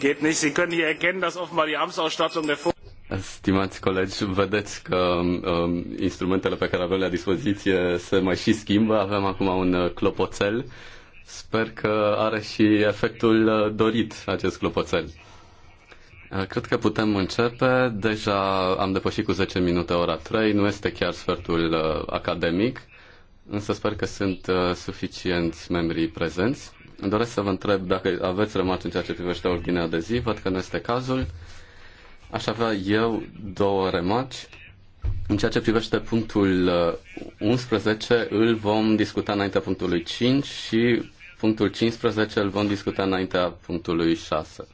Geht nicht. Sie können hier erkennen, dass offenbar die Amtsausstattung der Vor Stimați colegi, vedeți că um, um instrumentele pe care avem la dispoziție se mai și schimbă. Avem acum un uh, clopoțel. Sper că are și efectul uh, dorit acest clopoțel. Uh, cred că putem începe. Deja am depășit cu 10 minute ora 3. Nu este chiar sfertul academic, însă sper că sunt suficienți membrii prezenți. Îmi doresc să vă întreb dacă aveți rămas în ceea ce privește ordinea de zi. Văd că nu este cazul. Aș avea eu două remarci. În ceea ce privește punctul 11, uh, îl vom discuta înaintea punctului 5 și punctul 15 îl vom discuta înaintea punctului 6.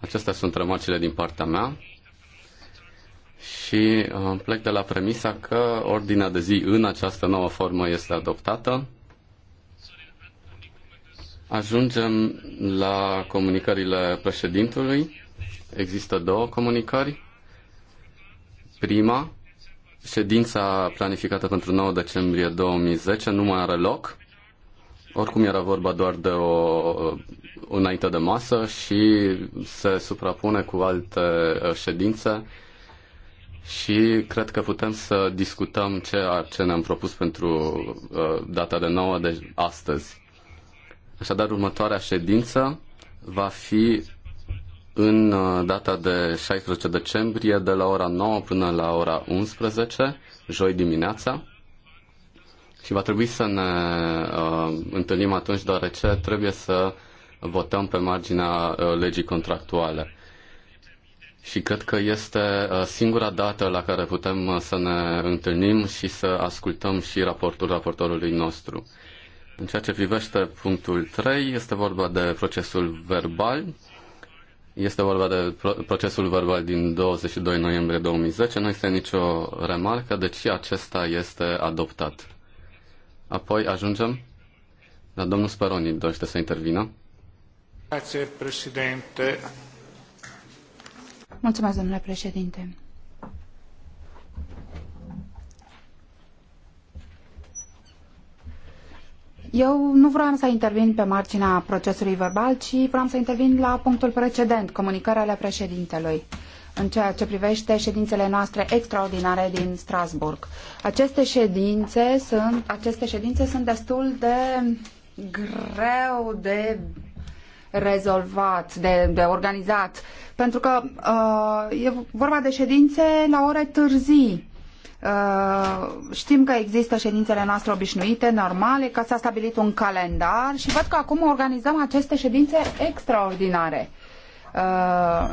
Acestea sunt remarcile din partea mea și uh, plec de la premisa că ordinea de zi în această nouă formă este adoptată. Ajungem la comunicările președintului. Există două comunicări. Prima, ședința planificată pentru 9 decembrie 2010 nu mai are loc. Oricum era vorba doar de o înainte de masă și se suprapune cu alte uh, ședințe și cred că putem să discutăm ce ne-am propus pentru uh, data de 9 de deci, astăzi. Așadar, următoarea ședință va fi în uh, data de 16 decembrie de la ora 9 până la ora 11, joi dimineața. Și va trebui să ne uh, întâlnim atunci, deoarece trebuie să votăm pe marginea uh, legii contractuale. Și cred că este uh, singura dată la care putem uh, să ne întâlnim și să ascultăm și raportul raportorului nostru. În ceea ce privește punctul 3, este vorba de procesul verbal. Este vorba de procesul verbal din 22 noiembrie 2010. Nu este nicio remarcă, deci acesta este adoptat. Apoi ajungem la domnul Speroni, dorește să intervină. Grazie, președinte. Mulțumesc, domnule președinte. Eu nu vreau să intervin pe marginea procesului verbal, ci vreau să intervin la punctul precedent, comunicarea la președintelui în ceea ce privește ședințele noastre extraordinare din Strasburg. Aceste ședințe sunt, aceste ședințe sunt destul de greu de rezolvat, de, de organizat, pentru că uh, e vorba de ședințe la ore târzii Uh, știm că există ședințele noastre obișnuite, normale, că s-a stabilit un calendar și văd că acum organizăm aceste ședințe extraordinare. Uh,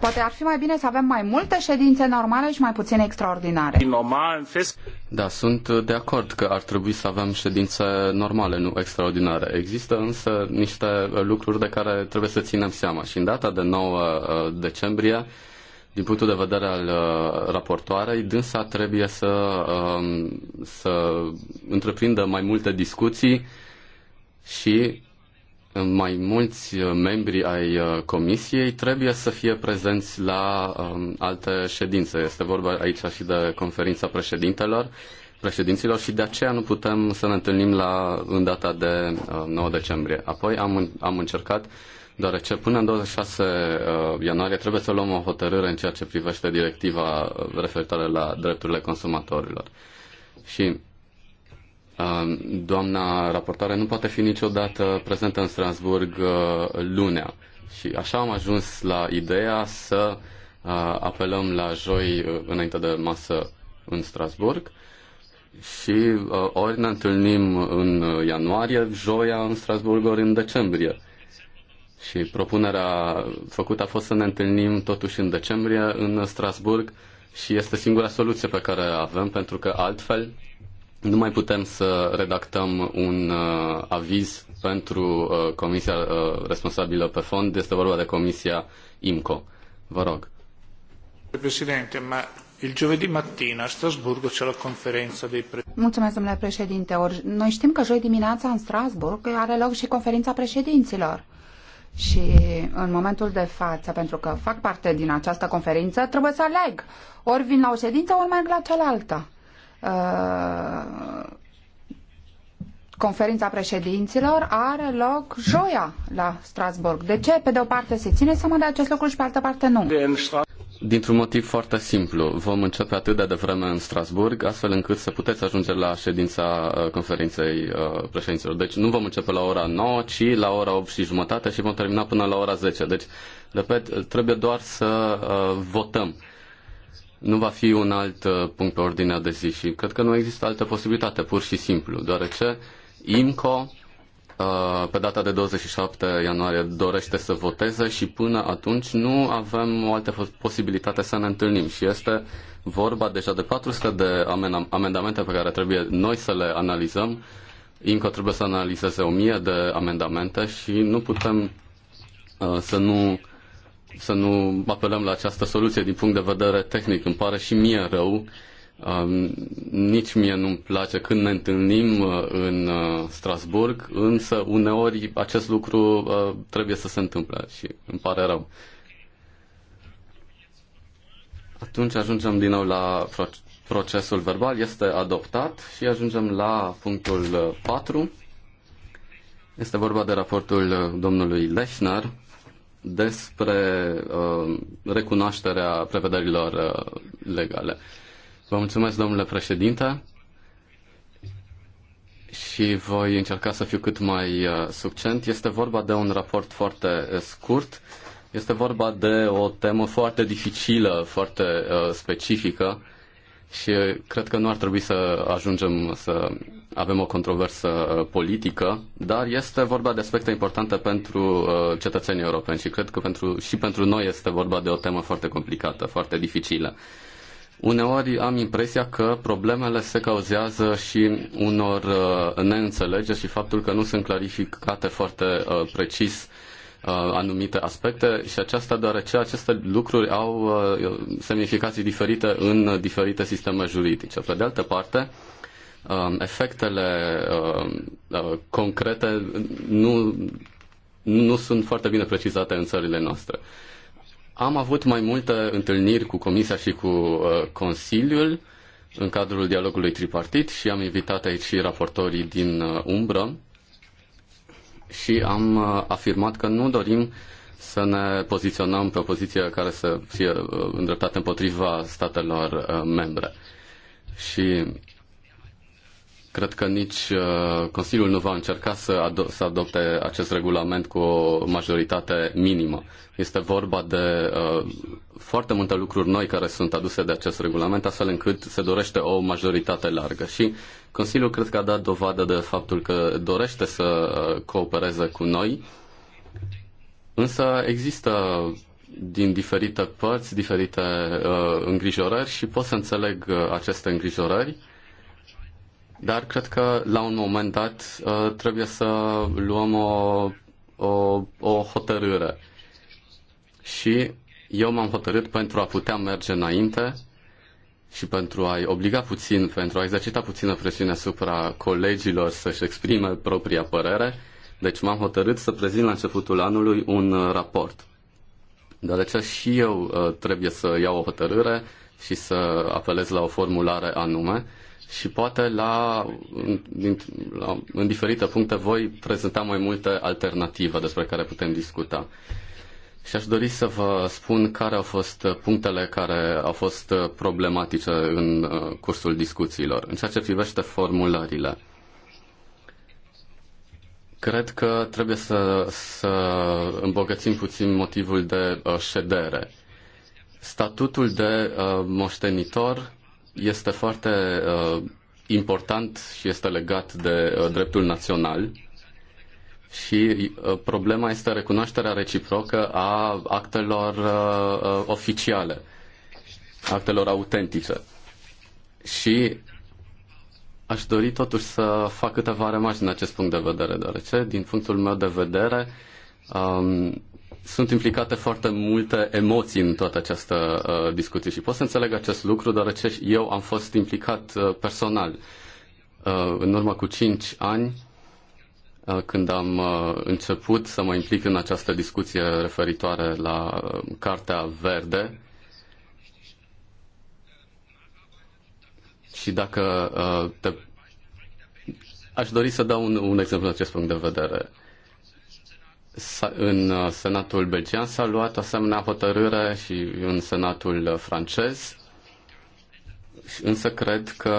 poate ar fi mai bine să avem mai multe ședințe normale și mai puține extraordinare. Da, sunt de acord că ar trebui să avem ședințe normale, nu extraordinare. Există însă niște lucruri de care trebuie să ținem seama și în data de 9 uh, decembrie din punctul de vedere al uh, raportoarei, dânsa trebuie să, um, să întreprindă mai multe discuții și mai mulți membri ai uh, comisiei trebuie să fie prezenți la um, alte ședințe. Este vorba aici și de conferința președintelor, președinților și de aceea nu putem să ne întâlnim la, în data de 9 uh, decembrie. Apoi am, am încercat deoarece până în 26 uh, ianuarie trebuie să luăm o hotărâre în ceea ce privește directiva uh, referitoare la drepturile consumatorilor. Și uh, doamna raportoare nu poate fi niciodată prezentă în Strasburg lunea. Și așa am ajuns la ideea să apelăm la joi înainte de masă în Strasburg și ori ne întâlnim în ianuarie, joia în Strasburg, ori în decembrie. Și propunerea făcută a fost să ne întâlnim totuși în decembrie în Strasburg și este singura soluție pe care avem pentru că altfel nu mai putem să redactăm un uh, aviz pentru uh, comisia uh, responsabilă pe fond. Este vorba de comisia IMCO. Vă rog. Președinte, ma il giovedì mattina a Strasburgo c'è la conferenza dei presidenti. Mulțumesc, domnule președinte. Or, noi știm că joi dimineața în Strasburg are loc și conferința președinților și în momentul de față, pentru că fac parte din această conferință, trebuie să aleg. Ori vin la o ședință, ori merg la cealaltă. Uh, conferința președinților are loc joia la Strasburg. De ce? Pe de o parte se ține seama de acest lucru și pe altă parte nu. Dintr-un motiv foarte simplu, vom începe atât de devreme în Strasburg, astfel încât să puteți ajunge la ședința uh, conferinței uh, președinților. Deci nu vom începe la ora 9, ci la ora 8 și jumătate și vom termina până la ora 10. Deci, repet, trebuie doar să uh, votăm. Nu va fi un alt punct pe ordinea de zi și cred că nu există altă posibilitate, pur și simplu, deoarece IMCO Uh, pe data de 27 ianuarie dorește să voteze și până atunci nu avem o altă posibilitate să ne întâlnim și este vorba deja de 400 de amendamente pe care trebuie noi să le analizăm. INCO trebuie să analizeze 1000 de amendamente și nu putem uh, să nu să nu apelăm la această soluție din punct de vedere tehnic. Îmi pare și mie rău nici mie nu-mi place când ne întâlnim uh, în uh, Strasburg, însă uneori acest lucru uh, trebuie să se întâmple și îmi pare rău. Atunci ajungem din nou la procesul verbal, este adoptat și ajungem la punctul 4. Este vorba de raportul domnului Lechner despre uh, recunoașterea prevederilor uh, legale. Uh, Vă mulțumesc, domnule președinte, și voi încerca să fiu cât mai uh, succent. Este vorba de un raport foarte uh, scurt. Este vorba de o temă foarte dificilă, foarte uh, specifică și cred că nu ar trebui să ajungem să avem o controversă politică, dar este vorba de aspecte importante pentru cetățenii europeni și cred că pentru, și pentru noi este vorba de o temă foarte complicată, foarte dificilă. Uneori am impresia că problemele se cauzează și unor uh, neînțelegeri și faptul că nu sunt clarificate foarte uh, precis uh, anumite aspecte și aceasta deoarece aceste lucruri au semnificații diferite în diferite sisteme juridice. Pe de altă parte, efectele concrete nu, nu sunt foarte bine precizate în țările noastre. Am avut mai multe întâlniri cu Comisia și cu uh, Consiliul în cadrul dialogului tripartit și am invitat aici și raportorii din uh, umbră și am uh, afirmat că nu dorim să ne poziționăm pe o poziție care să fie îndreptată împotriva statelor membre. Și Cred că nici uh, Consiliul nu va încerca să, ado- să adopte acest regulament cu o majoritate minimă. Este vorba de uh, foarte multe lucruri noi care sunt aduse de acest regulament, astfel încât se dorește o majoritate largă. Și Consiliul cred că a dat dovadă de faptul că dorește să uh, coopereze cu noi, însă există din diferite părți, diferite uh, îngrijorări și pot să înțeleg uh, aceste îngrijorări dar cred că la un moment dat uh, trebuie să luăm o, o, o hotărâre. Și eu m-am hotărât pentru a putea merge înainte și pentru a-i obliga puțin, pentru a exercita puțină presiune asupra colegilor să-și exprime propria părere. Deci m-am hotărât să prezint la începutul anului un uh, raport. de Deoarece și eu uh, trebuie să iau o hotărâre și să apelez la o formulare anume și poate la, din, la, în diferite puncte voi prezenta mai multe alternative despre care putem discuta. Și aș dori să vă spun care au fost punctele care au fost problematice în uh, cursul discuțiilor. În ceea ce privește formulările, cred că trebuie să, să îmbogățim puțin motivul de uh, ședere. Statutul de uh, moștenitor este foarte uh, important și este legat de uh, dreptul național și uh, problema este recunoașterea reciprocă a actelor uh, uh, oficiale, actelor autentice. Și aș dori totuși să fac câteva remarci din acest punct de vedere, deoarece, din punctul meu de vedere, um, sunt implicate foarte multe emoții în toată această uh, discuție și pot să înțeleg acest lucru, deoarece eu am fost implicat uh, personal. Uh, în urmă cu 5 ani, uh, când am uh, început să mă implic în această discuție referitoare la uh, Cartea Verde, și dacă uh, te... aș dori să dau un, un exemplu în acest punct de vedere în uh, Senatul belgian s-a luat o asemenea hotărâre și în Senatul uh, francez, însă cred că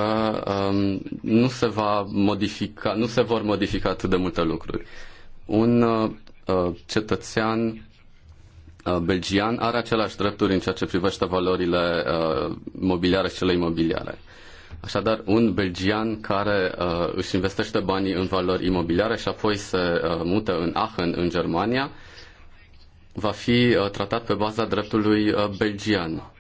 um, nu se va modifica, nu se vor modifica atât de multe lucruri. Un uh, uh cetățean belgian are aceleași drepturi în ceea ce privește valorile uh, mobiliare și cele imobiliare. Așadar, un belgian care uh, își investește banii în valori imobiliare și apoi se uh, mută în Aachen, în Germania, va fi uh, tratat pe baza dreptului uh, belgian.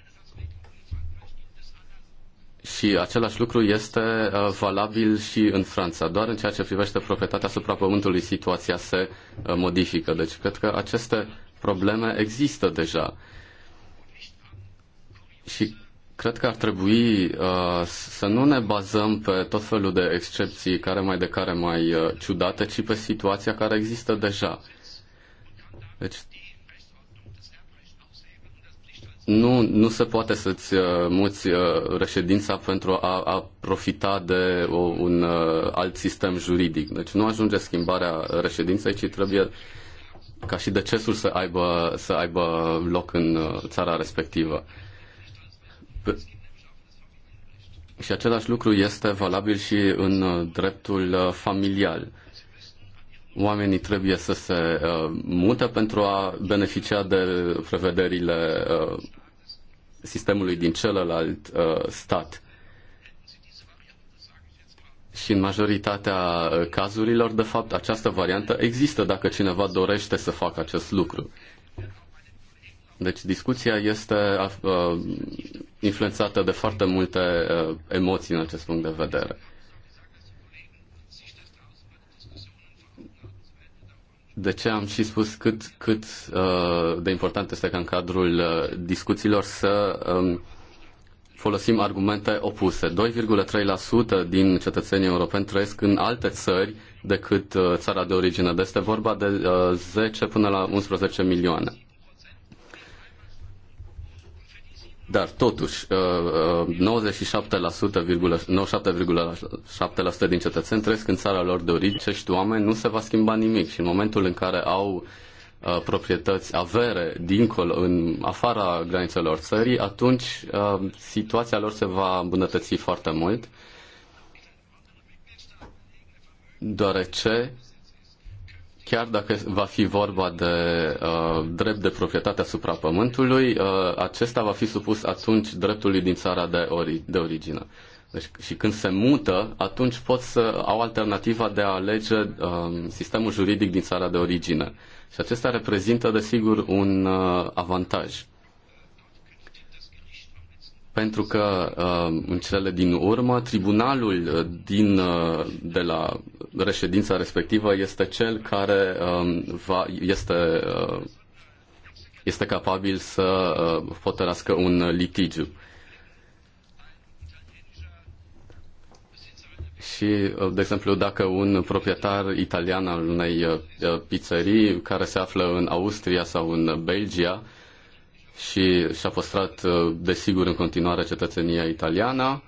Și același lucru este uh, valabil și în Franța. Doar în ceea ce privește proprietatea asupra pământului, situația se uh, modifică. Deci, cred că aceste probleme există deja. Și Cred că ar trebui uh, să nu ne bazăm pe tot felul de excepții care mai de care mai uh, ciudate, ci pe situația care există deja. Deci nu, nu se poate să-ți uh, muți uh, reședința pentru a, a profita de o, un uh, alt sistem juridic. Deci nu ajunge schimbarea reședinței, ci trebuie ca și decesul să aibă, să aibă loc în uh, țara respectivă. Uh, și același lucru este valabil și în uh, dreptul uh, familial. Oamenii trebuie să se uh, mute pentru a beneficia de prevederile sistemului din celălalt stat. Și în majoritatea cazurilor, de fapt, această variantă există dacă cineva dorește să facă acest lucru. Deci discuția este uh, influențată de foarte multe uh, emoții în acest punct de vedere. De ce am și spus cât, cât uh, de important este ca în cadrul uh, discuțiilor să um, folosim argumente opuse. 2,3% din cetățenii europeni trăiesc în alte țări decât uh, țara de origine. Deci este vorba de uh, 10 până la 11 milioane. Dar totuși, 97,7% uh, uh, din cetățeni trăiesc în țara lor de origine. Acești oameni nu se va schimba nimic și în momentul în care au uh, proprietăți, avere dincolo, în afara granițelor țării, atunci situația lor se va îmbunătăți foarte mult, deoarece Chiar dacă va fi vorba de uh, drept de proprietate asupra pământului, uh, acesta va fi supus atunci dreptului din țara de, ori, de origine. Deci, și când se mută, atunci pot să au alternativa de a alege uh, sistemul juridic din țara de origine. Și acesta reprezintă, desigur, un uh, avantaj pentru că uh, în cele din urmă tribunalul uh, din, uh, de la reședința respectivă este cel care um, va, este, este capabil să hotărască un litigiu. Și, de exemplu, dacă un proprietar italian al unei pizzerii care se află în Austria sau în Belgia și și-a păstrat, uh, desigur, în continuare cetățenia italiană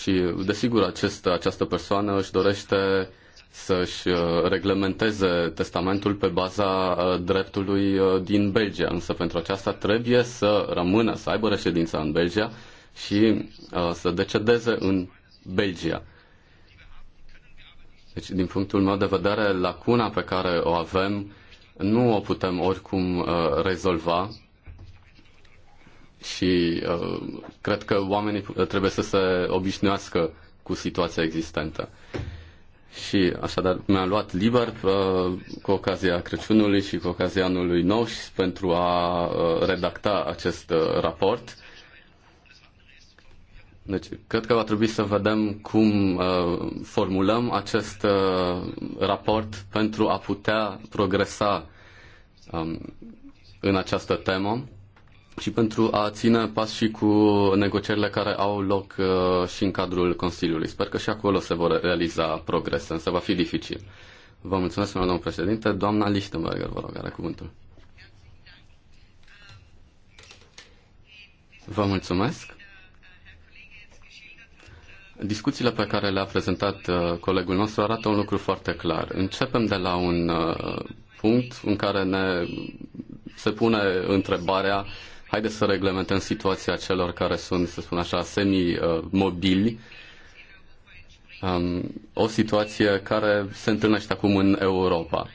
și, desigur, acest, această persoană își dorește să-și uh, reglementeze testamentul pe baza uh, dreptului din Belgia, însă pentru aceasta trebuie să rămână, să aibă reședința în Belgia și să decedeze în Belgia. Deci, din punctul meu de vedere, lacuna pe care o avem nu o putem oricum rezolva și uh, cred că oamenii uh, trebuie să se obișnuiască cu situația existentă. Și așadar mi-am luat liber uh, cu ocazia Crăciunului și cu ocazia anului nou și pentru a uh, redacta acest uh, raport. Deci, cred că va trebui să vedem cum uh, formulăm acest uh, raport pentru a putea progresa um, în această temă și pentru a ține pas și cu negocierile care au loc uh, și în cadrul Consiliului. Sper că și acolo se vor realiza progrese, însă va fi dificil. Vă mulțumesc, domnul președinte. Doamna Lichtenberger, vă rog, are cuvântul. Vă mulțumesc. Discuțiile pe care le-a prezentat uh, colegul nostru arată un lucru foarte clar. Începem de la un uh, punct în care ne se pune întrebarea Haideți să reglementăm situația celor care sunt, să spun așa, semi-mobili, um, o situație care se întâlnește acum în Europa.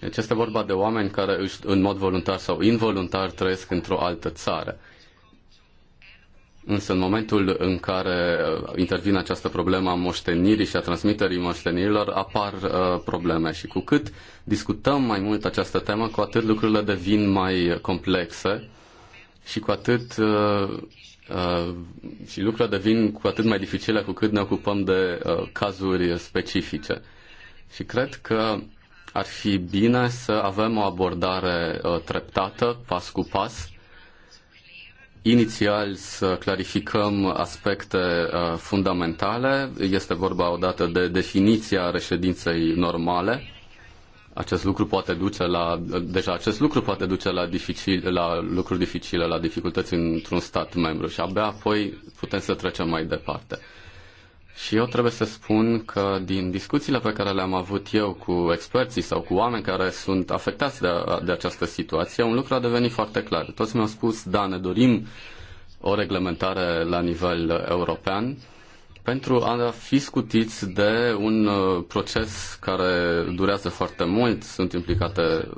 Deci este vorba de oameni care își, în mod voluntar sau involuntar trăiesc într-o altă țară. Însă în momentul în care uh, intervine această problemă a moștenirii și a transmiterii moștenirilor, apar uh, probleme și cu cât discutăm mai mult această temă, cu atât lucrurile devin mai complexe și cu atât uh, uh, și lucrurile devin cu atât mai dificile cu cât ne ocupăm de uh, cazuri specifice. Și cred că ar fi bine să avem o abordare uh, treptată, pas cu pas, Inițial să clarificăm aspecte uh, fundamentale. Este vorba odată de definiția reședinței normale, acest lucru poate duce la, deja acest lucru poate duce la, dificil, la lucruri dificile, la dificultăți într-un stat membru și abia apoi putem să trecem mai departe. Și eu trebuie să spun că din discuțiile pe care le-am avut eu cu experții sau cu oameni care sunt afectați de, de această situație, un lucru a devenit foarte clar. Toți mi-au spus, da, ne dorim o reglementare la nivel european, pentru a fi scutiți de un uh, proces care durează foarte mult, sunt implicate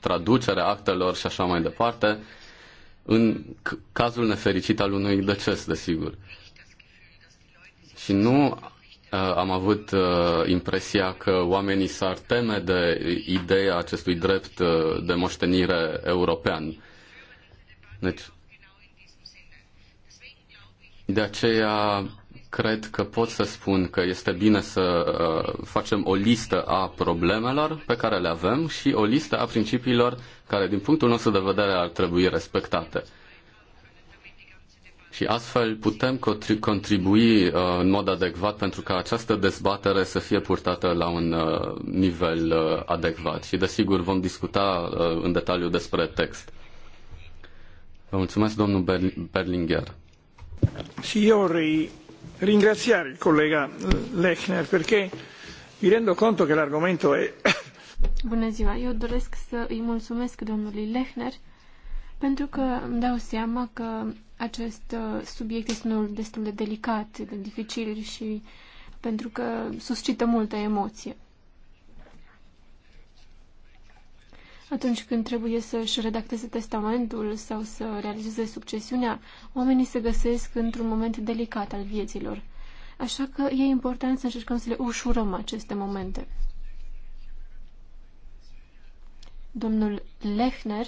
traducerea actelor și așa mai departe, în cazul nefericit al unui deces, desigur. Și nu uh, am avut uh, impresia că oamenii s-ar teme de ideea acestui drept de moștenire european. Deci, de aceea cred că pot să spun că este bine să uh, facem o listă a problemelor pe care le avem și o listă a principiilor care, din punctul nostru de vedere, ar trebui respectate. Și astfel putem contribui uh, în mod adecvat pentru ca această dezbatere să fie purtată la un uh, nivel adecvat. Și, desigur, vom discuta în detaliu despre text. Vă mulțumesc, domnul Berlinger. Și eu ringraziare il collega eh, Lechner perché mi rendo conto che l'argomento è... Bună ziua! Eu doresc să îi mulțumesc domnului Lechner pentru că îmi dau seama că acest uh, subiect este unul destul de delicat, de dificil și pentru că suscită multă emoție. Atunci când trebuie să-și redacteze testamentul sau să realizeze succesiunea, oamenii se găsesc într-un moment delicat al vieților. Așa că e important să încercăm să le ușurăm aceste momente. Domnul Lechner,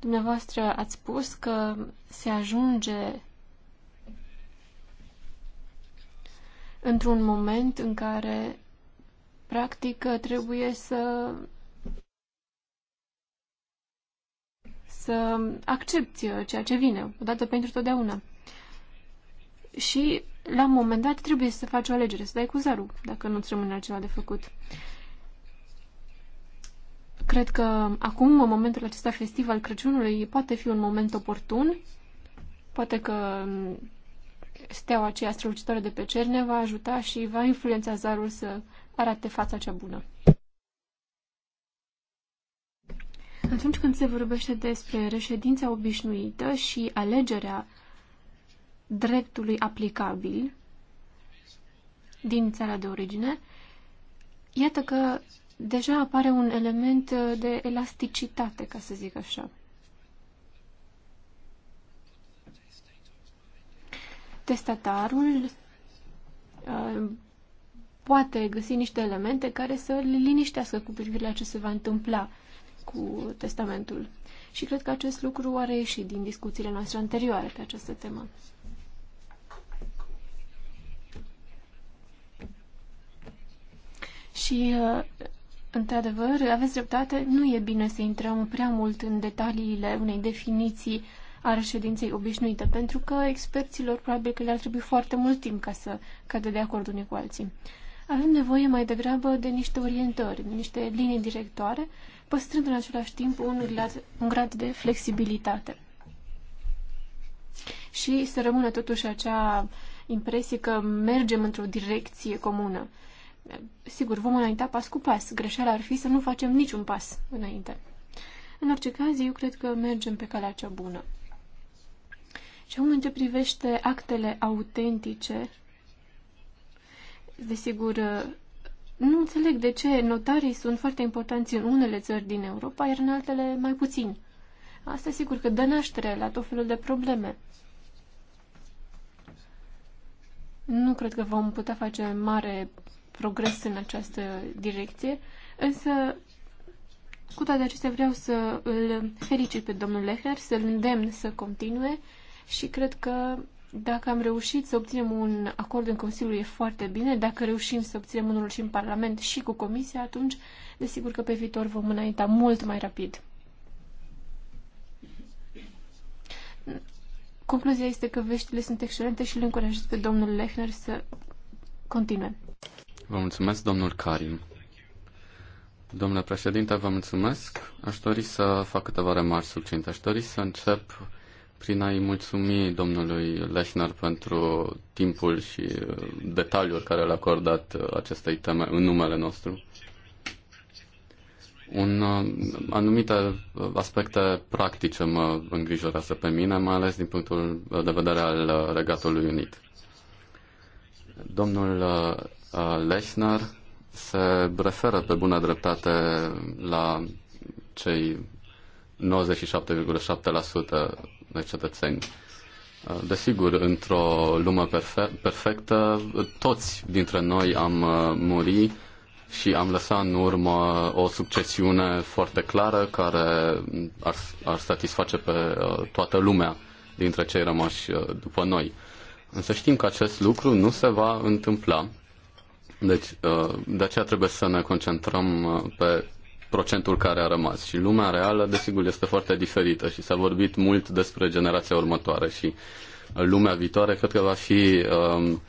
dumneavoastră ați spus că se ajunge într-un moment în care practic trebuie să să accepti uh, ceea ce vine, odată pentru totdeauna. Și la un moment dat trebuie să faci o alegere, să dai cu zarul, dacă nu-ți rămâne altceva de făcut. Cred că acum, în momentul acesta festiv al Crăciunului, poate fi un moment oportun. Poate că mm, steaua aceea strălucitoare de pe cer ne va ajuta și va influența zarul să arate fața cea bună. Atunci când se vorbește despre reședința obișnuită și alegerea dreptului aplicabil din țara de origine, iată că deja apare un element de elasticitate, ca să zic așa. Testatarul uh, poate găsi niște elemente care să l liniștească cu privire la ce se va întâmpla cu testamentul. Și cred că acest lucru a reieșit din discuțiile noastre anterioare pe această temă. Și, uh, într-adevăr, aveți dreptate, nu e bine să intrăm prea mult în detaliile unei definiții a reședinței obișnuite, pentru că experților probabil că le-ar trebui foarte mult timp ca să cadă de acord unii cu alții. Avem nevoie mai degrabă de niște orientări, de niște linii directoare păstrând în același timp un grad, un grad de flexibilitate. Și să rămână totuși acea impresie că mergem într-o direcție comună. Sigur, vom înainta pas cu pas. Greșeala ar fi să nu facem niciun pas înainte. În orice caz, eu cred că mergem pe calea cea bună. Și acum, în ce privește actele autentice, desigur, nu înțeleg de ce notarii sunt foarte importanți în unele țări din Europa, iar în altele mai puțin. Asta sigur că dă naștere la tot felul de probleme. Nu cred că vom putea face mare progres în această direcție, însă cu toate acestea vreau să îl felicit pe domnul Leher, să-l îndemn să continue și cred că dacă am reușit să obținem un acord în Consiliu, e foarte bine. Dacă reușim să obținem unul și în Parlament și cu Comisia, atunci, desigur că pe viitor vom înainta mult mai rapid. Concluzia este că veștile sunt excelente și îl încurajez pe domnul Lechner să continue. Vă mulțumesc, domnul Karim. Domnule președinte, vă mulțumesc. Aș dori să fac câteva remarci succinte. Aș dori să încep prin a-i mulțumi domnului Lechner pentru timpul și uh, detaliul care l a acordat uh, acestei teme în numele nostru. Un, uh, anumite aspecte practice mă îngrijorează pe mine, mai ales din punctul de vedere al Regatului Unit. Domnul Lechner se referă pe bună dreptate la cei 97,7% de cetățeni. Uh, desigur, într-o lume perfectă, toți dintre noi am uh, muri și am lăsat în urmă o succesiune foarte clară care ar, ar satisface pe uh, toată lumea dintre cei rămași după noi. Însă știm că acest lucru nu se va întâmpla. Deci, de aceea trebuie să ne concentrăm pe procentul care a rămas. Și lumea reală, desigur, este foarte diferită și s-a vorbit mult despre generația următoare și lumea viitoare cred că va fi um,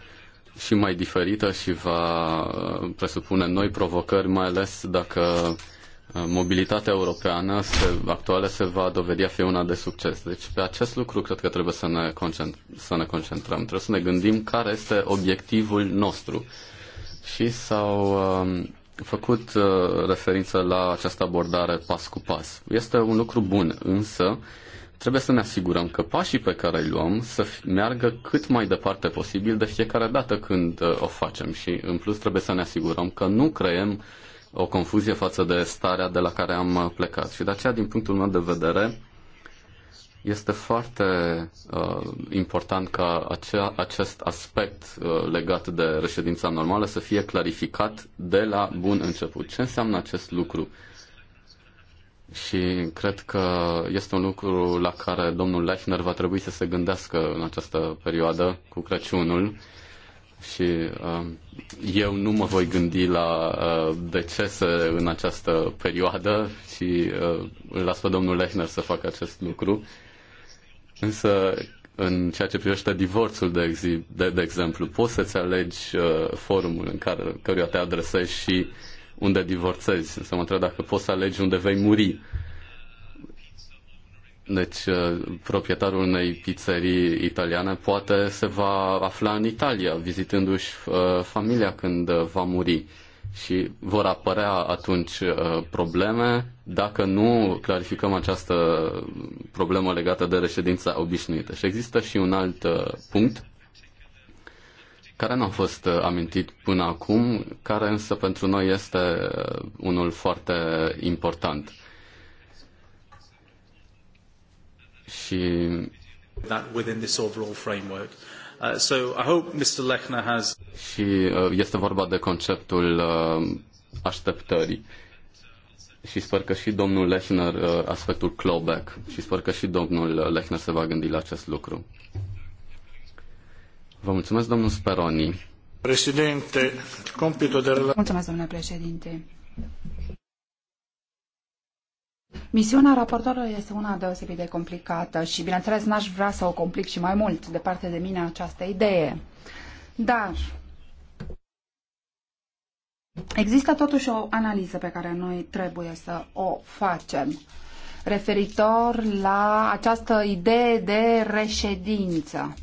și mai diferită și va uh, presupune noi provocări, mai ales dacă uh, mobilitatea europeană se, actuală se va dovedi a fi una de succes. Deci pe acest lucru cred că trebuie să ne, concentr- să ne concentrăm. Trebuie să ne gândim care este obiectivul nostru. Și s-au um, făcut uh, referință la această abordare pas cu pas. Este un lucru bun, însă trebuie să ne asigurăm că pașii pe care îi luăm să meargă cât mai departe posibil de fiecare dată când uh, o facem și în plus trebuie să ne asigurăm că nu creăm o confuzie față de starea de la care am uh, plecat. Și de aceea, din punctul meu de vedere, este foarte uh, important ca acea, acest aspect uh, legat de reședința normală să fie clarificat de la bun început. Ce înseamnă acest lucru? Și cred că este un lucru la care domnul Lechner va trebui să se gândească în această perioadă cu Crăciunul. Și uh, eu nu mă voi gândi la uh, decese în această perioadă și uh, las pe domnul Lechner să facă acest lucru. Uh, Însă, în ceea ce privește divorțul, de, exi, de, de exemplu, poți să-ți alegi uh, forumul în care, căruia te adresezi și unde divorțezi. Însă mă întreb dacă poți să alegi unde vei muri. Deci, uh, proprietarul unei pizzerii italiane poate se va afla în Italia, vizitându-și uh, familia când uh, va muri și vor apărea atunci uh, probleme dacă nu clarificăm această problemă legată de reședința obișnuită. Și există și un alt uh, punct care nu a fost uh, amintit până acum, care însă pentru noi este unul foarte important. Și that within this overall framework Uh, so I hope Mr. Lechner has... Și uh, este vorba de conceptul uh, așteptării. Și sper că și domnul Lechner, aspectul clawback, și sper că și domnul Lechner se va gândi la acest lucru. Vă mulțumesc, domnul Speroni. Președinte, compitul de... Mulțumesc, domnule președinte. Misiunea raportorului este una deosebit de complicată și, bineînțeles, n-aș vrea să o complic și mai mult, de parte de mine această idee. Dar există totuși o analiză pe care noi trebuie să o facem referitor la această idee de reședință.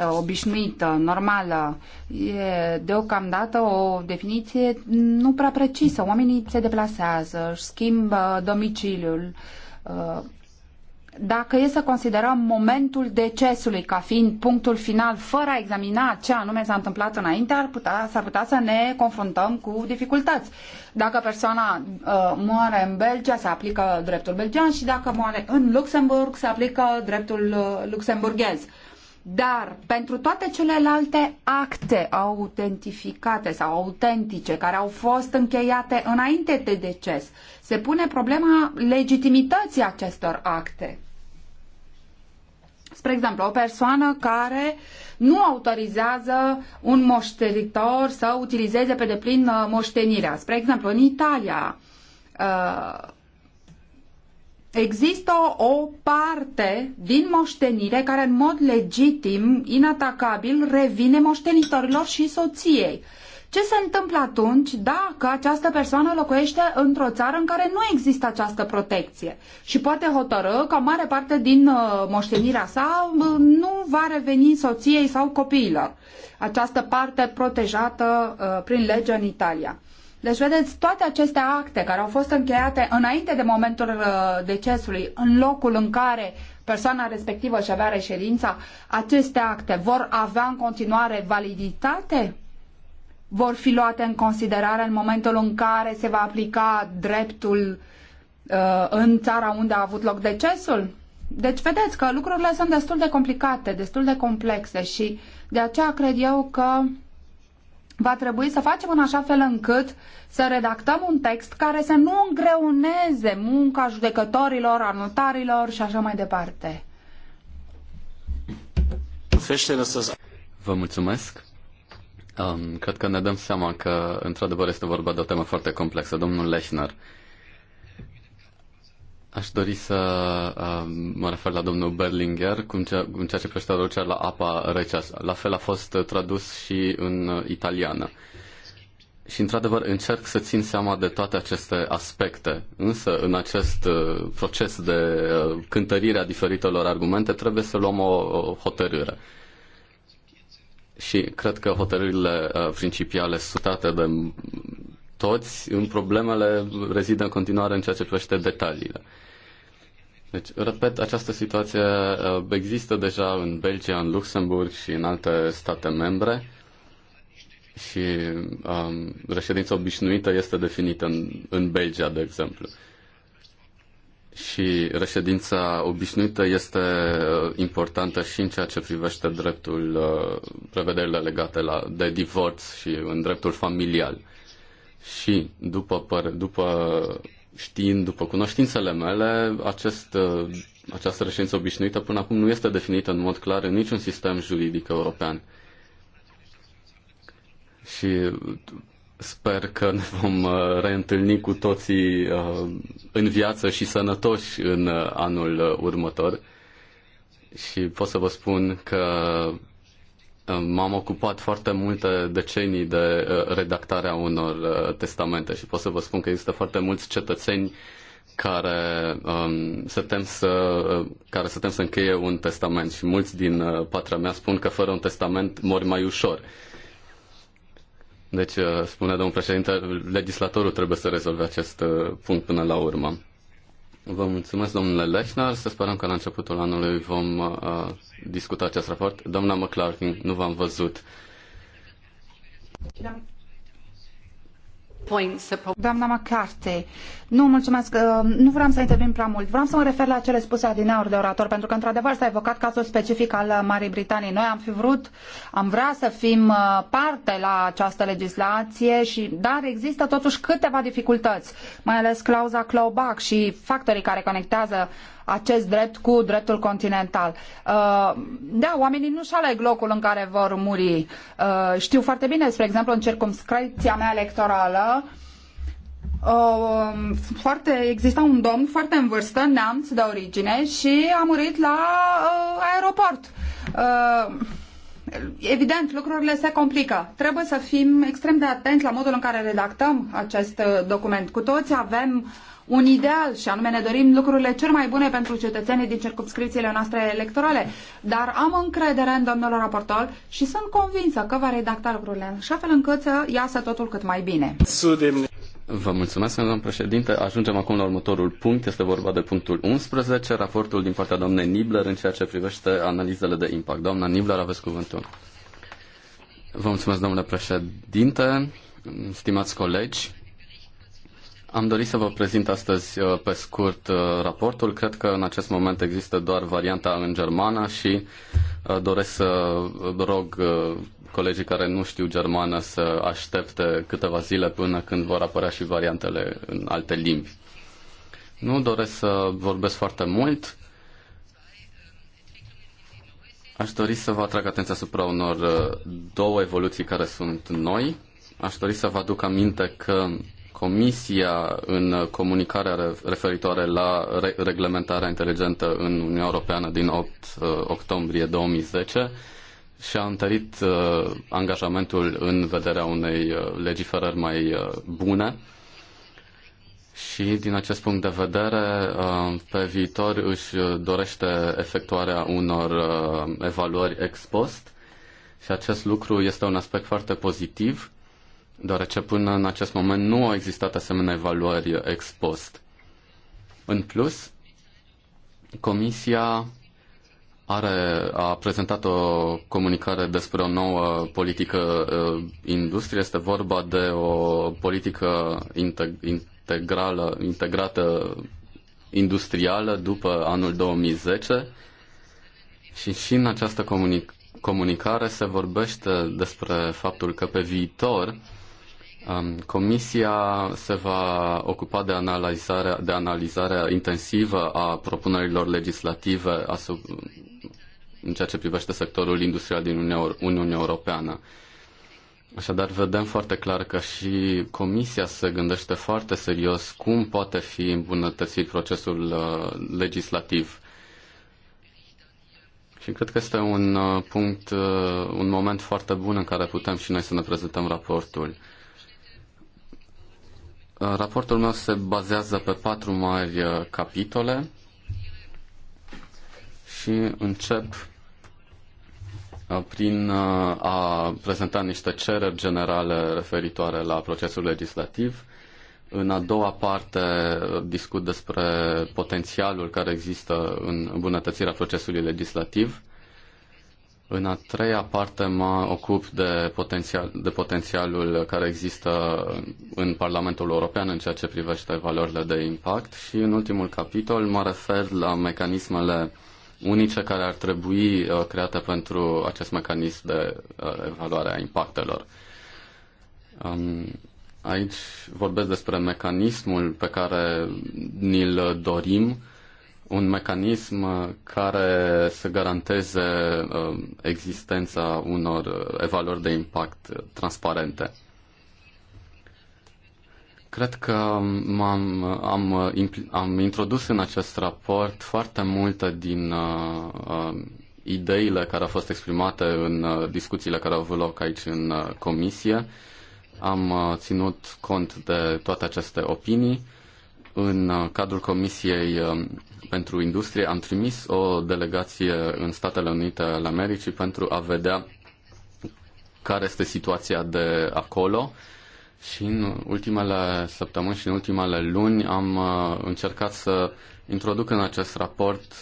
Uh, obișnuită, normală. E deocamdată o definiție nu prea precisă. Oamenii se deplasează, își schimbă domiciliul. Uh, dacă e să considerăm momentul decesului ca fiind punctul final, fără a examina ce anume s-a întâmplat înainte, ar putea, s-ar putea să ne confruntăm cu dificultăți. Dacă persoana uh, moare în Belgia, se aplică dreptul belgian și dacă moare în Luxemburg, se aplică dreptul uh, luxemburghez. Uh, dar pentru toate celelalte acte autentificate sau autentice care au fost încheiate înainte de deces, se pune problema legitimității acestor acte. Spre exemplu, o persoană care nu autorizează un moștenitor să utilizeze pe deplin uh, moștenirea. Spre exemplu, în Italia, uh, Există o, o parte din moștenire care în mod legitim, inatacabil, revine moștenitorilor și soției. Ce se întâmplă atunci dacă această persoană locuiește într-o țară în care nu există această protecție și poate hotărâ că o mare parte din uh, moștenirea sa uh, nu va reveni soției sau copiilor? Această parte protejată uh, prin lege în Italia. Deci, vedeți, toate aceste acte care au fost încheiate înainte de momentul uh, decesului, în locul în care persoana respectivă își avea reședința, aceste acte vor avea în continuare validitate? Vor fi luate în considerare în momentul în care se va aplica dreptul uh, în țara unde a avut loc decesul? Deci vedeți că lucrurile sunt destul de complicate, destul de complexe și de aceea cred eu că va trebui să facem în așa fel încât să redactăm un text care să nu îngreuneze munca judecătorilor, anotarilor și așa mai departe. Vă mulțumesc. Um, cred că ne dăm seama că, într-adevăr, este vorba de o temă foarte complexă. Domnul Lechner, Aș dori să uh, mă refer la domnul Berlinger, cum ceea, cum ceea ce privește reducerea la apa rece. La fel a fost tradus și în italiană. Și, într-adevăr, încerc să țin seama de toate aceste aspecte. Însă, în acest uh, proces de uh, cântărire a diferitelor argumente, trebuie să luăm o hotărâre. Și cred că hotărârile principiale sutate de toți, în problemele rezidă în continuare în ceea ce privește detaliile. Deci, repet, această situație uh, există deja în Belgia, în Luxemburg și în alte state membre și um, reședința obișnuită este definită în, în Belgia, de exemplu. Și reședința obișnuită este uh, importantă și în ceea ce privește dreptul, uh, prevederile legate la, de divorț și în dreptul familial. Și după, după știind, după cunoștințele mele, acest, uh, această reședință obișnuită până acum nu este definită în mod clar în niciun sistem juridic european. Și sper că ne vom uh, reîntâlni cu toții uh, în viață și sănătoși în anul următor. Și pot să vă spun că M-am ocupat foarte multe decenii de uh, redactarea unor uh, testamente și pot să vă spun că există foarte mulți cetățeni care um, se tem să uh, care se tem să încheie un testament și mulți din uh, patria mea spun că fără un testament mori mai ușor. Deci, uh, spune domnul președinte, legislatorul trebuie să rezolve acest uh, punct până la urmă. Vă mulțumesc, domnule Lechner. Să sperăm că la începutul anului vom uh, discuta acest raport. Doamna McClarkin, nu v-am văzut. Da. Doamna McCarthy, nu, mulțumesc, uh, nu vreau să intervin prea mult. Vreau să mă refer la cele spuse adineauri de orator, pentru că, într-adevăr, s-a evocat cazul specific al Marii Britanii. Noi am fi vrut, am vrea să fim uh, parte la această legislație, și, dar există totuși câteva dificultăți, mai ales clauza clawback și factorii care conectează acest drept cu dreptul continental. Uh, da, oamenii nu-și aleg locul în care vor muri. Uh, știu foarte bine, spre exemplu, în circumscripția mea electorală, uh, foarte, exista un domn foarte în vârstă, neamț de origine și a murit la aeroport. evident, lucrurile se complică. Trebuie să fim extrem de atenți la modul în care redactăm acest document. Cu toți avem un ideal și anume ne dorim lucrurile cel mai bune pentru cetățenii din circunscripțiile noastre electorale, dar am încredere în domnul raportor și sunt convinsă că va redacta lucrurile în așa fel încât să iasă totul cât mai bine. Vă mulțumesc, domnul președinte. Ajungem acum la următorul punct. Este vorba de punctul 11, raportul din partea doamnei Nibler în ceea ce privește analizele de impact. Doamna Nibler, aveți cuvântul. Vă mulțumesc, domnule președinte, stimați colegi. Am dorit să vă prezint astăzi uh, pe scurt uh, raportul. Cred că în acest moment există doar varianta în germană și uh, doresc să rog colegii care nu știu germană să aștepte câteva zile până când vor apărea și variantele în alte limbi. Nu doresc să vorbesc foarte mult. Aș dori să vă atrag atenția asupra unor două evoluții care sunt noi. Aș dori să vă aduc aminte că Comisia în comunicarea referitoare la reglementarea inteligentă în Uniunea Europeană din 8 uh, octombrie 2010 și-a întărit uh, angajamentul în vederea unei uh, legiferări mai bune. Și din acest punct de vedere, pe viitor își dorește efectuarea unor evaluări ex post și acest lucru este un aspect foarte pozitiv deoarece până în acest moment nu au existat asemenea evaluări ex post. În plus, Comisia are, a prezentat o comunicare despre o nouă politică uh, industrie. Este vorba de o politică integrală, integrată industrială după anul 2010 și și în această comunicare se vorbește despre faptul că pe viitor Um, comisia se va ocupa de analizarea, de analizarea intensivă a propunerilor legislative în ceea ce privește sectorul industrial din Uniunea Europeană. Așadar, vedem foarte clar că și Comisia se gândește foarte serios cum poate fi îmbunătățit procesul uh, legislativ. Și cred că este un uh, punct, uh, un moment foarte bun în care putem și noi să ne prezentăm raportul. Raportul meu se bazează pe patru mari uh, capitole și încep uh, prin uh, a prezenta niște cereri generale referitoare la procesul legislativ. În a doua parte discut despre potențialul care există în îmbunătățirea procesului legislativ. În a treia parte mă ocup de, potențial, de potențialul care există în Parlamentul European în ceea ce privește valorile de impact și în ultimul capitol mă refer la mecanismele unice care ar trebui uh, create pentru acest mecanism de uh, evaluare a impactelor. Um, aici vorbesc despre mecanismul pe care ni-l dorim un mecanism uh, care să garanteze uh, existența unor uh, evaluări de impact transparente. Cred că am am, am introdus în acest raport foarte multe din uh, ideile care au fost exprimate în discuțiile care au avut loc aici în comisie. Am uh, ținut cont de toate aceste opinii în uh, cadrul Comisiei uh, pentru Industrie am trimis o delegație în Statele Unite ale Americii pentru a vedea care este situația de acolo. Și în ultimele săptămâni și în ultimele luni am uh, încercat să introduc în acest raport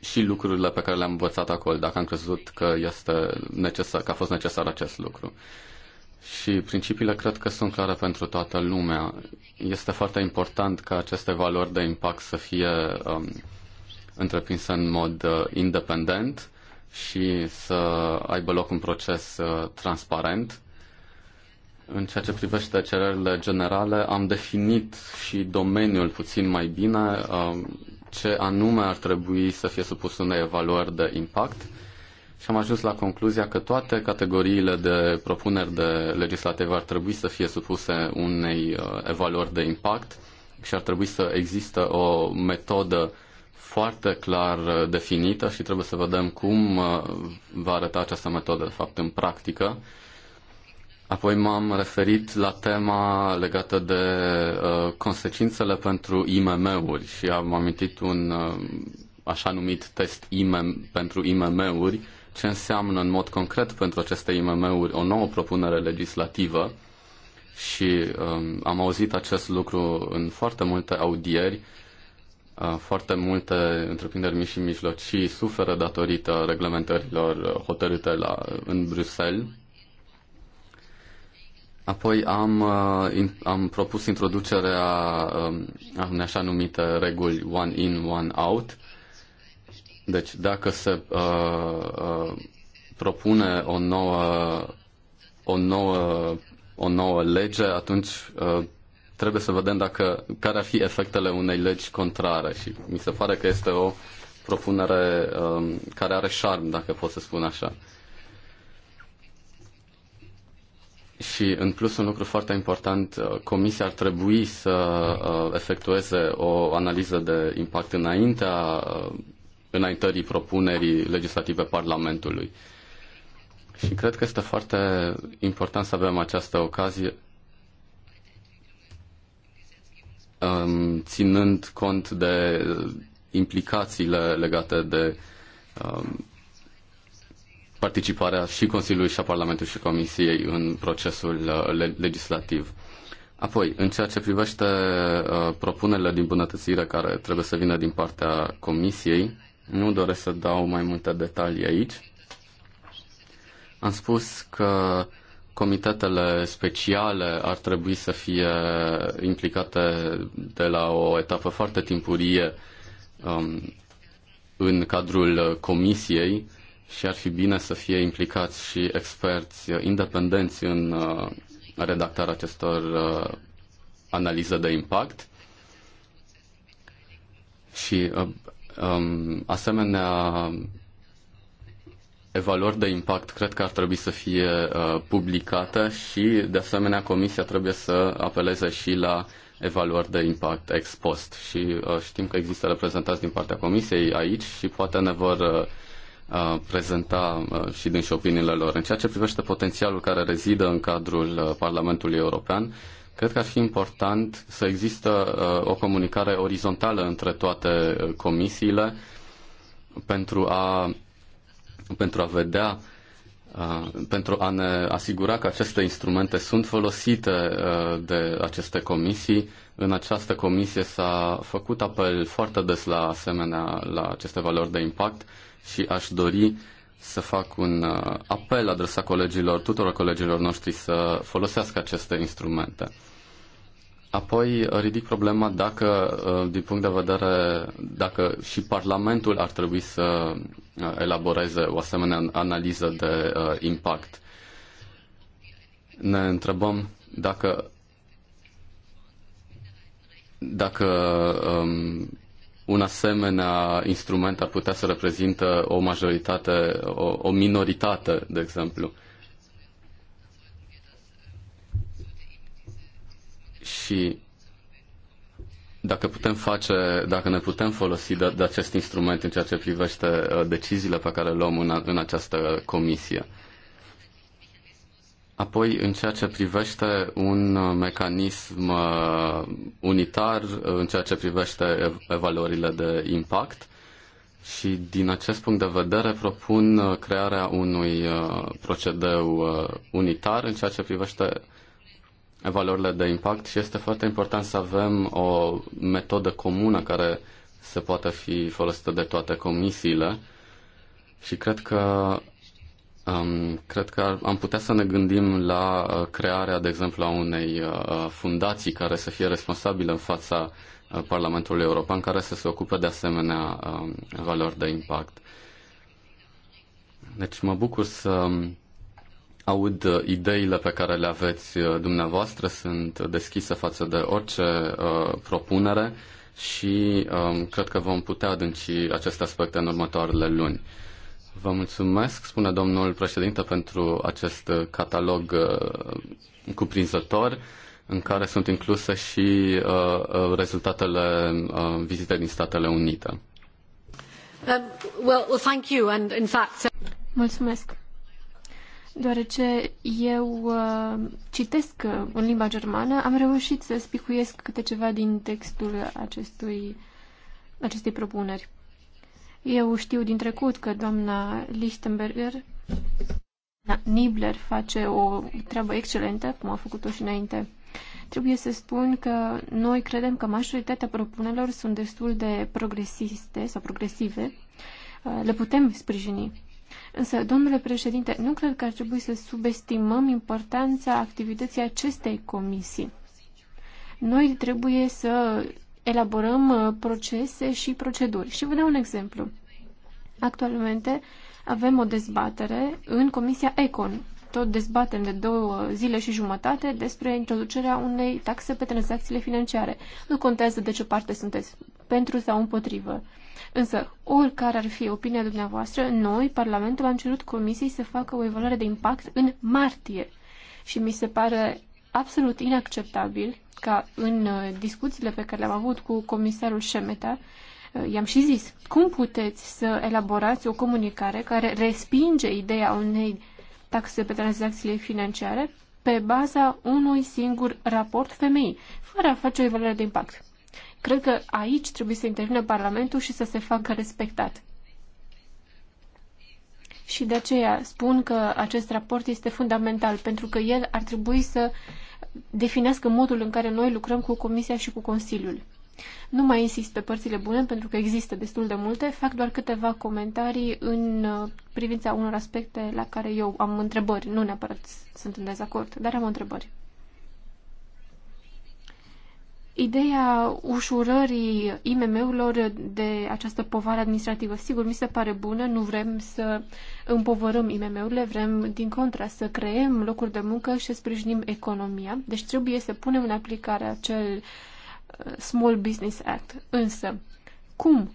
și lucrurile pe care le-am învățat acolo, dacă am crezut că este necesar, că a fost necesar acest lucru. Și principiile cred că sunt clare pentru toată lumea. Este foarte important ca aceste valori de impact să fie um, întreprinse în mod uh, independent și să aibă loc un proces uh, transparent. În ceea ce privește cererile generale, am definit și domeniul puțin mai bine, uh, ce anume ar trebui să fie supus unei evaluări de impact și am ajuns la concluzia că toate categoriile de propuneri de legislative ar trebui să fie supuse unei uh, evaluări de impact și ar trebui să există o metodă foarte clar uh, definită și trebuie să vedem cum uh, va arăta această metodă, de fapt, în practică. Apoi m-am referit la tema legată de uh, consecințele pentru IMM-uri și am amintit un uh, așa numit test IMM, pentru IMM-uri ce înseamnă în mod concret pentru aceste IMM-uri o nouă propunere legislativă și um, am auzit acest lucru în foarte multe audieri. Uh, foarte multe întreprinderi mici și mijlocii suferă datorită reglementărilor hotărâte la, în Bruxelles. Apoi am, uh, in, am propus introducerea um, a așa numite reguli one in, one out, deci dacă se uh, uh, propune o nouă, o nouă, o nouă lege, atunci uh, trebuie să vedem dacă, care ar fi efectele unei legi contrare și mi se pare că este o propunere um, uh, care are șarm, dacă pot să spun așa. Și, în plus, un lucru foarte important, uh, Comisia ar trebui să uh, efectueze o analiză de impact înaintea uh, înaintării propunerii legislative Parlamentului. Și cred că este foarte important să avem această ocazie um, ținând cont de implicațiile legate de um, participarea și Consiliului și a Parlamentului și Comisiei în procesul uh, legislativ. Apoi, în ceea ce privește uh, propunerile din bunătățire care trebuie să vină din partea Comisiei, nu doresc să dau mai multe detalii aici. Am spus că comitetele speciale ar trebui să fie implicate de la o etapă foarte timpurie um, în cadrul comisiei și ar fi bine să fie implicați și experți independenți în uh, redactarea acestor uh, analize de impact. Și uh, um, asemenea evaluări de impact cred că ar trebui să fie uh, publicată și, de asemenea, Comisia trebuie să apeleze și la evaluări de impact ex post. Și uh, știm că există reprezentanți din partea Comisiei aici și poate ne vor uh, uh prezenta uh, și din și opiniile lor. În ceea ce privește potențialul care rezidă în cadrul uh, Parlamentului European, uh, Cred că ar fi important să există uh, o comunicare orizontală între toate uh, comisiile pentru a, pentru a vedea uh, pentru a ne asigura că aceste instrumente sunt folosite de aceste comisii. În această comisie s-a făcut apel foarte des la asemenea la aceste valori de impact și aș dori să fac un apel adresat colegilor, tuturor colegilor noștri să folosească aceste instrumente. Apoi uh, ridic problema dacă, uh, din punct de vedere, dacă și Parlamentul ar trebui să uh, elaboreze o asemenea analiză de impact. Ne întrebăm dacă dacă um, un asemenea instrument ar putea să reprezintă o majoritate, o, o minoritate, de exemplu. și dacă putem face, dacă ne putem folosi de, de acest instrument în ceea ce privește uh, deciziile pe care le luăm în, în această comisie. Apoi, în ceea ce privește un uh, mecanism uh, unitar, în ceea ce privește evaluările de impact, și din acest punct de vedere propun crearea unui procedeu unitar în ceea ce privește valorile de impact și este foarte important să avem o metodă comună care se poate fi folosită de toate comisiile și cred că um, cred că am putea să ne gândim la uh, crearea, de exemplu, a unei uh, uh, fundații care să fie responsabilă în fața Parlamentului European care să se ocupe de asemenea um, valori de impact. Deci mă bucur să um, aud uh, ideile pe care le aveți uh, dumneavoastră, sunt deschise față de orice uh, propunere și um, cred că vom putea adânci aceste aspecte în următoarele luni. Vă mulțumesc, spune domnul președinte, pentru acest uh, catalog uh, cuprinzător în care sunt incluse și uh, rezultatele uh, vizitei din Statele Unite. Um, well, well, thank you and in fact... Mulțumesc deoarece eu uh, citesc uh, în limba germană, am reușit să spicuiesc câte ceva din textul acestui, acestei propuneri. Eu știu din trecut că doamna Lichtenberger, Nibler face o treabă excelentă, cum a făcut-o și înainte. Trebuie să spun că noi credem că majoritatea propunerilor sunt destul de progresiste sau progresive. Uh, le putem sprijini. Însă, domnule președinte, nu cred că ar trebui să subestimăm importanța activității acestei comisii. Noi trebuie să elaborăm uh, procese și proceduri. Și vă dau un exemplu. Actualmente avem o dezbatere în Comisia Econ. Tot dezbatem de două zile și jumătate despre introducerea unei taxe pe tranzacțiile financiare. Nu contează de ce parte sunteți, pentru sau împotrivă. Însă, oricare ar fi opinia dumneavoastră, noi, Parlamentul, am cerut Comisiei să facă o evaluare de impact în martie. Și mi se pare absolut inacceptabil ca în uh, discuțiile pe care le-am avut cu comisarul Șemeta, uh, i-am și zis, cum puteți să elaborați o comunicare care respinge ideea unei taxe pe tranzacțiile financiare pe baza unui singur raport femei, fără a face o evaluare de impact. Cred că aici trebuie să intervină Parlamentul și să se facă respectat. Și de aceea spun că acest raport este fundamental, pentru că el ar trebui să definească modul în care noi lucrăm cu Comisia și cu Consiliul. Nu mai insist pe părțile bune, pentru că există destul de multe, fac doar câteva comentarii în uh, privința unor aspecte la care eu am întrebări. Nu neapărat sunt în dezacord, dar am întrebări. Ideea ușurării IMM-urilor de această povară administrativă, sigur, mi se pare bună, nu vrem să împovărăm IMM-urile, vrem, din contra, să creăm locuri de muncă și să sprijinim economia. Deci trebuie să punem în aplicare acel uh, Small Business Act. Însă, cum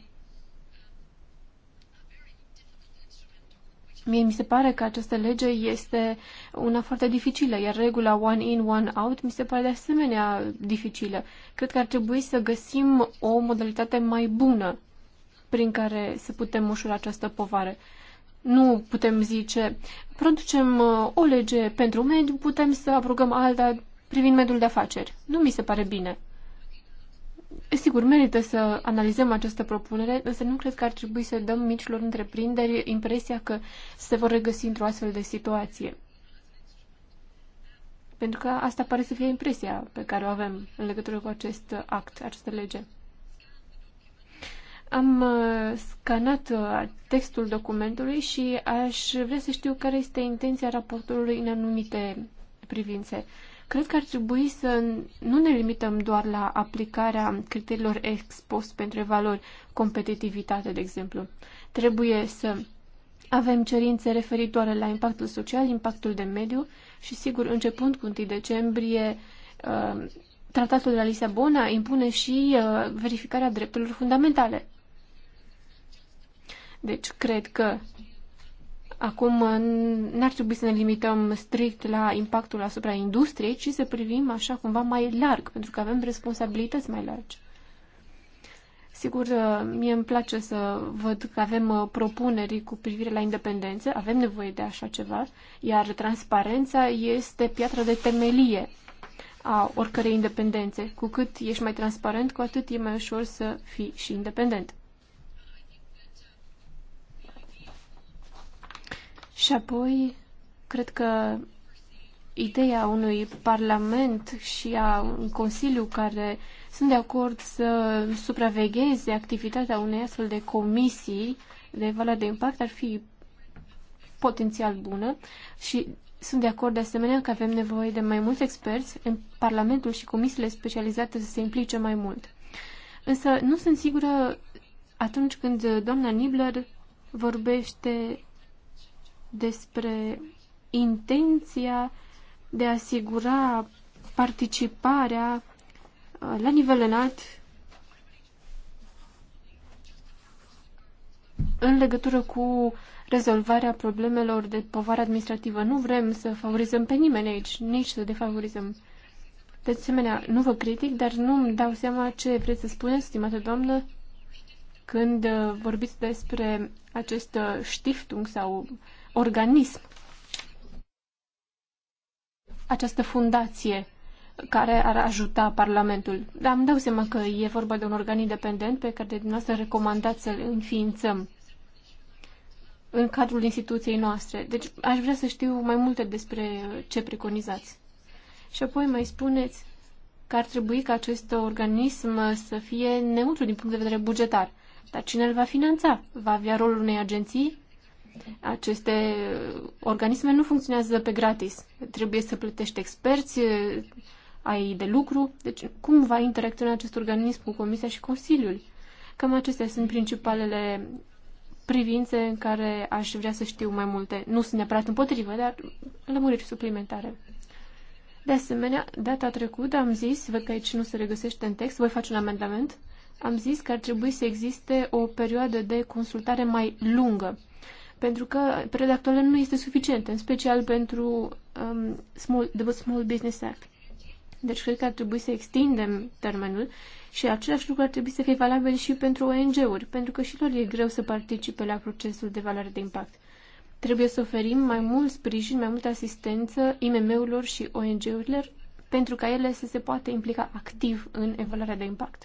Mie mi se pare că această lege este una foarte dificilă, iar regula one in, one out mi se pare de asemenea dificilă. Cred că ar trebui să găsim o modalitate mai bună prin care să putem ușura această povară. Nu putem zice, producem uh, o lege pentru mediu, putem să abrogăm alta privind mediul de afaceri. Nu mi se pare bine. Sigur, merită să analizăm această propunere, însă nu cred că ar trebui să dăm micilor întreprinderi impresia că se vor regăsi într-o astfel de situație. Pentru că asta pare să fie impresia pe care o avem în legătură cu acest act, această lege. Am uh, scanat uh, textul documentului și aș vrea să știu care este intenția raportorului în anumite privințe. Cred că ar trebui să nu ne limităm doar la aplicarea criteriilor ex pentru valori competitivitate, de exemplu. Trebuie să avem cerințe referitoare la impactul social, impactul de mediu și, sigur, începând cu 1 decembrie, uh, Tratatul de la Lisabona impune și uh, verificarea drepturilor fundamentale. Deci, cred că Acum n-ar trebui să ne limităm strict la impactul asupra industriei, ci să privim așa cumva mai larg, pentru că avem responsabilități mai largi. Sigur, uh, mie îmi place să văd că avem uh, propuneri cu privire la independență, avem nevoie de așa ceva, iar transparența este piatra de temelie a oricărei independențe. Cu cât ești mai transparent, cu atât e mai ușor să fii și independent. Și apoi, cred că ideea unui parlament și a un consiliu care sunt de acord să supravegheze activitatea unei astfel de comisii de evaluare de impact ar fi potențial bună și sunt de acord de asemenea că avem nevoie de mai mulți experți în Parlamentul și comisiile specializate să se implice mai mult. Însă nu sunt sigură atunci când doamna Nibler vorbește despre intenția de a asigura participarea uh, la nivel înalt în legătură cu rezolvarea problemelor de povară administrativă. Nu vrem să favorizăm pe nimeni aici, nici să defavorizăm. De asemenea, nu vă critic, dar nu îmi dau seama ce vreți să spuneți, stimată doamnă, când uh, vorbiți despre acest uh, știftung sau organism. Această fundație care ar ajuta Parlamentul. Dar îmi dau seama că e vorba de un organ independent pe care de dumneavoastră recomandați să-l înființăm în cadrul instituției noastre. Deci aș vrea să știu mai multe despre ce preconizați. Și apoi mai spuneți că ar trebui ca acest organism să fie neutru din punct de vedere bugetar. Dar cine îl va finanța? Va avea rolul unei agenții? Aceste organisme nu funcționează pe gratis. Trebuie să plătești experți, ai de lucru. Deci, cum va interacționa acest organism cu Comisia și Consiliul? Cam acestea sunt principalele privințe în care aș vrea să știu mai multe. Nu sunt neapărat împotrivă, dar lămuriri suplimentare. De asemenea, data trecută am zis, văd că aici nu se regăsește în text, voi face un amendament, am zis că ar trebui să existe o perioadă de consultare mai lungă pentru că perioada actuală nu este suficientă, în special pentru um, small, The Small Business Act. Deci cred că ar trebui să extindem termenul și același lucru ar trebui să fie valabil și pentru ONG-uri, pentru că și lor e greu să participe la procesul de valoare de impact. Trebuie să oferim mai mult sprijin, mai multă asistență IMM-urilor și ONG-urilor pentru ca ele să se poată implica activ în evaluarea de impact.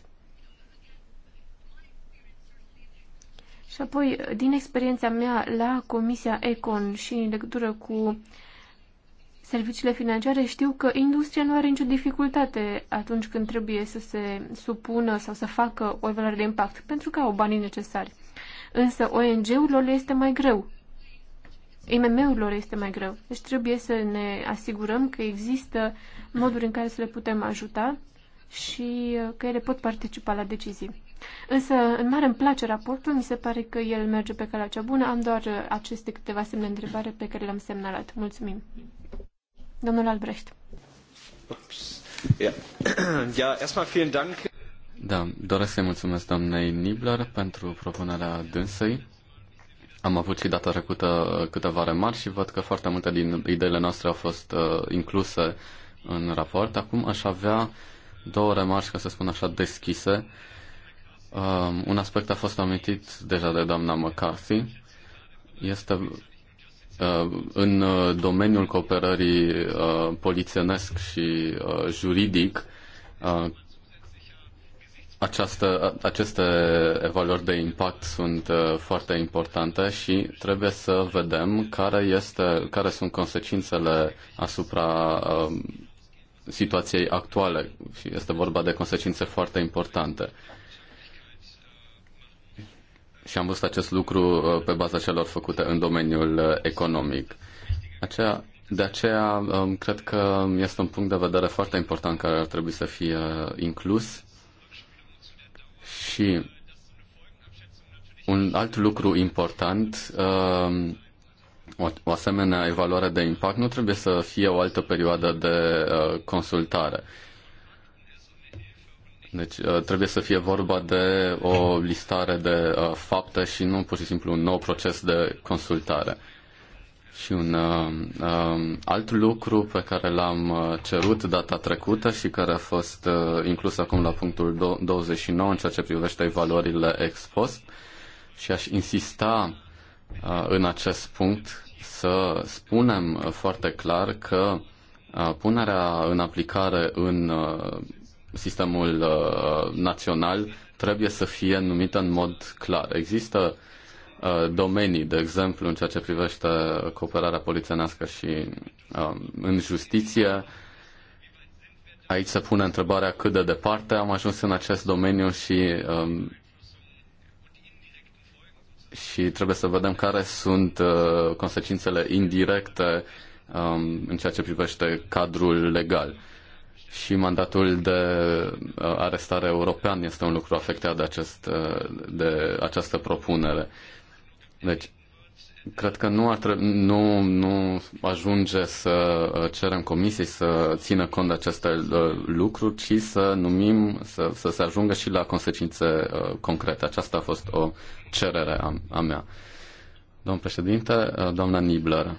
Și apoi, din experiența mea la Comisia Econ și în legătură cu serviciile financiare, știu că industria nu are nicio dificultate atunci când trebuie să se supună sau să facă o evaluare de impact, pentru că au banii necesari. Însă ONG-urilor le este mai greu. IMM-urilor este mai greu. Deci trebuie să ne asigurăm că există moduri în care să le putem ajuta și că ele pot participa la decizii. Însă, în mare îmi place raportul, mi se pare că el merge pe calea cea bună. Am doar aceste câteva semne de întrebare pe care le-am semnalat. Mulțumim. Domnul Albrecht. Ja, erstmal vielen Dank. Da, doresc să-i mulțumesc doamnei Nibler pentru propunerea dânsei. Am avut și data trecută câteva remarci și văd că foarte multe din ideile noastre au fost uh, incluse în raport. Acum aș avea două remarci, ca să spun așa, deschise. Uh, Um, un aspect a fost amintit deja de doamna McCarthy. Este uh, în uh, domeniul cooperării uh, polițienesc și uh, juridic uh, această, aceste evaluări de impact sunt uh, foarte importante și trebuie să vedem care, este, care sunt consecințele asupra um, situației actuale și este vorba de consecințe foarte importante și am văzut acest lucru uh, pe baza celor făcute în domeniul uh, economic. Aceea, de aceea, um, cred că este un punct de vedere foarte important care ar trebui să fie uh, inclus și un alt lucru important, um, o asemenea evaluare de impact nu trebuie să fie o altă perioadă de consultare. Deci uh, trebuie să fie vorba de o listare de uh, fapte și nu pur și simplu un nou proces de consultare. Și un uh, um, alt lucru pe care l-am cerut data trecută și care a fost inclus acum la punctul 29 în ceea ce privește valorile ex post și aș insista în acest punct să spunem foarte clar că punerea în aplicare în sistemul uh, național trebuie să fie numită în mod clar. Există uh, domenii, de exemplu, în ceea ce privește cooperarea polițienească și um, în justiție, aici se pune întrebarea cât de departe am ajuns în acest domeniu și um, și trebuie să vedem care sunt uh, consecințele indirecte um, în ceea ce privește cadrul legal și mandatul de uh, arestare european este un lucru afectat de, acest, uh, de această propunere. Deci, cred că nu, ar trebui, nu, nu ajunge să uh, cerem comisiei să țină cont de aceste lucruri, ci să numim, să, să se ajungă și la consecințe concrete. Aceasta a fost o cerere a, a mea. Domnul președinte, doamna Nibler,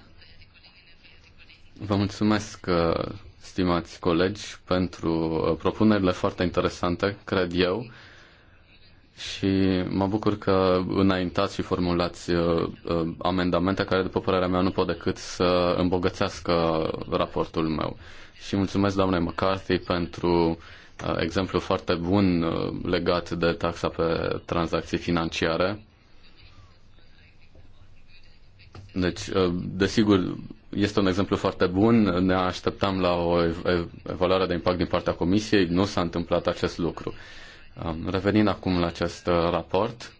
vă mulțumesc stimați colegi, pentru uh, propunerile foarte interesante, cred eu, și mă bucur că înaintați și formulați uh, uh, amendamente care, după părerea mea, nu pot decât să îmbogățească raportul meu. Și mulțumesc, doamne McCarthy, pentru exemplu foarte bun legat de taxa pe tranzacții financiare. Deci, desigur, este un exemplu foarte bun. Ne așteptam la o evaluare de impact din partea Comisiei. Nu s-a întâmplat acest lucru. Revenind acum la acest uh, raport,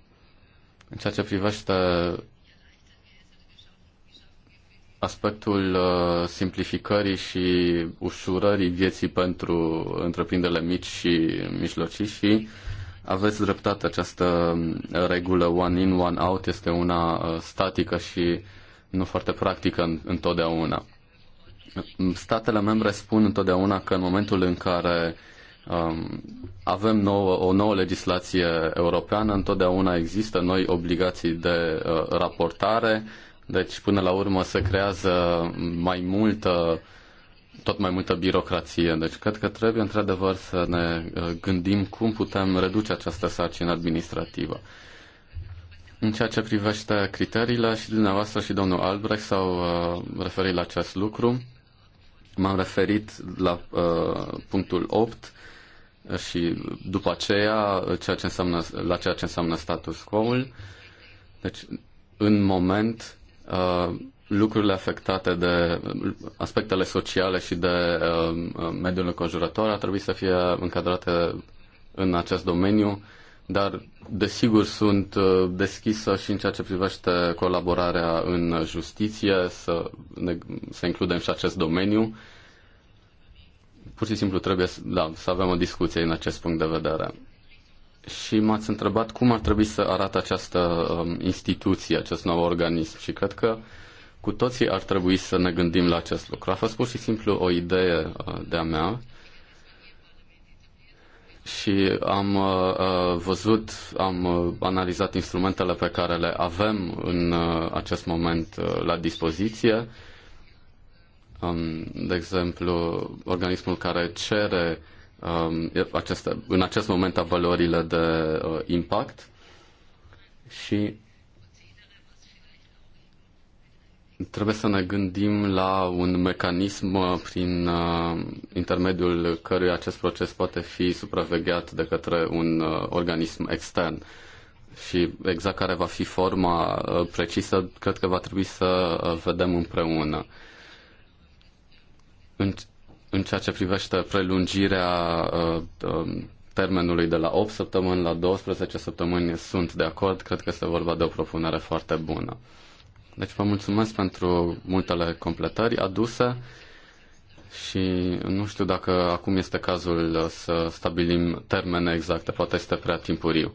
în ceea ce privește aspectul uh, simplificării și ușurării vieții pentru întreprinderile mici și mijlocii și aveți dreptate, această um, regulă one in, one out este una uh, statică și nu foarte practică întotdeauna. Statele membre spun întotdeauna că în momentul în care um, avem nouă, o nouă legislație europeană, întotdeauna există noi obligații de uh, raportare, deci până la urmă se creează mai multă tot mai multă birocrație. Deci cred că trebuie într-adevăr să ne uh, gândim cum putem reduce această sarcină administrativă. În ceea ce privește criteriile, și dumneavoastră și domnul Albrecht s-au uh, referit la acest lucru. M-am referit la uh, punctul 8 și după aceea uh, ceea ce înseamnă, la ceea ce înseamnă status quo-ul. Deci, în moment, uh, lucrurile afectate de uh, aspectele sociale și de uh, uh, mediul înconjurător ar trebui să fie încadrate în acest domeniu, dar Desigur, sunt uh, deschisă și în ceea ce privește colaborarea în justiție, să, ne, să includem și acest domeniu. Pur și simplu trebuie să, da, să avem o discuție în acest punct de vedere. Și m-ați întrebat cum ar trebui să arate această um, instituție, acest nou organism și cred că cu toții ar trebui să ne gândim la acest lucru. A fost pur și simplu o idee uh, de-a mea și am uh, uh, văzut, am uh, analizat instrumentele pe care le avem în acest moment la dispoziție. Um, de exemplu, organismul care cere um, aceste, în acest moment evaluările de impact și trebuie să ne gândim la un mecanism uh, prin uh, intermediul căruia acest proces poate fi supravegheat de către un uh, organism extern. Și exact care va fi forma precisă, cred că va trebui să vedem împreună. În, în ceea ce privește prelungirea um, termenului de la 8 săptămâni la 12 săptămâni, sunt de acord, cred că este vorba de o propunere foarte bună. Deci vă mulțumesc pentru multele completări aduse și nu știu dacă acum este cazul să stabilim termene exacte, poate este prea timpuriu.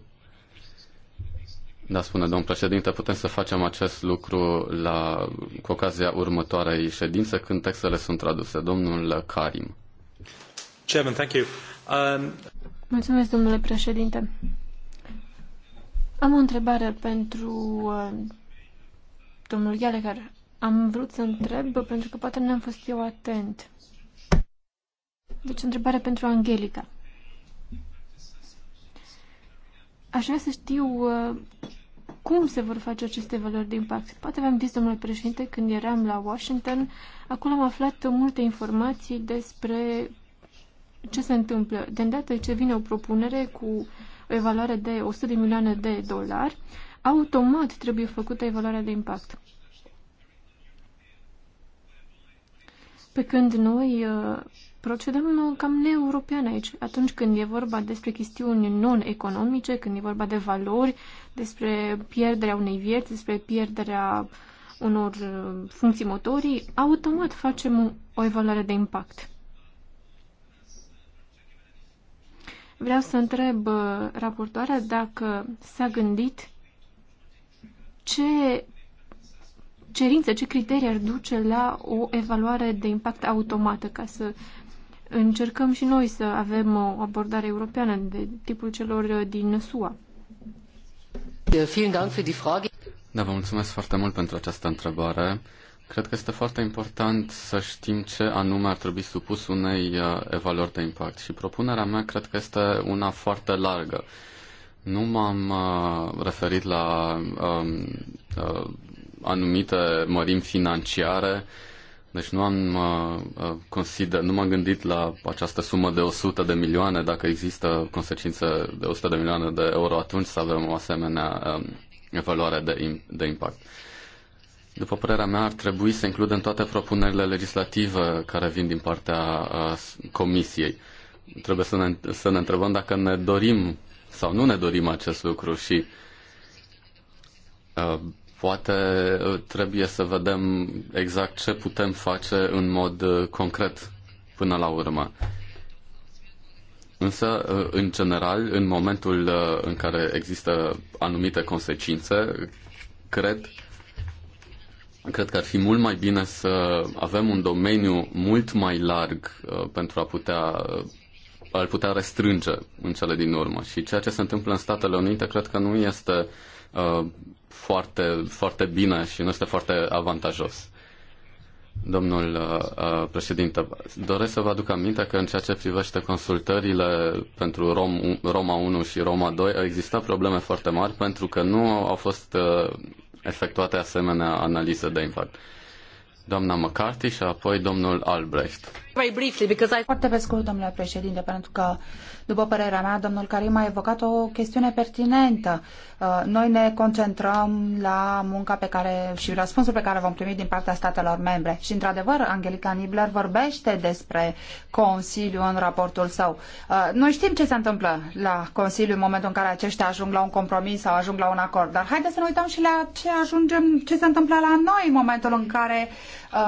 Da, spune domnul președinte, putem să facem acest lucru la, cu ocazia următoarei ședințe când textele sunt traduse. Domnul Karim. Chairman, thank you. Um... Mulțumesc, domnule președinte. Am o întrebare pentru uh, Domnul Gallagher, am vrut să întreb, pentru că poate n-am fost eu atent. Deci, o întrebare pentru Angelica. Aș vrea să știu uh, cum se vor face aceste valori de impact. Poate v-am zis, domnule președinte, când eram la Washington, acolo am aflat multe informații despre ce se întâmplă. De îndată ce vine o propunere cu o evaluare de 100 de milioane de dolari, automat trebuie făcută evaluarea de impact. Pe când noi uh, procedăm uh, cam neeuropean aici, atunci când e vorba despre chestiuni non-economice, când e vorba de valori, despre pierderea unei vieți, despre pierderea unor uh, funcții motorii, automat facem o evaluare de impact. Vreau să întreb raportoarea dacă s-a gândit ce cerințe, ce criterii ar duce la o evaluare de impact automată ca să încercăm și noi să avem o abordare europeană de tipul celor din SUA. Da, vă mulțumesc foarte mult pentru această întrebare. Cred că este foarte important să știm ce anume ar trebui supus unei uh, evaluări de impact și propunerea mea cred că este una foarte largă. Nu m-am uh, referit la um, uh, anumite mărimi financiare, deci nu am uh, uh consider, nu m-am gândit la această sumă de 100 de milioane, dacă există consecințe de 100 de milioane de euro, atunci să avem o asemenea um, evaluare de, de impact. După părerea mea, ar trebui să includem toate propunerile legislative care vin din partea uh, Comisiei. Trebuie să ne, să ne întrebăm dacă ne dorim sau nu ne dorim acest lucru și uh, poate uh, trebuie să vedem exact ce putem face în mod uh, concret până la urmă. Însă, în general, în momentul în care există anumite consecințe, cred, cred că ar fi mult mai bine să avem un domeniu mult mai larg pentru a putea ar putea restrânge în cele din urmă. Și ceea ce se întâmplă în Statele Unite cred că nu este uh, foarte, foarte bine și nu este foarte avantajos. Domnul uh, uh președinte, doresc să vă aduc aminte că în ceea ce privește consultările pentru Rom, Roma 1 și Roma 2 au existat probleme foarte mari pentru că nu au fost uh, efectuate asemenea analize de impact. Uh, doamna McCarthy și apoi domnul Albrecht. Foarte pe scurt, domnule președinte, pentru că după părerea mea, domnul Karim a evocat o chestiune pertinentă. Uh, noi ne concentrăm la munca pe care și răspunsul pe care vom primi din partea statelor membre. Și, într-adevăr, Angelica Nibler vorbește despre Consiliu în raportul său. Uh, noi știm ce se întâmplă la Consiliu în momentul în care aceștia ajung la un compromis sau ajung la un acord, dar haideți să ne uităm și la ce ajungem, ce se întâmplă la noi în momentul în care uh,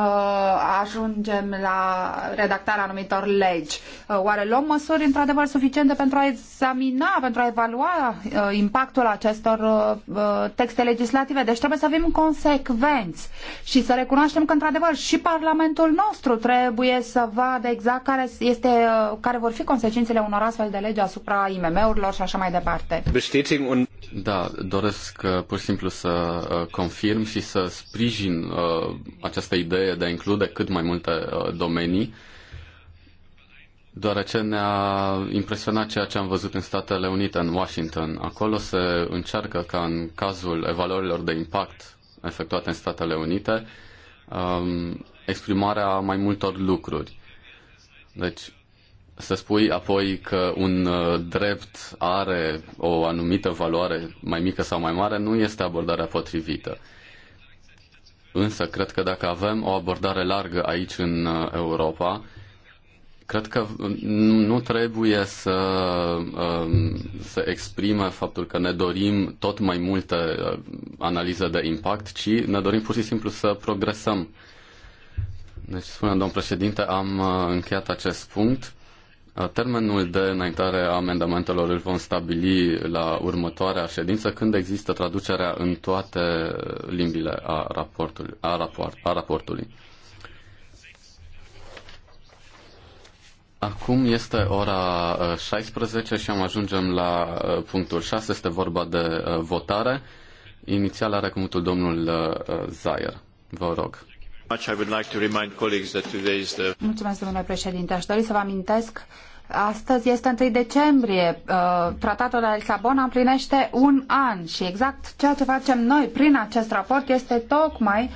ajungem la redactarea anumitor legi. Uh, oare luăm măsuri într-adevăr suficient suficiente pentru a examina, pentru a evalua uh, impactul acestor uh, uh, texte legislative. Deci trebuie să fim consecvenți și să recunoaștem că, într-adevăr, și Parlamentul nostru trebuie să vadă exact care, este, care vor fi consecințele unor astfel de legi asupra IMM-urilor și așa mai departe. Da, doresc pur și simplu să confirm și să sprijin această idee de a include cât mai multe domenii deoarece ne-a impresionat ceea ce am văzut în Statele Unite, în Washington. Acolo se încearcă ca în cazul evaluărilor de impact efectuate în Statele Unite, um, exprimarea mai multor lucruri. Deci, să spui apoi că un uh, drept are o anumită valoare mai mică sau mai mare nu este abordarea potrivită. Însă, cred că dacă avem o abordare largă aici în uh, Europa, Cred că mm, nu trebuie să, mm, să exprime faptul că ne dorim tot mai multe mm, analize de impact, ci ne dorim pur și simplu să progresăm. Deci, spune domn președinte, am încheiat acest punct. Termenul de înaintare a amendamentelor îl vom stabili la următoarea ședință, când există traducerea în toate limbile a raportului. A raport, a raportului. Acum este ora 16 uh, și am ajungem la uh, punctul 6, este vorba de uh, votare. Inițial are cuvântul domnul Zayer. Vă rog. Mulțumesc, domnule președinte. Aș dori să vă amintesc Astăzi este 1 decembrie, tratatul de la Lisabona împlinește un an și exact ceea ce facem noi prin acest raport este tocmai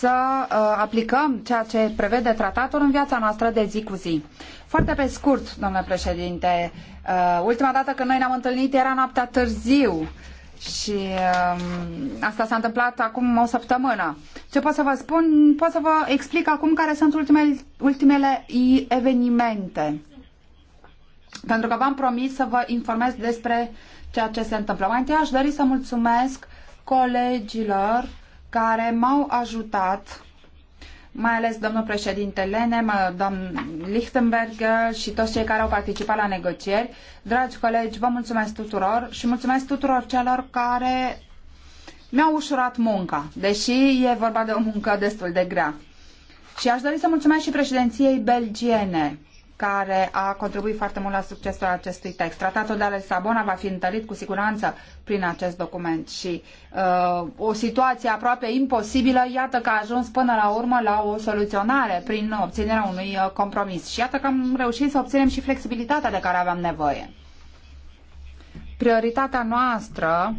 să uh, aplicăm ceea ce prevede tratatul în viața noastră de zi cu zi. Foarte pe scurt, domnule președinte, uh, ultima dată când noi ne-am întâlnit era noaptea târziu și um, asta s-a întâmplat acum o săptămână. Ce pot să vă spun? Pot să vă explic acum care sunt ultimele, ultimele evenimente. Pentru că v-am promis să vă informez despre ceea ce se întâmplă. Mai întâi aș dori să mulțumesc colegilor care m-au ajutat mai ales domnul președinte Lenem, domn Lichtenberger și toți cei care au participat la negocieri. Dragi colegi, vă mulțumesc tuturor și mulțumesc tuturor celor care mi-au ușurat munca, deși e vorba de o muncă destul de grea. Și aș dori să mulțumesc și președinției belgiene, care a contribuit foarte mult la succesul acestui text. Tratatul de la Lisabona va fi întărit cu siguranță prin acest document și uh, o situație aproape imposibilă, iată că a ajuns până la urmă la o soluționare prin obținerea unui uh, compromis. Și iată că am reușit să obținem și flexibilitatea de care aveam nevoie. Prioritatea noastră,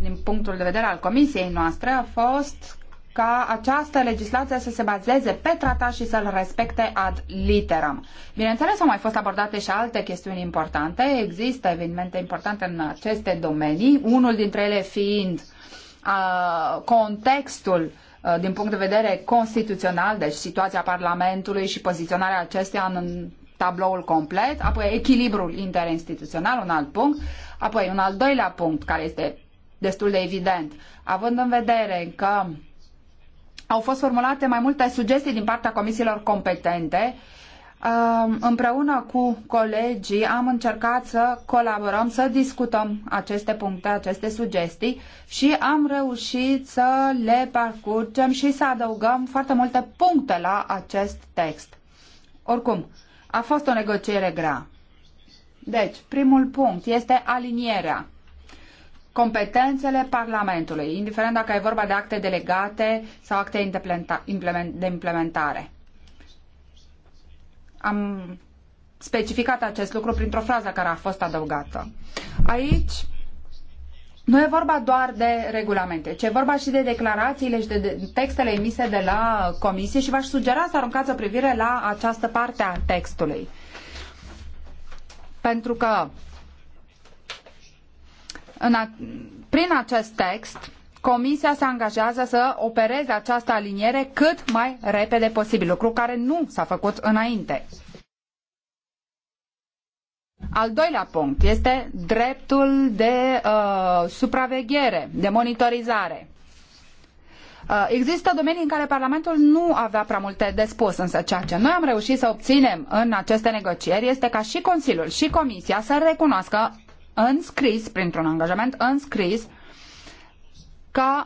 din punctul de vedere al comisiei noastre, a fost ca această legislație să se bazeze pe tratat și să-l respecte ad literam. Bineînțeles, au mai fost abordate și alte chestiuni importante. Există evenimente importante în aceste domenii, unul dintre ele fiind uh, contextul din punct de vedere constituțional, deci situația Parlamentului și poziționarea acesteia în tabloul complet, apoi echilibrul interinstituțional, un alt punct, apoi un al doilea punct care este destul de evident, având în vedere că au fost formulate mai multe sugestii din partea comisiilor competente. Împreună cu colegii am încercat să colaborăm, să discutăm aceste puncte, aceste sugestii și am reușit să le parcurgem și să adăugăm foarte multe puncte la acest text. Oricum, a fost o negociere grea. Deci, primul punct este alinierea competențele Parlamentului, indiferent dacă e vorba de acte delegate sau acte de implementare. Am specificat acest lucru printr-o frază care a fost adăugată. Aici nu e vorba doar de regulamente, ci e vorba și de declarațiile și de textele emise de la comisie și v-aș sugera să aruncați o privire la această parte a textului. Pentru că în a, prin acest text, Comisia se angajează să opereze această aliniere cât mai repede posibil, lucru care nu s-a făcut înainte. Al doilea punct este dreptul de uh, supraveghere, de monitorizare. Uh, există domenii în care Parlamentul nu avea prea multe de spus, însă ceea ce noi am reușit să obținem în aceste negocieri este ca și Consiliul și Comisia să recunoască înscris, printr-un angajament înscris, că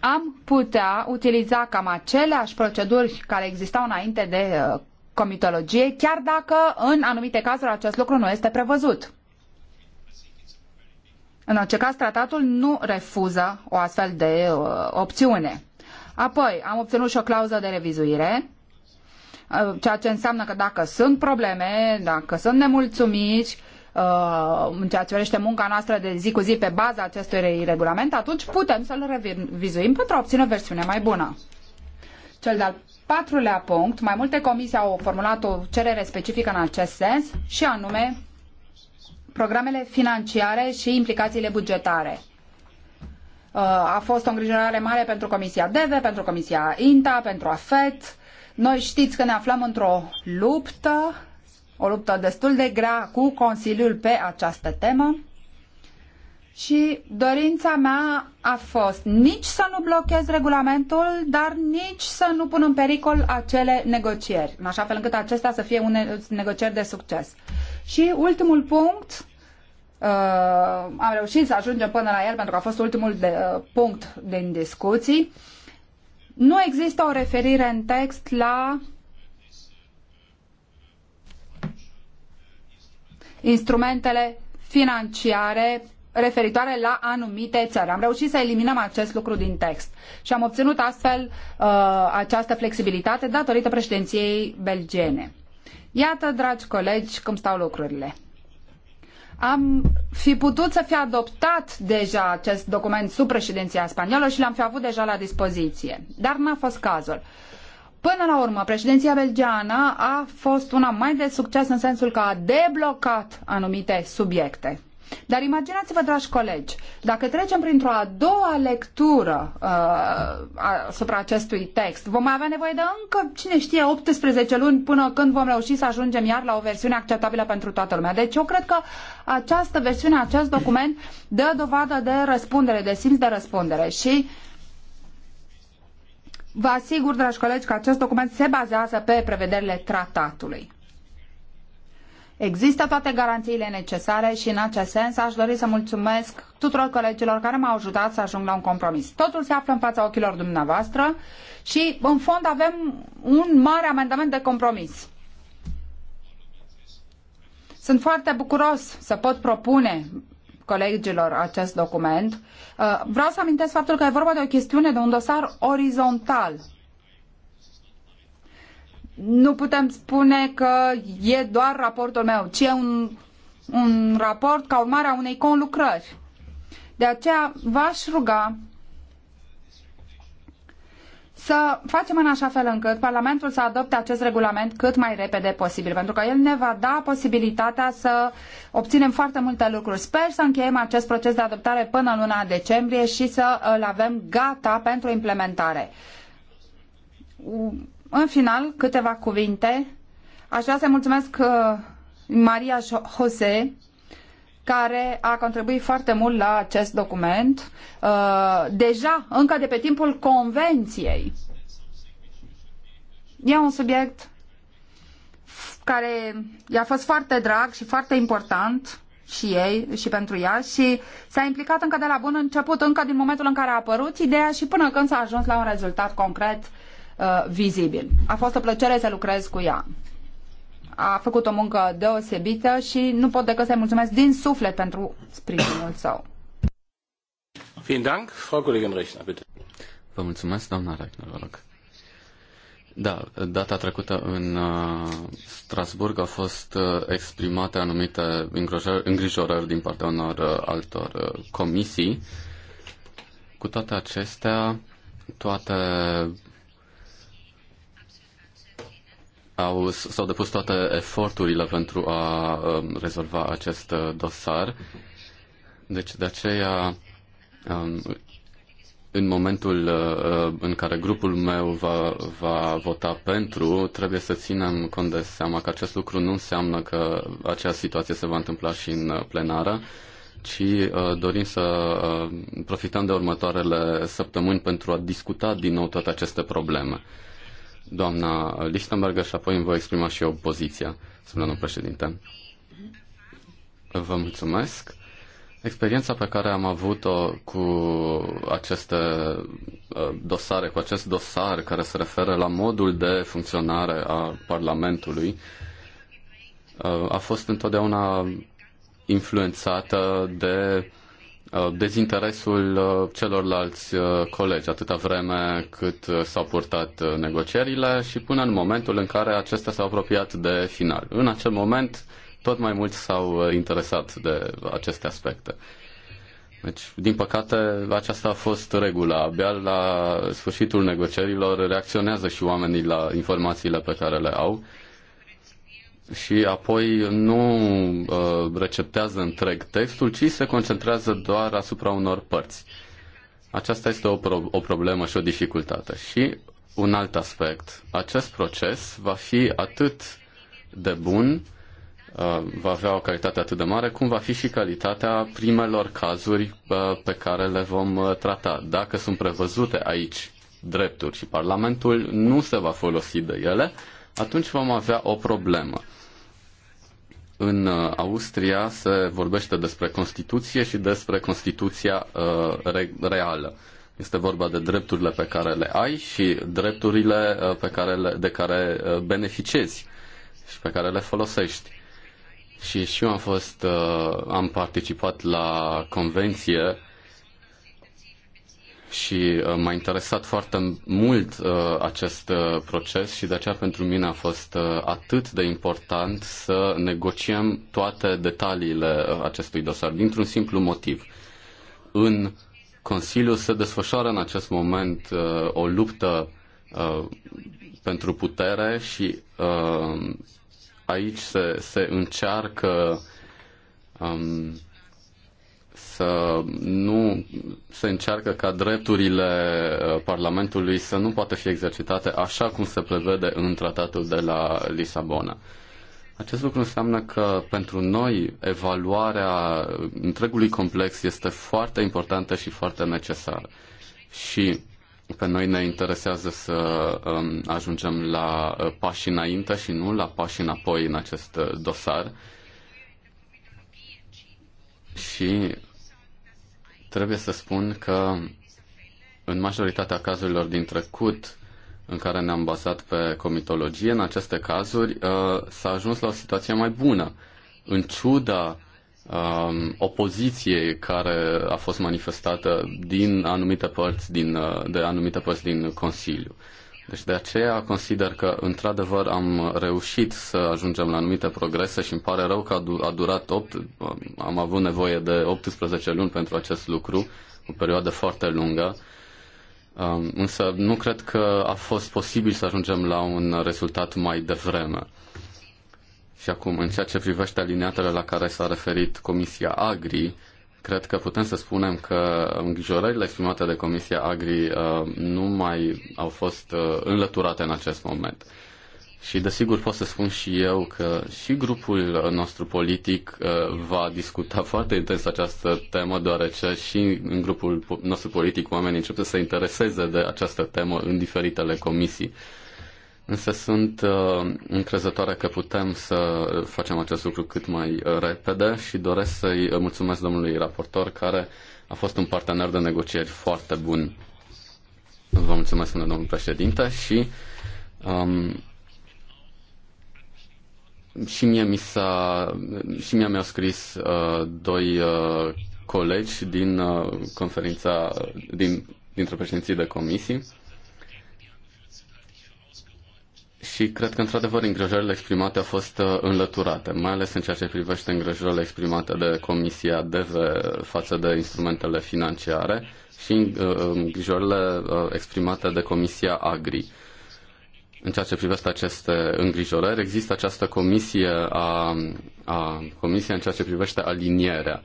am putea utiliza cam aceleași proceduri care existau înainte de uh, comitologie, chiar dacă în anumite cazuri acest lucru nu este prevăzut. În orice caz, tratatul nu refuză o astfel de uh, opțiune. Apoi, am obținut și o clauză de revizuire, uh, ceea ce înseamnă că dacă sunt probleme, dacă sunt nemulțumiți, uh, Uh, în ceea ce privește munca noastră de zi cu zi pe baza acestui regulament, atunci putem să-l revizuim pentru a obține o versiune mai bună. Cel de-al patrulea punct, mai multe comisii au formulat o cerere specifică în acest sens și anume programele financiare și implicațiile bugetare. Uh, a fost o îngrijorare mare pentru Comisia DEVE, pentru Comisia INTA, pentru AFET. Noi știți că ne aflăm într-o luptă o luptă destul de grea cu Consiliul pe această temă și dorința mea a fost nici să nu blochez regulamentul, dar nici să nu pun în pericol acele negocieri, în așa fel încât acestea să fie un negocieri de succes. Și ultimul punct, uh, am reușit să ajungem până la el pentru că a fost ultimul de, uh, punct din discuții, nu există o referire în text la instrumentele financiare referitoare la anumite țări. Am reușit să eliminăm acest lucru din text și am obținut astfel uh, această flexibilitate datorită președinției belgiene. Iată, dragi colegi, cum stau lucrurile. Am fi putut să fi adoptat deja acest document sub președinția spaniolă și l-am fi avut deja la dispoziție, dar n-a fost cazul. Uh, Până la urmă, președinția belgeană a fost una mai de succes în sensul că a deblocat anumite subiecte. Dar imaginați-vă, dragi colegi, dacă trecem printr-o a doua lectură uh, asupra acestui text, vom mai avea nevoie de încă, cine știe, 18 luni până când vom reuși să ajungem iar la o versiune acceptabilă pentru toată lumea. Deci eu cred că această versiune, acest document dă dovadă de răspundere, de simț de răspundere și Vă asigur, dragi colegi, că acest document se bazează pe prevederile tratatului. Există toate garanțiile necesare și în acest sens aș dori să mulțumesc tuturor colegilor care m-au ajutat să ajung la un compromis. Totul se află în fața ochilor dumneavoastră și în fond avem un mare amendament de compromis. Sunt foarte bucuros să pot propune colegilor acest document. Uh, vreau să amintesc faptul că e vorba de o chestiune, de un dosar orizontal. Nu putem spune că e doar raportul meu, ci e un, un raport ca urmare a unei conlucrări. De aceea v-aș ruga să facem în așa fel încât Parlamentul să adopte acest regulament cât mai repede posibil, pentru că el ne va da posibilitatea să obținem foarte multe lucruri. Sper să încheiem acest proces de adoptare până luna decembrie și să îl avem gata pentru implementare. În final, câteva cuvinte. Aș vrea să mulțumesc uh, Maria Jose care a contribuit foarte mult la acest document, uh, deja încă de pe timpul convenției. E un subiect care i-a fost foarte drag și foarte important și ei și pentru ea și s-a implicat încă de la bun început, încă din momentul în care a apărut ideea și până când s-a ajuns la un rezultat concret uh, vizibil. A fost o plăcere să lucrez cu ea a făcut o muncă deosebită și nu pot decât să-i mulțumesc din suflet pentru sprijinul său. Vă mulțumesc, doamna Rechner, vă rog. Da, data trecută în uh, Strasburg au fost uh, exprimate anumite îngrijorări din partea unor uh, altor comisii. Cu toate acestea, toate au, s-au depus toate eforturile pentru a um, rezolva acest uh, dosar. Deci, de aceea, um, în momentul uh, uh, în care grupul meu va, va vota pentru, trebuie să ținem cont de seama că acest lucru nu înseamnă că acea situație se va întâmpla și în plenară, ci dorim să profităm de următoarele săptămâni pentru a discuta din nou toate aceste probleme doamna Lichtenberger și apoi îmi voi exprima și eu poziția, domnul președinte. Vă mulțumesc. Experiența pe care am avut-o cu aceste ă, dosare, cu acest dosar care se referă la modul de funcționare a Parlamentului, ă, a fost întotdeauna influențată de Uh, dezinteresul uh, celorlalți uh, colegi, atâta vreme cât s-au purtat negocierile și până în momentul în care acestea s-au apropiat de final. În acel moment, tot mai mulți s-au interesat de aceste aspecte. Deci, din păcate, aceasta a fost regula. Abia la sfârșitul negocierilor reacționează și oamenii la informațiile pe care le au și apoi nu uh, receptează întreg textul, ci se concentrează doar asupra unor părți. Aceasta este o, pro- o problemă și o dificultate. Și un alt aspect, acest proces va fi atât de bun, uh, va avea o calitate atât de mare, cum va fi și calitatea primelor cazuri uh, pe care le vom uh, trata. Dacă sunt prevăzute aici drepturi și Parlamentul nu se va folosi de ele, uh, atunci vom avea o problemă. În uh, Austria se vorbește despre Constituție și despre Constituția uh, reală. Este vorba de drepturile pe care le ai și drepturile uh, pe care le, de care beneficiezi și pe care le folosești. Și și eu am fost, am participat la convenție și uh, m-a interesat foarte mult uh, acest uh, proces și de aceea pentru mine a fost atât de important să negociem toate detaliile acestui dosar, dintr-un simplu motiv. În Consiliu se desfășoară în acest moment o luptă pentru putere și aici se, se încearcă um, să nu se încearcă ca drepturile uh, Parlamentului să nu poată fi exercitate așa cum se prevede în tratatul de la Lisabona. Acest lucru înseamnă că pentru noi evaluarea întregului complex este foarte importantă și foarte necesară. Și pe noi ne interesează să um, ajungem la uh, pași înainte și nu la pași înapoi în acest uh, dosar. Și trebuie să spun că în majoritatea cazurilor din trecut în care ne-am bazat pe comitologie, în aceste cazuri uh, s-a ajuns la o situație mai bună. În ciuda um, opoziției care a fost manifestată din anumite părți din, uh, de anumite părți din Consiliu. Deci de aceea consider că într-adevăr am reușit să ajungem la anumite progrese și îmi pare rău că a durat 8, am avut nevoie de 18 luni pentru acest lucru, o perioadă foarte lungă. Um, însă nu cred că a fost posibil să ajungem la un rezultat mai devreme. Și acum, în ceea ce privește alineatele la care s-a referit Comisia Agri, Cred că putem să spunem că îngrijorările exprimate de Comisia Agri uh, nu mai au fost uh, înlăturate în acest moment. Și desigur pot să spun și eu că și grupul uh, nostru politic va discuta foarte intens această temă, deoarece și în grupul nostru politic oamenii încep să se intereseze de această temă în diferitele comisii. Însă sunt uh, încrezătoare că putem să facem acest lucru cât mai uh, repede și doresc să-i uh, mulțumesc domnului raportor care a fost un partener de negocieri foarte bun. Vă mulțumesc, domnul președinte, și um, și mie mi s-a și mie mi-au scris uh, doi uh, colegi din uh, conferința din, dintre președinții de comisii și cred că, într-adevăr, îngrijorările exprimate au fost uh, înlăturate, mai ales în ceea ce privește îngrijorările exprimate de Comisia DEVE față de instrumentele financiare și uh, îngrijorările uh, exprimate de Comisia AGRI. În ceea ce privește aceste îngrijorări, există această comisie a, a comisia în ceea ce privește alinierea.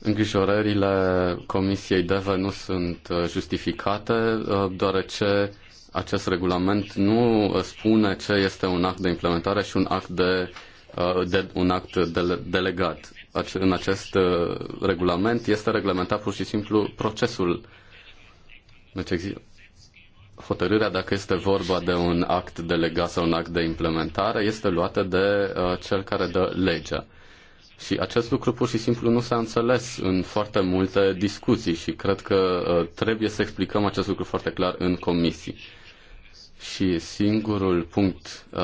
Îngrijorările Comisiei DEVE nu sunt justificate, deoarece acest regulament nu spune ce este un act de implementare și un act de, uh, de un act de, delegat. În acest uh, regulament este reglementat pur și simplu procesul. Deci hotărârea dacă este vorba de un act delegat sau un act de implementare este luată de uh, cel care dă legea. Și acest lucru pur și simplu nu s-a înțeles în foarte multe discuții și cred că trebuie să explicăm acest lucru foarte clar în comisii și singurul punct uh,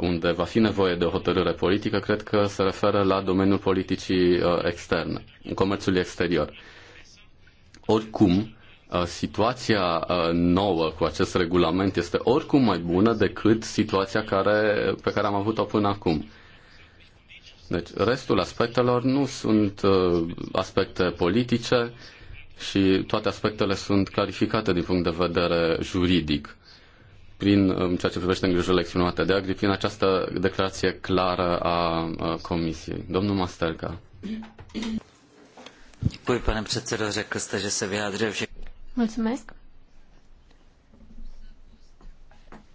unde va fi nevoie de o hotărâre politică cred că se referă la domeniul politicii uh, externe, comerțul exterior. Oricum, uh, situația uh, nouă cu acest regulament este oricum mai bună decât situația care, pe care am avut-o până acum. Deci, restul aspectelor nu sunt uh, aspecte politice și toate aspectele sunt clarificate din punct de vedere juridic prin ceea ce privește îngrijorile exprimate de Agri, prin această declarație clară a Comisiei. Domnul Masterca. Děkuji, pane předsedo, řekl jste, že se vyjádřil Mulțumesc.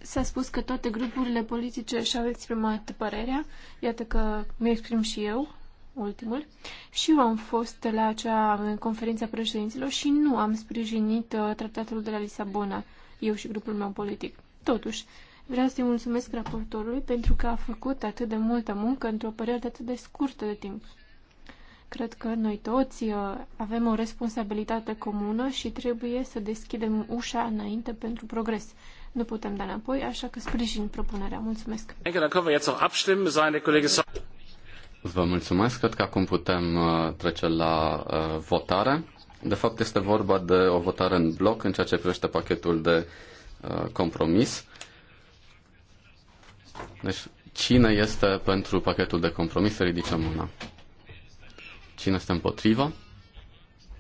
S-a spus că toate grupurile politice și-au exprimat părerea. Iată că mi exprim și eu, ultimul. Și eu am fost la acea conferință a președinților și nu am sprijinit uh, tratatul de la Lisabona, eu și grupul meu politic. Totuși, vreau să-i mulțumesc raportorului pentru că a făcut atât de multă muncă într-o perioadă atât de scurtă de timp. Cred că noi toți uh, avem o responsabilitate comună și trebuie să deschidem ușa înainte pentru progres. Nu putem da înapoi, așa că sprijin propunerea. Mulțumesc. Vă mulțumesc. Cred că acum putem uh, trece la uh, votare. De fapt, este vorba de o votare în bloc în ceea ce privește pachetul de Uh, compromis. Deci, cine este pentru pachetul de compromis? Să ridicăm mâna. Cine este împotrivă?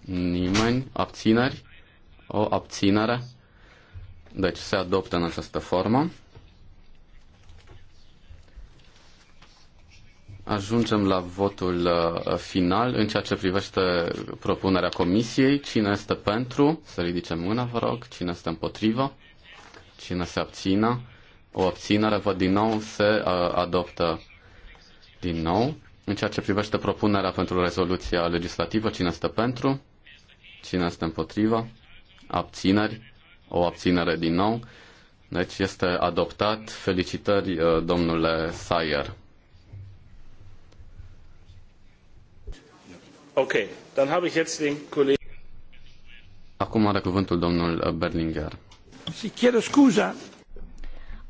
Nimeni? Abțineri? O abținere? Deci se adoptă în această formă. Ajungem la votul uh, final în ceea ce privește propunerea comisiei. Cine este pentru? Să ridicem mâna, vă rog. Cine este împotrivă? cine se abțină, o abținere, văd din nou, se uh, adoptă din nou. În ceea ce privește propunerea pentru rezoluția legislativă, cine este pentru, cine este împotriva, abțineri, o abținere din nou. Deci este adoptat. Felicitări, uh, domnule Sayer. Ok, dann habe ich jetzt den Kollegen. Acum are cuvântul domnul Berlinger.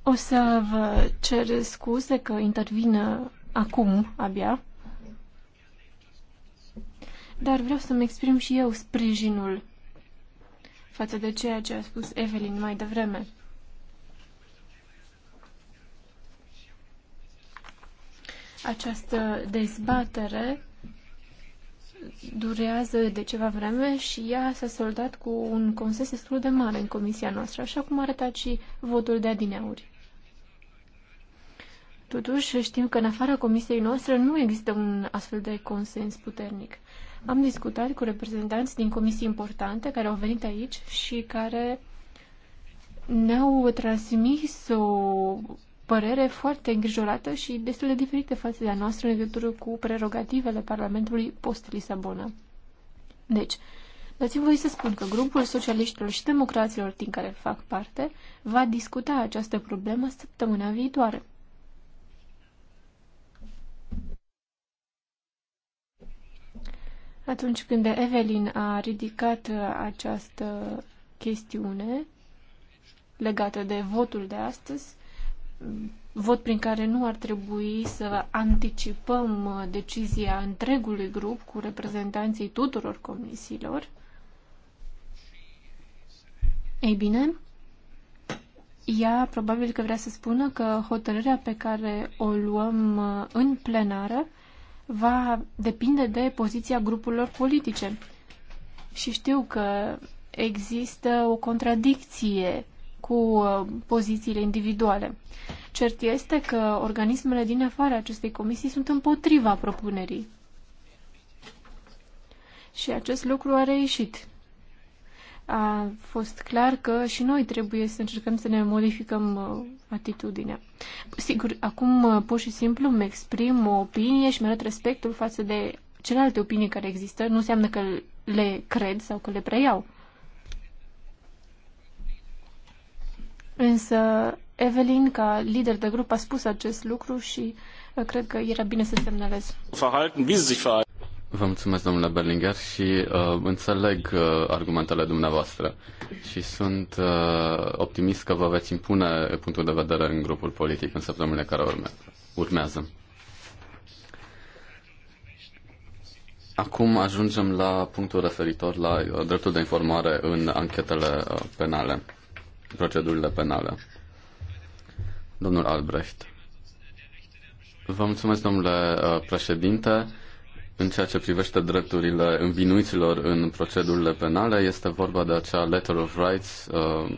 O să vă cer scuze că intervin uh, acum abia, dar vreau să-mi exprim și eu sprijinul față de ceea ce a spus Evelyn mai devreme. Această dezbatere durează de ceva vreme și ea s-a soldat cu un consens destul de mare în comisia noastră, așa cum a arătat și votul de adineauri. Totuși, știm că în afara comisiei noastre nu există un astfel de consens puternic. Am discutat cu reprezentanți din comisii importante care au venit aici și care ne-au transmis o părere foarte îngrijorată și destul de diferită față de a noastră în legătură cu prerogativele Parlamentului post-Lisabona. Deci, dați-mi voi să spun că grupul socialiștilor și democraților din care fac parte va discuta această problemă săptămâna viitoare. Atunci când Evelyn a ridicat această chestiune legată de votul de astăzi, vot prin care nu ar trebui să anticipăm uh, decizia întregului grup cu reprezentanții tuturor comisiilor. Ei bine, ea probabil că vrea să spună că hotărârea pe care o luăm uh, în plenară va depinde de poziția grupurilor politice. Și știu că există o contradicție cu uh, pozițiile individuale. Cert este că organismele din afara acestei comisii sunt împotriva propunerii. Și acest lucru a reieșit. A fost clar că și noi trebuie să încercăm să ne modificăm uh, atitudinea. Sigur, acum uh, pur și simplu îmi exprim o opinie și mi-arăt respectul față de celelalte opinii care există. Nu înseamnă că le cred sau că le preiau. Însă Evelyn, ca lider de grup, a spus acest lucru și uh, cred că era bine să semnalez. Vă mulțumesc, domnule Berlinger, și uh, înțeleg uh, argumentele dumneavoastră și sunt uh, optimist că vă veți impune punctul de vedere în grupul politic în săptămânile care urme- urmează. Acum ajungem la punctul referitor la uh, dreptul de informare în anchetele uh, penale procedurile penale. Domnul Albrecht. Vă mulțumesc, domnule uh, președinte. În ceea ce privește drepturile învinuiților în procedurile penale, este vorba de acea letter of rights, uh,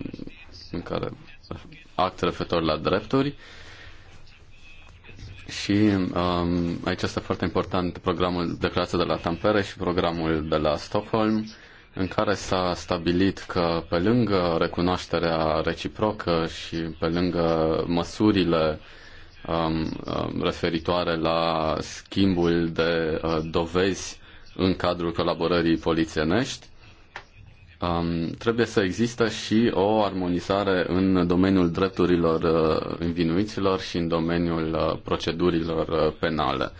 în care act referitor la drepturi. Și um, aici este foarte important programul declarația de la Tampere și programul de la Stockholm în care s-a stabilit că pe lângă recunoașterea reciprocă și pe lângă măsurile um, um referitoare la schimbul de uh, dovezi în cadrul colaborării polițienești, um, trebuie să existe și o armonizare în domeniul drepturilor uh, învinuiților și în domeniul uh, procedurilor uh, penale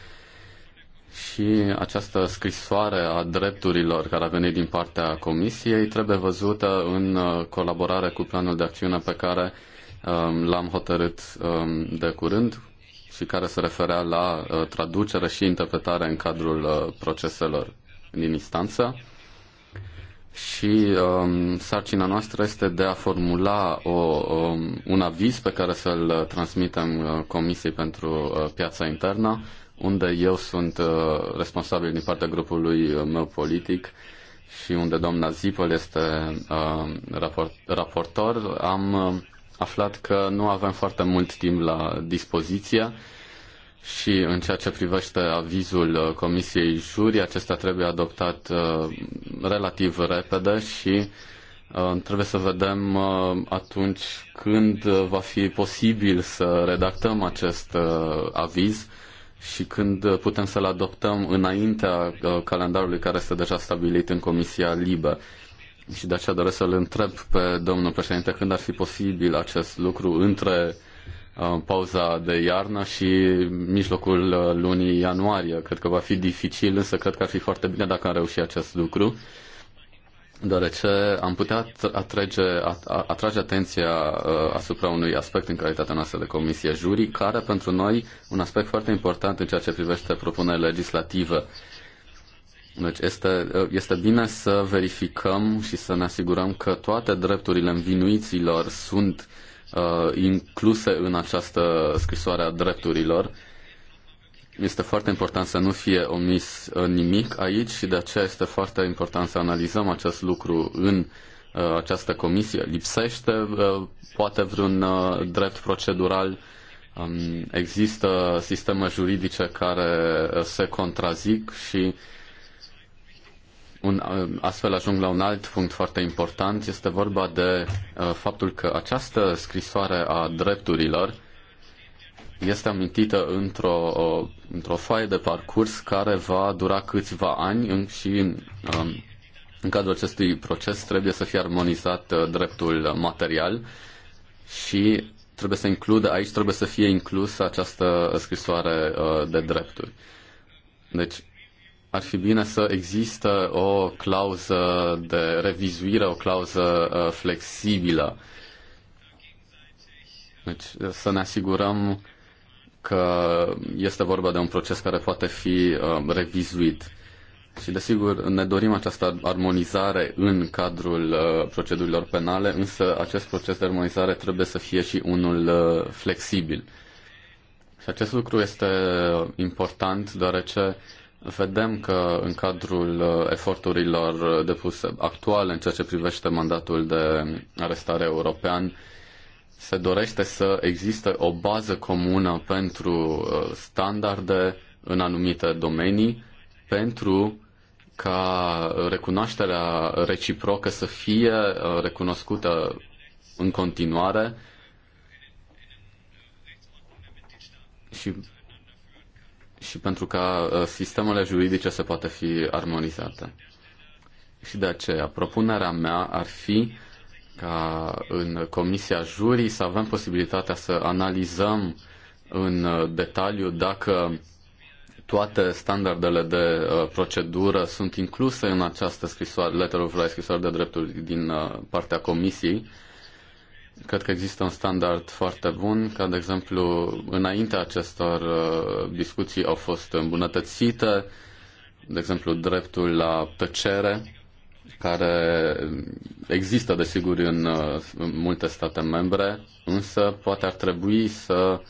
și această scrisoare a drepturilor care a venit din partea Comisiei trebuie văzută în uh, colaborare cu planul de acțiune pe care um, l-am hotărât um, de curând și care se referea la uh, traducere și interpretare în cadrul uh, proceselor din instanță. Și um, sarcina noastră este de a formula o, um, un aviz pe care să-l transmitem Comisiei pentru Piața Internă unde eu sunt uh, responsabil din partea grupului uh, meu politic și unde doamna Zipăl este uh, raport, raportor, am aflat că nu avem foarte mult timp la dispoziție și în ceea ce privește avizul Comisiei Juri, acesta trebuie adoptat relativ repede și trebuie să vedem atunci când va fi posibil să redactăm acest aviz și când uh, putem să-l adoptăm înaintea uh, calendarului care este deja stabilit în Comisia Libă. Și de aceea doresc să-l întreb pe domnul președinte când ar fi posibil acest lucru între uh, pauza de iarnă și mijlocul lunii ianuarie. Cred că va fi dificil, însă cred că ar fi foarte bine dacă am reușit acest lucru deoarece am putea atrage, atrage atenția uh, asupra unui aspect în calitatea noastră de comisie jurii, care pentru noi un aspect foarte important în ceea ce privește propunerea legislativă, Deci este, uh, este bine să verificăm și să ne asigurăm că toate drepturile învinuiților sunt uh, incluse în această scrisoare a drepturilor este foarte important să nu fie omis uh, nimic aici și de aceea este foarte important să analizăm acest lucru în uh, această comisie. Lipsește uh, poate vreun drept procedural? Um, există sisteme juridice care se contrazic și un, astfel ajung la un alt punct foarte important. Este vorba de faptul că această scrisoare a drepturilor este amintită într-o, într-o foaie de parcurs care va dura câțiva ani și um, în cadrul acestui proces trebuie să fie armonizat uh, dreptul material și trebuie să includă, aici trebuie să fie inclusă această scrisoare uh, de drepturi. Deci ar fi bine să există o clauză de revizuire, o clauză uh, flexibilă. Deci să ne asigurăm că este vorba de un proces care poate fi um, revizuit. Și desigur ne dorim această armonizare în cadrul uh, procedurilor penale, însă acest proces de armonizare trebuie să fie și unul uh, flexibil. Și acest lucru este important deoarece vedem că în cadrul uh, eforturilor depuse actuale în ceea ce privește mandatul de arestare european, se dorește să existe o bază comună pentru uh, standarde în anumite domenii, pentru ca recunoașterea reciprocă să fie uh, recunoscută în continuare și, și pentru ca uh, sistemele juridice să poată fi armonizate. Și de aceea, propunerea mea ar fi ca în Comisia Jurii să avem posibilitatea să analizăm în uh, detaliu dacă toate standardele de uh, procedură sunt incluse în această scrisoare, letter of right, scrisoare de drepturi din uh, partea Comisiei. Cred că există un standard foarte bun, ca de exemplu, înaintea acestor uh, discuții au fost îmbunătățite, de exemplu, dreptul la tăcere, care există, desigur, în, în multe state membre, însă poate ar trebui să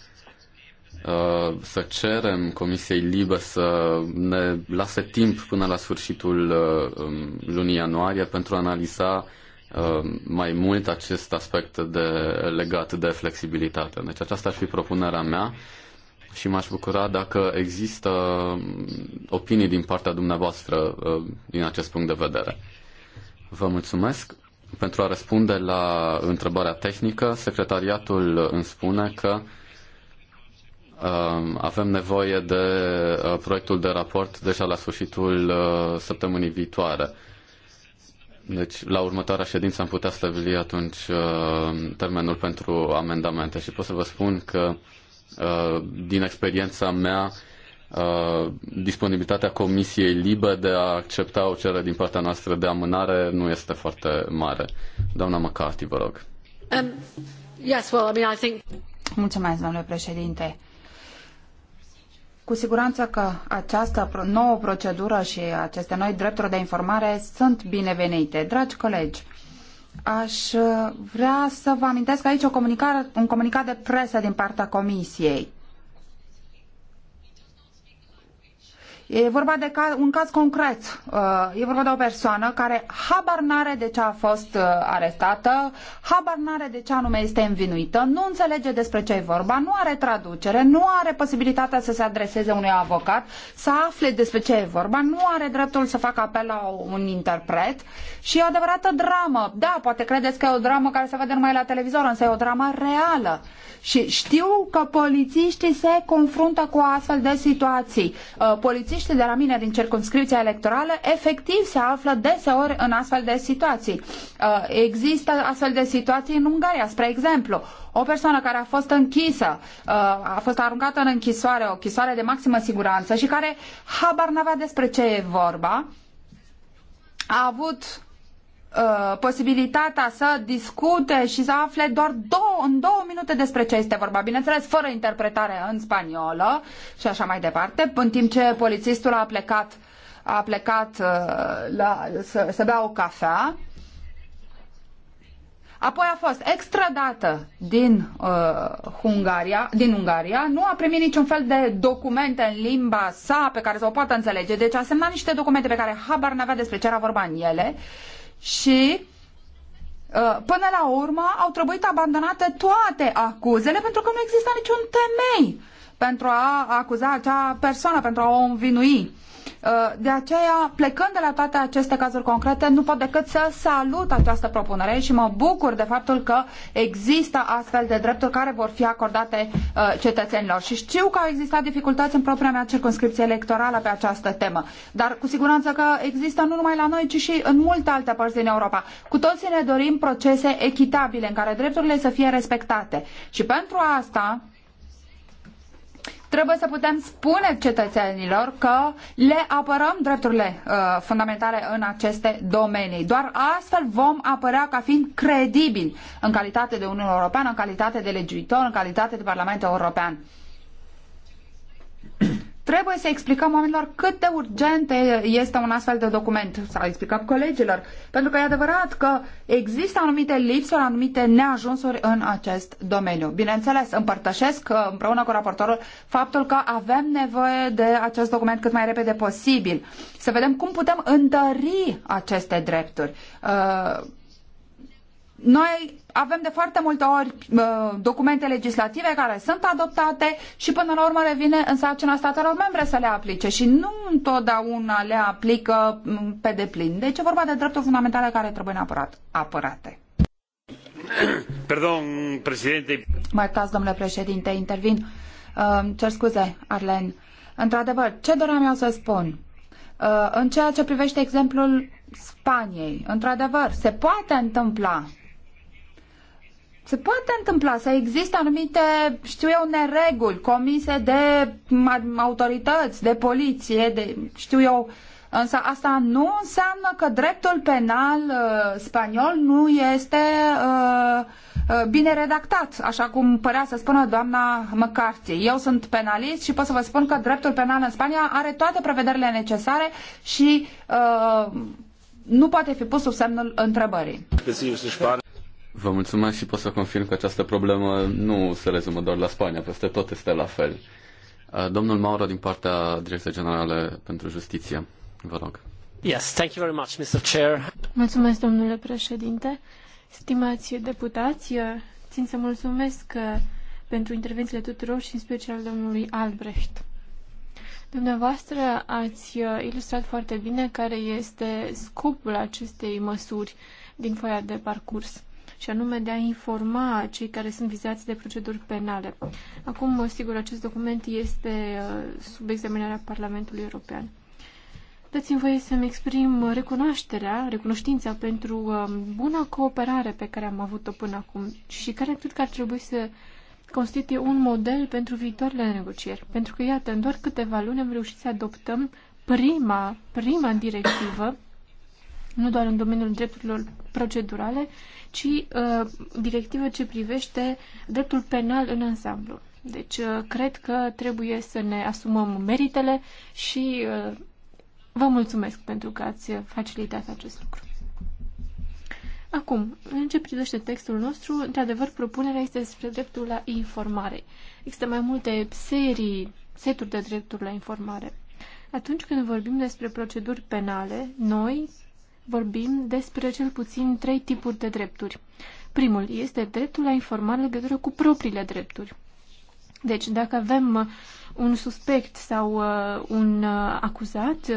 uh, să cerem Comisiei Libe să ne lase timp până la sfârșitul uh, um, lunii ianuarie pentru a analiza uh, mai mult acest aspect de, legat de flexibilitate. Deci aceasta ar fi propunerea mea și m-aș bucura dacă există um, opinii din partea dumneavoastră din acest punct de vedere. Vă mulțumesc. Pentru a răspunde la întrebarea tehnică, secretariatul îmi spune că um, avem nevoie de uh, proiectul de raport deja la sfârșitul uh, săptămânii viitoare. Deci, la următoarea ședință am putea stabili atunci uh, termenul pentru amendamente și pot să vă spun că din experiența mea Uh, disponibilitatea Comisiei Libe de a accepta o cerere din partea noastră de amânare nu este foarte mare. Doamna McCarthy, vă rog. Um, yes, well, I mean, I think... Mulțumesc, domnule președinte. Cu siguranță că această nouă procedură și aceste noi drepturi de informare sunt binevenite. Dragi colegi, aș uh, vrea să vă amintesc aici o comunicare, un comunicat de presă din partea Comisiei E vorba de ca, un caz concret. Uh, e vorba de o persoană care habar n-are de ce a fost uh, arestată, habar n-are de ce anume este învinuită, nu înțelege despre ce e vorba, nu are traducere, nu are posibilitatea să se adreseze unui avocat, să afle despre ce e vorba, nu are dreptul să facă apel la un interpret și e o adevărată dramă. Da, poate credeți că e o dramă care se vede numai la televizor, însă e o dramă reală. Și știu că polițiștii se confruntă cu astfel de situații. Uh, polițiștii Aleșii de la mine din circunscripția electorală efectiv se află deseori în astfel de situații. Uh, există astfel de situații în Ungaria, spre exemplu. O persoană care a fost închisă, uh, a fost aruncată în închisoare, o închisoare de maximă siguranță și care habar n-avea despre ce e vorba, a avut Uh, posibilitatea să discute și să afle doar două, în două minute despre ce este vorba, bineînțeles fără interpretare în spaniolă și așa mai departe, în timp ce polițistul a plecat, a plecat uh, la, să, să bea o cafea. Apoi a fost extradată din, uh, din Ungaria, nu a primit niciun fel de documente în limba sa pe care să o poată înțelege, deci a semnat niște documente pe care habar n-avea despre ce era vorba în ele și uh, până la urmă au trebuit abandonate toate acuzele pentru că nu exista niciun temei pentru a acuza acea persoană, pentru a o învinui. Uh, de aceea, plecând de la toate aceste cazuri concrete, nu pot decât să salut această propunere și mă bucur de faptul că există astfel de drepturi care vor fi acordate uh, cetățenilor. Și știu că au existat dificultăți în propria mea circunscripție electorală pe această temă, dar cu siguranță că există nu numai la noi, ci și în multe alte părți din Europa. Cu toții ne dorim procese echitabile în care drepturile să fie respectate. Și pentru asta, trebuie să putem spune cetățenilor că le apărăm drepturile uh, fundamentale în aceste domenii. Doar astfel vom apărea ca fiind credibili în calitate de Uniune Europeană, în calitate de legiuitor, în calitate de Parlament European. Trebuie să explicăm oamenilor cât de urgent este un astfel de document, să explicăm colegilor, pentru că e adevărat că există anumite lipsuri, anumite neajunsuri în acest domeniu. Bineînțeles, împărtășesc uh, împreună cu raportorul faptul că avem nevoie de acest document cât mai repede posibil, să vedem cum putem întări aceste drepturi. Uh, noi avem de foarte multe ori uh, documente legislative care sunt adoptate și până la urmă revine în sarcina statelor membre să le aplice și nu întotdeauna le aplică mm, pe deplin. Deci e vorba de drepturi fundamentale care trebuie neapărat apărate. Pardon, președinte. Mai caz, domnule președinte, intervin. Uh, cer scuze, Arlen. Într-adevăr, ce doream eu să spun? Uh, în ceea ce privește exemplul Spaniei, într-adevăr, se poate întâmpla se poate întâmpla să existe anumite, știu eu, nereguli comise de autorități, de poliție, de, știu eu, însă asta nu înseamnă că dreptul penal uh, spaniol nu este uh, uh, bine redactat, așa cum părea să spună doamna McCarthy. Eu sunt penalist și pot să vă spun că dreptul penal în Spania are toate prevederile necesare și uh, nu poate fi pus sub semnul întrebării. Vă mulțumesc și pot să confirm că această problemă nu se rezumă doar la Spania, peste tot este la fel. Uh, domnul Mauro din partea Direcției Generale pentru Justiție, vă rog. Yes, thank you very much, Mr. Chair. Mulțumesc, domnule președinte. Stimați deputați, uh, țin să mulțumesc uh, pentru intervențiile tuturor și în special domnului Albrecht. Dumneavoastră ați ilustrat foarte bine care este scopul acestei măsuri din foaia de parcurs și anume de a informa cei care sunt vizați de proceduri penale. Acum, sigur, acest document este uh, sub examinarea Parlamentului European. Dați-mi voie să-mi exprim recunoașterea, recunoștința pentru uh, buna cooperare pe care am avut-o până acum și care cred că ar trebui să constituie un model pentru viitoarele negocieri. Pentru că, iată, în doar câteva luni am reușit să adoptăm prima, prima directivă nu doar în domeniul drepturilor procedurale, ci uh, directivă ce privește dreptul penal în ansamblu. Deci, uh, cred că trebuie să ne asumăm meritele și uh, vă mulțumesc pentru că ați facilitat acest lucru. Acum, în ce privește textul nostru, într-adevăr, propunerea este despre dreptul la informare. Există mai multe serii, seturi de drepturi la informare. Atunci când vorbim despre proceduri penale, noi, vorbim despre cel puțin trei tipuri de drepturi. Primul este dreptul la informare în legătură cu propriile drepturi. Deci, dacă avem uh, un suspect sau uh, un uh, acuzat,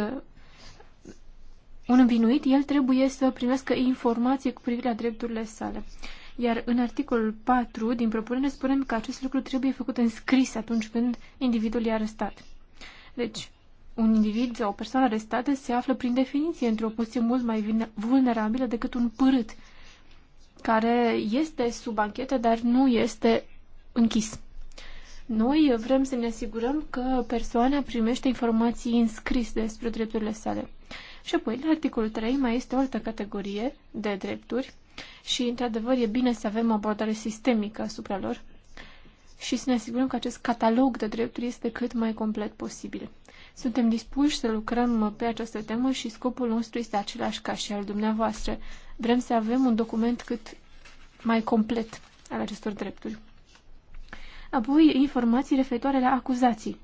un învinuit, el trebuie să primească informații cu privire la drepturile sale. Iar în articolul 4 din propunere spunem că acest lucru trebuie făcut în scris atunci când individul e arestat. Deci, un individ sau o persoană arestată se află prin definiție într-o poziție mult mai vulnerabilă decât un părât care este sub anchetă, dar nu este închis. Noi vrem să ne asigurăm că persoana primește informații înscris despre drepturile sale. Și apoi, la articolul 3, mai este o altă categorie de drepturi și, într-adevăr, e bine să avem o abordare sistemică asupra lor și să ne asigurăm că acest catalog de drepturi este cât mai complet posibil. Suntem dispuși să lucrăm pe această temă și scopul nostru este același ca și al dumneavoastră. Vrem să avem un document cât mai complet al acestor drepturi. Apoi, informații referitoare la acuzații,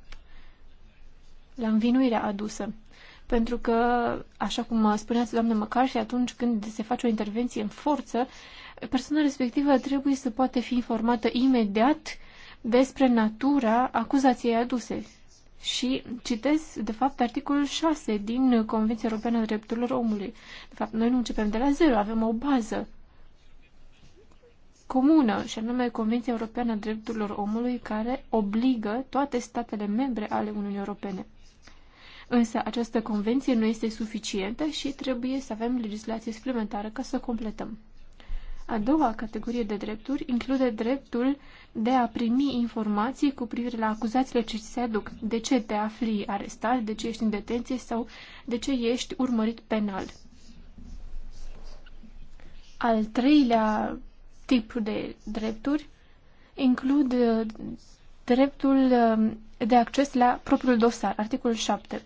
la învinuirea adusă. Pentru că, așa cum spuneați, doamnă Măcar, și atunci când se face o intervenție în forță, persoana respectivă trebuie să poate fi informată imediat despre natura acuzației aduse și citesc, de fapt, articolul 6 din Convenția Europeană a Drepturilor Omului. De fapt, noi nu începem de la zero, avem o bază comună, și anume Convenția Europeană a Drepturilor Omului, care obligă toate statele membre ale Uniunii Europene. Însă această convenție nu este suficientă și trebuie să avem legislație suplimentară ca să o completăm. A doua categorie de drepturi include dreptul de a primi informații cu privire la acuzațiile ce se aduc, de ce te afli arestat, de ce ești în detenție sau de ce ești urmărit penal. Al treilea tip de drepturi include uh, dreptul um, de acces la propriul dosar, articolul 7.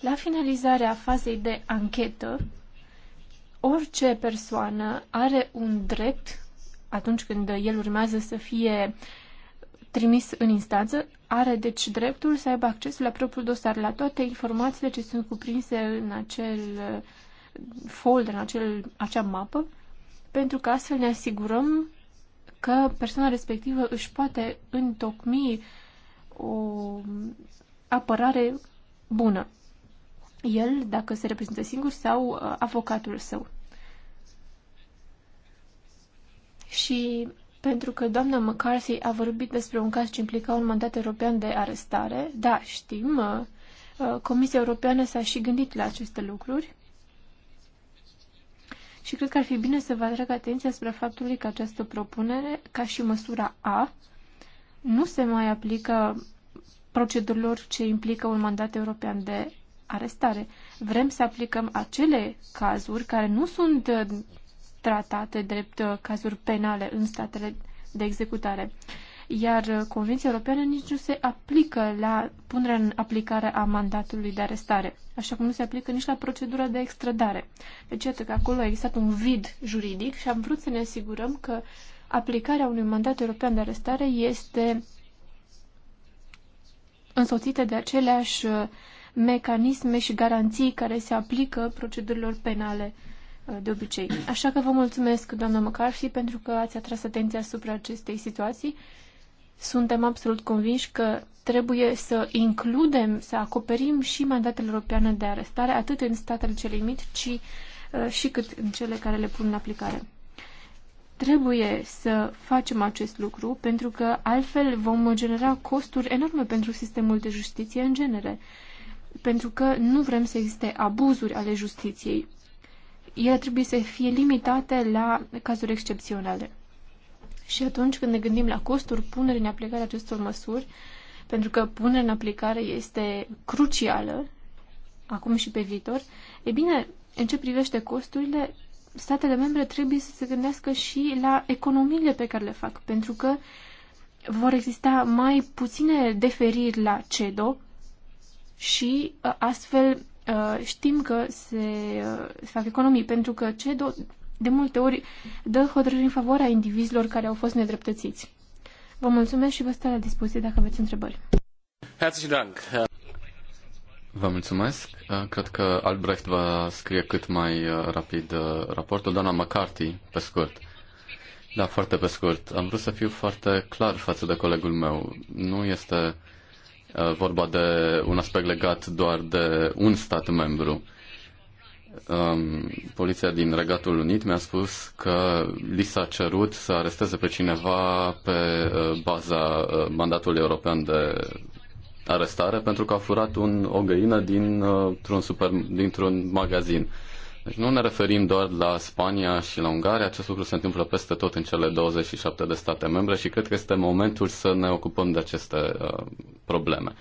La finalizarea fazei de anchetă, orice persoană are un drept atunci când el urmează să fie trimis în instanță, are deci dreptul să aibă acces la propriul dosar, la toate informațiile ce sunt cuprinse în acel uh, folder, în acel, acea mapă, pentru că astfel ne asigurăm că persoana respectivă își poate întocmi o apărare bună. El, dacă se reprezintă singur, sau uh, avocatul său. și pentru că doamna McCarthy a vorbit despre un caz ce implica un mandat european de arestare, da, știm, uh, uh, Comisia Europeană s-a și gândit la aceste lucruri și cred că ar fi bine să vă atrag atenția spre faptului că această propunere, ca și măsura A, nu se mai aplică procedurilor ce implică un mandat european de arestare. Vrem să aplicăm acele cazuri care nu sunt uh, tratate drept uh, cazuri penale în statele de executare. Iar uh, Convenția Europeană nici nu se aplică la punerea în aplicare a mandatului de arestare, așa cum nu se aplică nici la procedura de extradare. Deci, iată că acolo a existat un vid juridic și am vrut să ne asigurăm că aplicarea unui mandat european de arestare este însoțită de aceleași uh, mecanisme și garanții care se aplică procedurilor penale de obicei. Așa că vă mulțumesc, doamna McCarthy, pentru că ați atras atenția asupra acestei situații. Suntem absolut convinși că trebuie să includem, să acoperim și mandatele europeană de arestare, atât în statele cele limit, ci uh, și cât în cele care le pun în aplicare. Trebuie să facem acest lucru pentru că altfel vom genera costuri enorme pentru sistemul de justiție în genere pentru că nu vrem să existe abuzuri ale justiției ele trebuie să fie limitate la cazuri excepționale. Și atunci când ne gândim la costuri punerii în aplicare acestor măsuri, pentru că punerea în aplicare este crucială, acum și pe viitor, e bine, în ce privește costurile, statele membre trebuie să se gândească și la economiile pe care le fac, pentru că vor exista mai puține deferiri la CEDO și uh, astfel Uh, știm că se, se uh, fac economii, pentru că CEDO de multe ori dă hotărâri în favoarea indivizilor care au fost nedreptățiți. Vă mulțumesc și vă stau la dispoziție dacă aveți întrebări. Vă mulțumesc. Uh, cred că Albrecht va scrie cât mai rapid raportul. Doamna McCarthy, pe scurt. Da, foarte pe scurt. Am vrut să fiu foarte clar față de colegul meu. Nu este Uh, vorba de un aspect legat doar de un stat membru. Um, poliția din Regatul Unit mi-a spus că li s-a cerut să aresteze pe cineva pe uh, baza uh, mandatului european de arestare pentru că a furat un, o găină din, dintr-un, dintr-un magazin. Uh, deci nu ne referim doar la Spania și la Ungaria, acest lucru se întâmplă peste tot în cele 27 de state membre și cred că este momentul să ne ocupăm de aceste uh, probleme.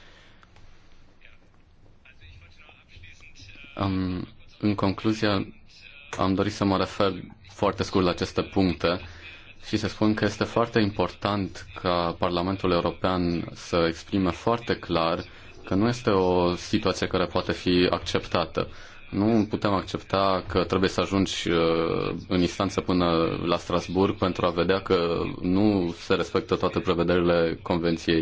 Um, în concluzie, am dorit să mă refer foarte scurt la aceste puncte și să spun că este foarte important ca Parlamentul European să exprime foarte clar că nu este o situație care poate fi acceptată. Nu putem accepta că trebuie să ajungi uh, în instanță până la Strasburg pentru a vedea că nu se respectă toate prevederile Convenției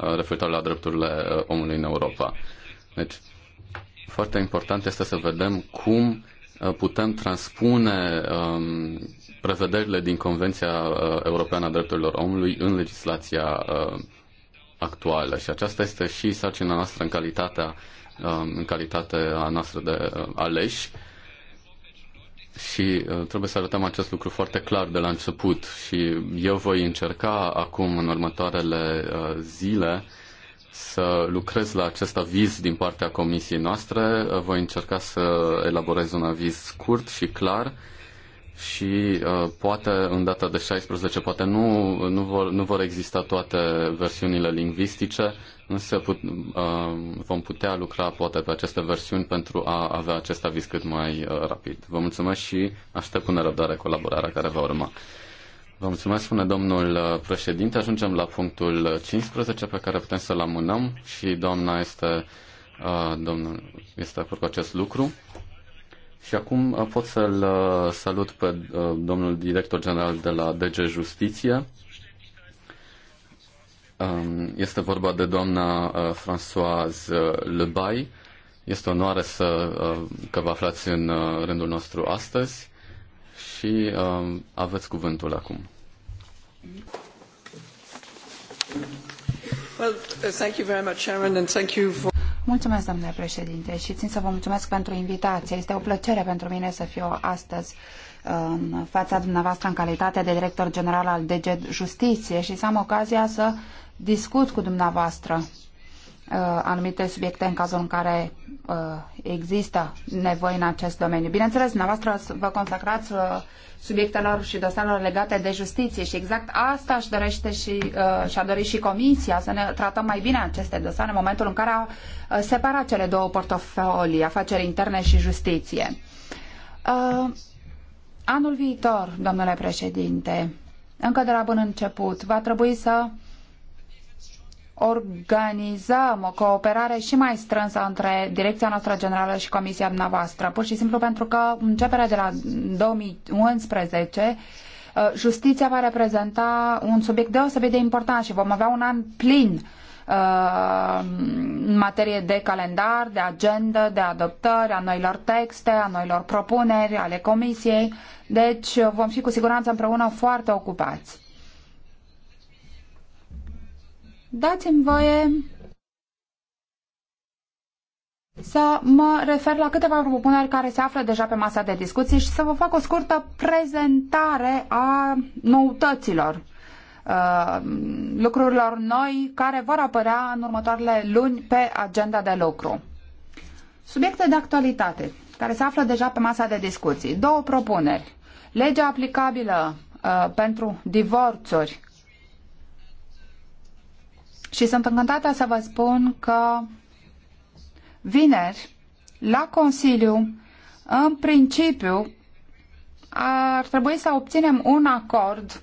uh, referitoare la drepturile uh, omului în Europa. Deci, foarte important este să vedem cum putem transpune um, prevederile din Convenția Europeană a Drepturilor Omului în legislația uh, actuală. Și aceasta este și sarcina noastră în calitatea uh, Um, în calitate a noastră de uh, aleși și uh, trebuie să arătăm acest lucru foarte clar de la început și eu voi încerca acum în următoarele uh, zile să lucrez la acest aviz din partea comisiei noastre. Voi încerca să elaborez un aviz scurt și clar și uh, poate în data de 16, poate nu, nu, vor, nu vor exista toate versiunile lingvistice, însă put, uh, vom putea lucra poate pe aceste versiuni pentru a avea acest aviz cât mai uh, rapid. Vă mulțumesc și aștept cu nerăbdare colaborarea care va urma. Vă mulțumesc, spune domnul uh, președinte. Ajungem la punctul 15 pe care putem să-l amânăm și doamna este, domnul, este acord cu acest lucru. Și acum pot să-l salut pe domnul director general de la DG Justiție, Um, este vorba de doamna uh, Françoise uh, Lebay. Este onoare să, uh, că vă aflați în rândul nostru astăzi și um, aveți cuvântul acum. Well, thank you very much, Sharon, and thank you for... Mulțumesc, domnule președinte, și țin să vă mulțumesc pentru invitație. Este o plăcere pentru mine să fiu astăzi în um, fața dumneavoastră în calitate de director general al DG Justiție și să am ocazia să discut cu dumneavoastră uh, anumite subiecte în cazul în care uh, există nevoi în acest domeniu. Bineînțeles, dumneavoastră vă consacrați uh, subiectelor și dosarelor legate de justiție și exact asta își dorește și uh, și-a dorit și Comisia, să ne tratăm mai bine aceste dosare în momentul în care a uh, separat cele două portofolii, afaceri interne și justiție. Uh, anul viitor, domnule președinte, încă de la bun început, va trebui să uh, organizăm o cooperare și mai strânsă între direcția noastră generală și comisia dumneavoastră, pur și simplu pentru că începerea de la 2011 uh, justiția va reprezenta un subiect deosebit de important și vom avea un an plin uh, în materie de calendar, de agenda, de adoptări, a noilor texte, a noilor propuneri ale comisiei. Deci uh, vom fi cu siguranță împreună foarte ocupați. Dați-mi voie să mă refer la câteva propuneri care se află deja pe masa de discuții și să vă fac o scurtă prezentare a noutăților, uh, lucrurilor noi care vor apărea în următoarele luni pe agenda de lucru. Subiecte de actualitate care se află deja pe masa de discuții. Două propuneri. Legea aplicabilă uh, pentru divorțuri și sunt încântată să vă spun că vineri, la Consiliu, în principiu, ar trebui să obținem un acord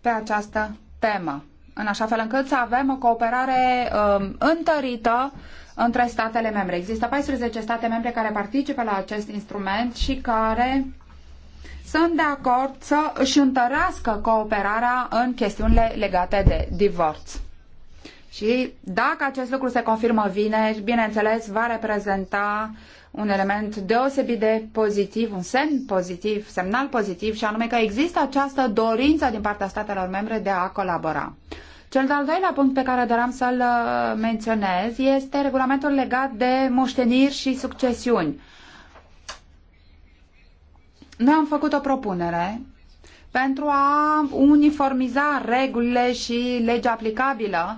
pe această temă, în așa fel încât să avem o cooperare um, întărită între statele membre. Există 14 state membre care participă la acest instrument și care sunt de acord să își întărească cooperarea în chestiunile legate de divorț. Și dacă acest lucru se confirmă vineri, bineînțeles, va reprezenta un element deosebit de pozitiv, un semn pozitiv, semnal pozitiv, și anume că există această dorință din partea statelor membre de a colabora. Cel de-al doilea punct pe care doream să-l uh, menționez este regulamentul legat de moșteniri și succesiuni. Noi am făcut o propunere pentru a uniformiza regulile și legea aplicabilă,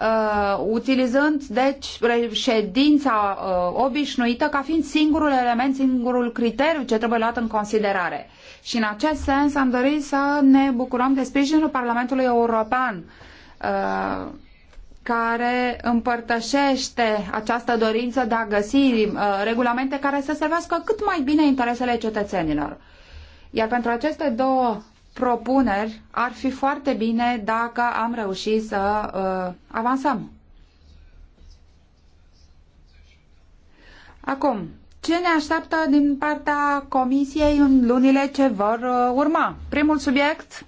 uh, utilizând deci ședința uh, obișnuită ca fiind singurul element, singurul criteriu ce trebuie luat în considerare. Și în acest sens am dorit să ne bucurăm de sprijinul Parlamentului European uh, care împărtășește această dorință de a găsi uh, regulamente care să servească cât mai bine interesele cetățenilor. Iar pentru aceste două propuneri ar fi foarte bine dacă am reușit să uh, avansăm. Acum, ce ne așteaptă din partea Comisiei în lunile ce vor uh, urma? Primul subiect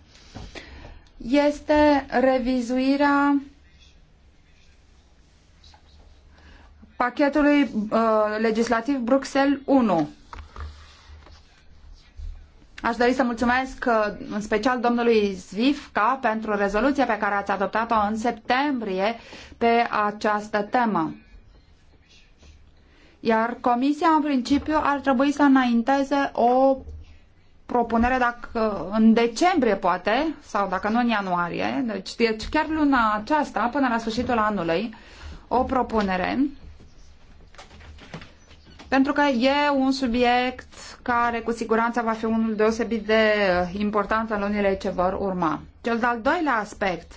este revizuirea pachetului uh, legislativ Bruxelles 1. Aș dori să mulțumesc uh, în special domnului Zvifka pentru rezoluția pe care ați adoptat-o în septembrie pe această temă. Iar comisia, în principiu, ar trebui să înainteze o propunere dacă, uh, în decembrie, poate, sau dacă nu în ianuarie, deci, deci chiar luna aceasta, până la sfârșitul anului, o propunere pentru că e un subiect care cu siguranță va fi unul deosebit de uh, important în lunile ce vor urma. Cel de-al doilea aspect,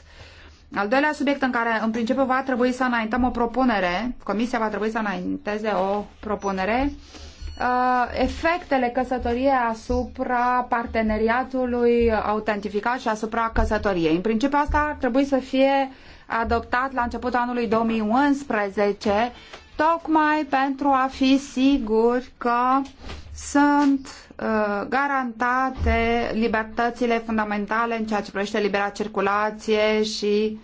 al doilea subiect în care în principiu va trebui să înaintăm o propunere, comisia va trebui să înainteze o propunere, uh, efectele căsătoriei asupra parteneriatului autentificat și asupra căsătoriei. În principiu asta ar trebui să fie adoptat la începutul anului 2011 tocmai pentru a fi siguri că sunt uh, garantate libertățile fundamentale în ceea ce privește libera circulație și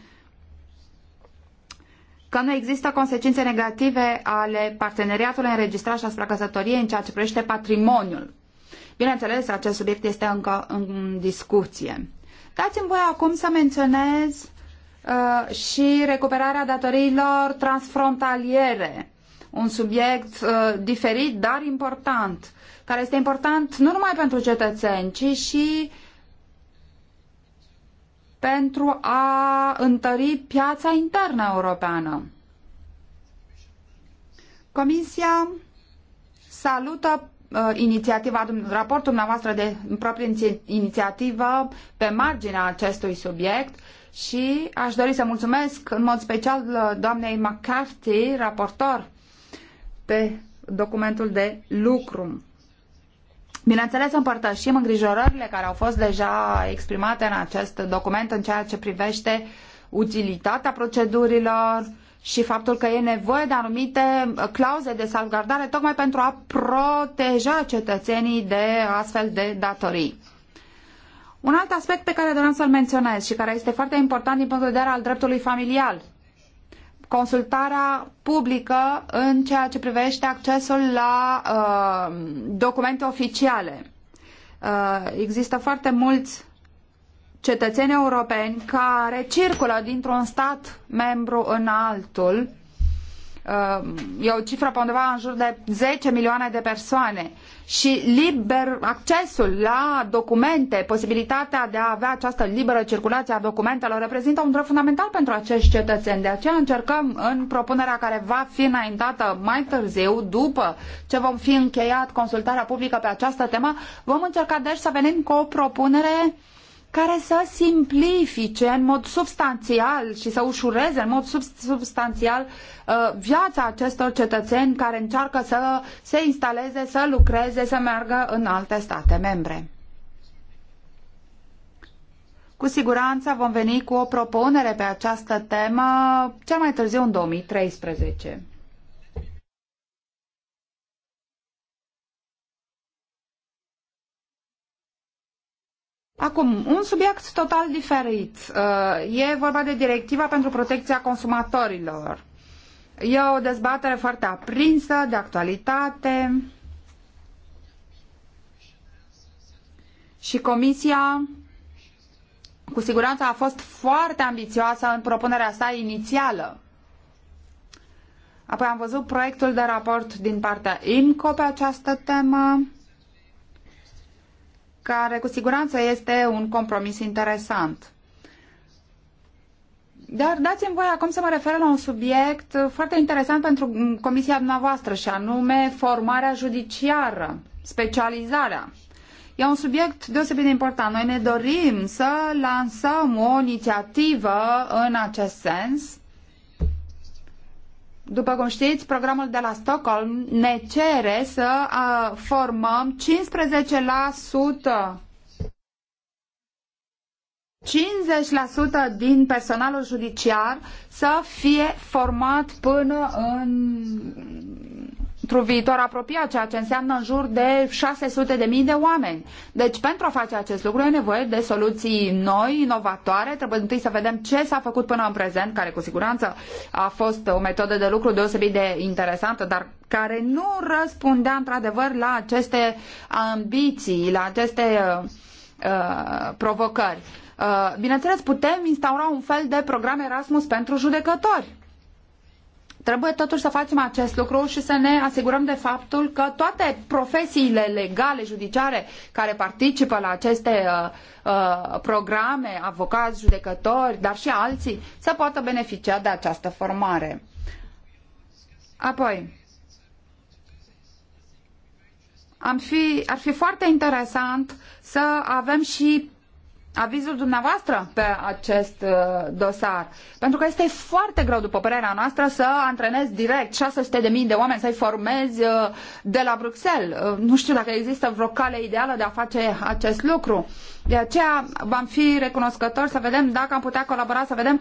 că nu există consecințe negative ale parteneriatului înregistrat și asupra căsătoriei în ceea ce privește patrimoniul. Bineînțeles, acest subiect este încă în discuție. Dați-mi voie acum să menționez Uh, și recuperarea datoriilor transfrontaliere. Un subiect uh, diferit, dar important, care este important nu numai pentru cetățeni, ci și pentru a întări piața internă europeană. Comisia salută uh, inițiativa, raportul dumneavoastră de proprie inițiativă pe marginea acestui subiect și aș dori să mulțumesc în mod special uh, doamnei McCarthy, raportor pe documentul de lucru. Bineînțeles, împărtășim îngrijorările care au fost deja exprimate în acest document în ceea ce privește utilitatea procedurilor și faptul că e nevoie de anumite uh, clauze de salvgardare tocmai pentru a proteja cetățenii de astfel de datorii. Un alt aspect pe care doream să-l menționez și care este foarte important din punct de vedere al dreptului familial, consultarea publică în ceea ce privește accesul la uh, documente oficiale. Uh, există foarte mulți cetățeni europeni care circulă dintr-un stat membru în altul Uh, e o cifră pe undeva în jur de 10 milioane de persoane și liber accesul la documente, posibilitatea de a avea această liberă circulație a documentelor reprezintă un drept fundamental pentru acești cetățeni. De aceea încercăm în propunerea care va fi înaintată mai târziu, după ce vom fi încheiat consultarea publică pe această temă, vom încerca deci să venim cu o propunere uh, care să simplifice în mod substanțial și să ușureze în mod substanțial uh, viața acestor cetățeni care încearcă să se instaleze, să lucreze, să meargă în alte state membre. Cu siguranță vom veni cu o propunere pe această temă cel mai târziu în 2013. Acum, un subiect total diferit. Uh, e vorba de directiva pentru protecția consumatorilor. E o dezbatere foarte aprinsă, de actualitate. Și Comisia, cu siguranță, a fost foarte ambițioasă în propunerea sa inițială. Apoi am văzut proiectul de raport din partea IMCO pe această temă care cu siguranță este un compromis interesant. Dar dați-mi voie acum să mă refer la un subiect foarte interesant pentru comisia dumneavoastră și anume formarea judiciară, specializarea. E un subiect deosebit de important. Noi ne dorim să lansăm o inițiativă în acest sens după cum știți, programul de la Stockholm ne cere să uh, formăm 15% 50% din personalul judiciar să fie format până în într-un viitor apropiat, ceea ce înseamnă în jur de 600 de mii de oameni. Deci, pentru a face acest lucru, e nevoie de soluții noi, inovatoare. Trebuie întâi să vedem ce s-a făcut până în prezent, care cu siguranță a fost o metodă de lucru deosebit de interesantă, dar care nu răspundea într-adevăr la aceste ambiții, la aceste uh, uh, provocări. Uh, bineînțeles, putem instaura un fel de program Erasmus pentru judecători Trebuie totuși să facem acest lucru și să ne asigurăm de faptul că toate profesiile legale, judiciare, care participă la aceste uh, uh, programe, avocați, judecători, dar și alții, să poată beneficia de această formare. Apoi, am fi, ar fi foarte interesant să avem și avizul dumneavoastră pe acest uh, dosar. Pentru că este foarte greu, după părerea noastră, să antrenezi direct 600.000 de oameni, să-i formezi uh, de la Bruxelles. Uh, nu știu dacă există vreo cale ideală de a face acest lucru. De aceea vom fi recunoscători să vedem dacă am putea colabora, să vedem,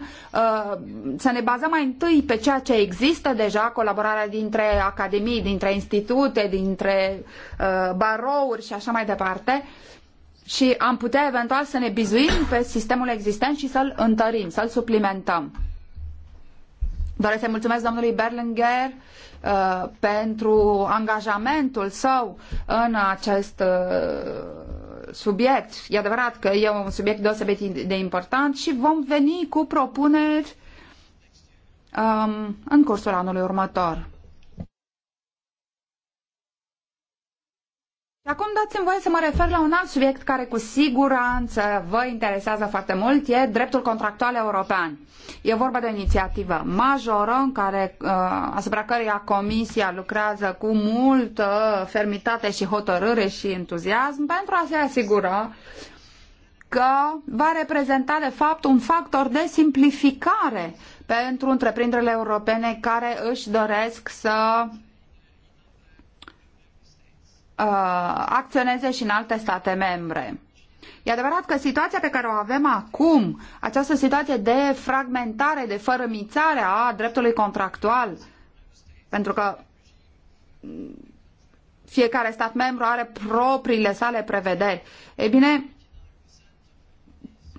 să ne bazăm mai întâi pe ceea ce există deja, colaborarea dintre academii, dintre institute, dintre barouri și așa mai departe și am putea eventual să ne bizuim pe sistemul existent și să-l întărim, să-l suplimentăm. Doresc să mulțumesc domnului Berlinger uh, pentru angajamentul său în acest uh, subiect. E adevărat că e un subiect deosebit de important și vom veni cu propuneri um, în cursul anului următor. Acum dați-mi voie să mă refer la un alt subiect care cu siguranță vă interesează foarte mult, e dreptul contractual european. E vorba de o inițiativă majoră în care, uh, asupra căreia Comisia lucrează cu multă fermitate și hotărâre și entuziasm pentru a se asigura că va reprezenta de fapt un factor de simplificare pentru întreprinderile europene care își doresc să Uh, acționeze și în alte state membre. E adevărat că situația pe care o avem acum, această situație de fragmentare, de fărămițare a dreptului contractual, pentru că fiecare stat membru are propriile sale prevederi. E bine,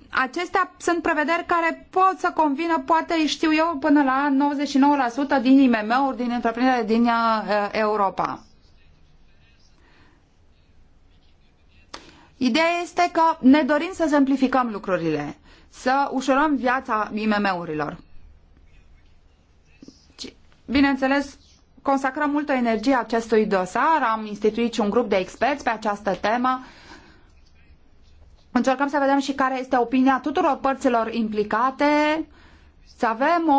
acestea sunt prevederi care pot să convină, poate știu eu, până la 99% din IMM-uri, din întreprinderile din uh, Europa. Ideea este că ne dorim să simplificăm lucrurile, să ușurăm viața IMM-urilor. Bineînțeles, consacrăm multă energie acestui dosar, am instituit și un grup de experți pe această temă. Încercăm să vedem și care este opinia tuturor părților implicate, să avem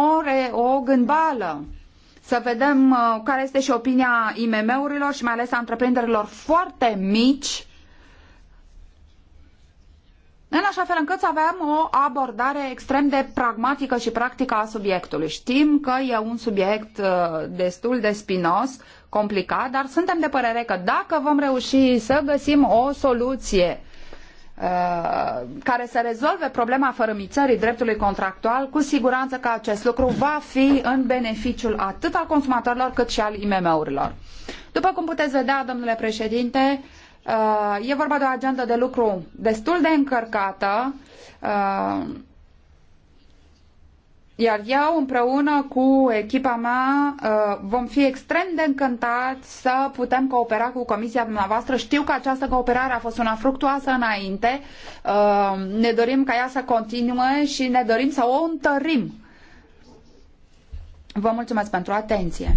o, o gândbală, să vedem uh, care este și opinia IMM-urilor și mai ales a întreprinderilor foarte mici, în așa fel încât să avem o abordare extrem de pragmatică și practică a subiectului. Știm că e un subiect uh, destul de spinos, complicat, dar suntem de părere că dacă vom reuși să găsim o soluție uh, care să rezolve problema fărâmițării dreptului contractual, cu siguranță că acest lucru va fi în beneficiul atât al consumatorilor cât și al IMM-urilor. După cum puteți vedea, domnule președinte, Uh, e vorba de o agendă de lucru destul de încărcată, uh, iar eu împreună cu echipa mea uh, vom fi extrem de încântați să putem coopera cu comisia dumneavoastră. Știu că această cooperare a fost una fructuoasă înainte. Ne dorim ca ea să continue și ne dorim să o întărim. Vă mulțumesc pentru atenție.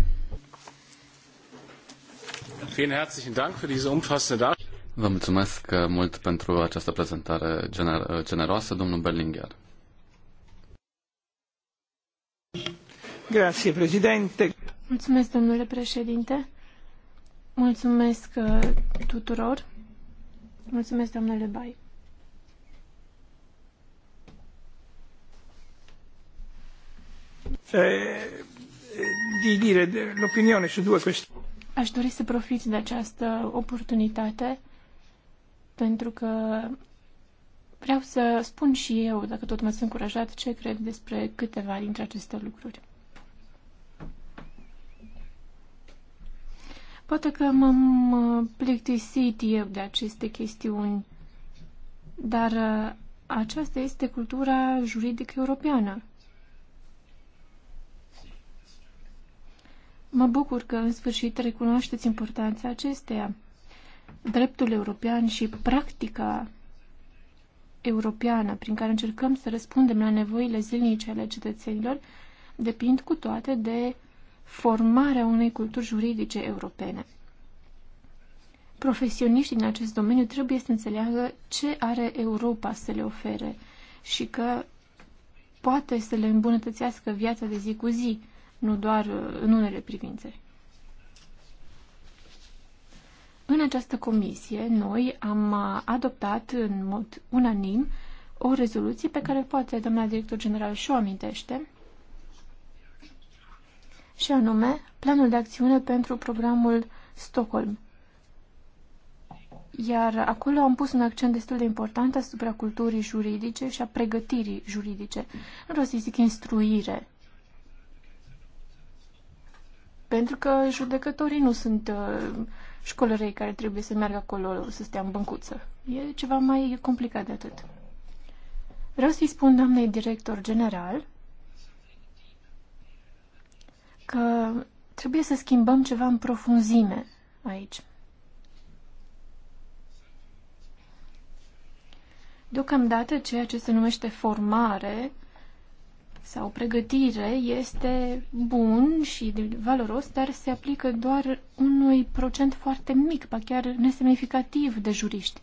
Vielen herzlichen Dank für diese umfassende Darstellung. Vă mulțumesc mult pentru această prezentare gener- generoasă, domnul Berlinger. Grazie, președinte. Mulțumesc, domnule președinte. Mulțumesc uh, tuturor. Mulțumesc, domnule Bai. Eh, di dire l'opinione su due questioni. Aș dori să profit de această oportunitate pentru că vreau să spun și eu, dacă tot m-ați încurajat, ce cred despre câteva dintre aceste lucruri. Poate că m-am plictisit eu de aceste chestiuni, dar uh, aceasta este cultura juridică europeană. Mă bucur că în sfârșit recunoașteți importanța acesteia. Dreptul european și practica europeană prin care încercăm să răspundem la nevoile zilnice ale cetățenilor depind cu toate de formarea unei culturi juridice europene. Profesioniștii din acest domeniu trebuie să înțeleagă ce are Europa să le ofere și că poate să le îmbunătățească viața de zi cu zi, nu doar uh, în unele privințe. În această comisie, noi am uh, adoptat în mod unanim o rezoluție pe care poate domnul director general și o amintește, și anume planul de acțiune pentru programul Stockholm. Iar acolo am pus un accent destul de important asupra culturii juridice și a pregătirii juridice. Nu vreau să zic instruire, pentru că judecătorii nu sunt uh, școlărei care trebuie să meargă acolo să stea în băncuță. E ceva mai complicat de atât. Vreau să-i spun doamnei director general că trebuie să schimbăm ceva în profunzime aici. Deocamdată ceea ce se numește formare sau pregătire este bun și valoros, dar se aplică doar unui procent foarte mic, ba chiar nesemnificativ de juriști.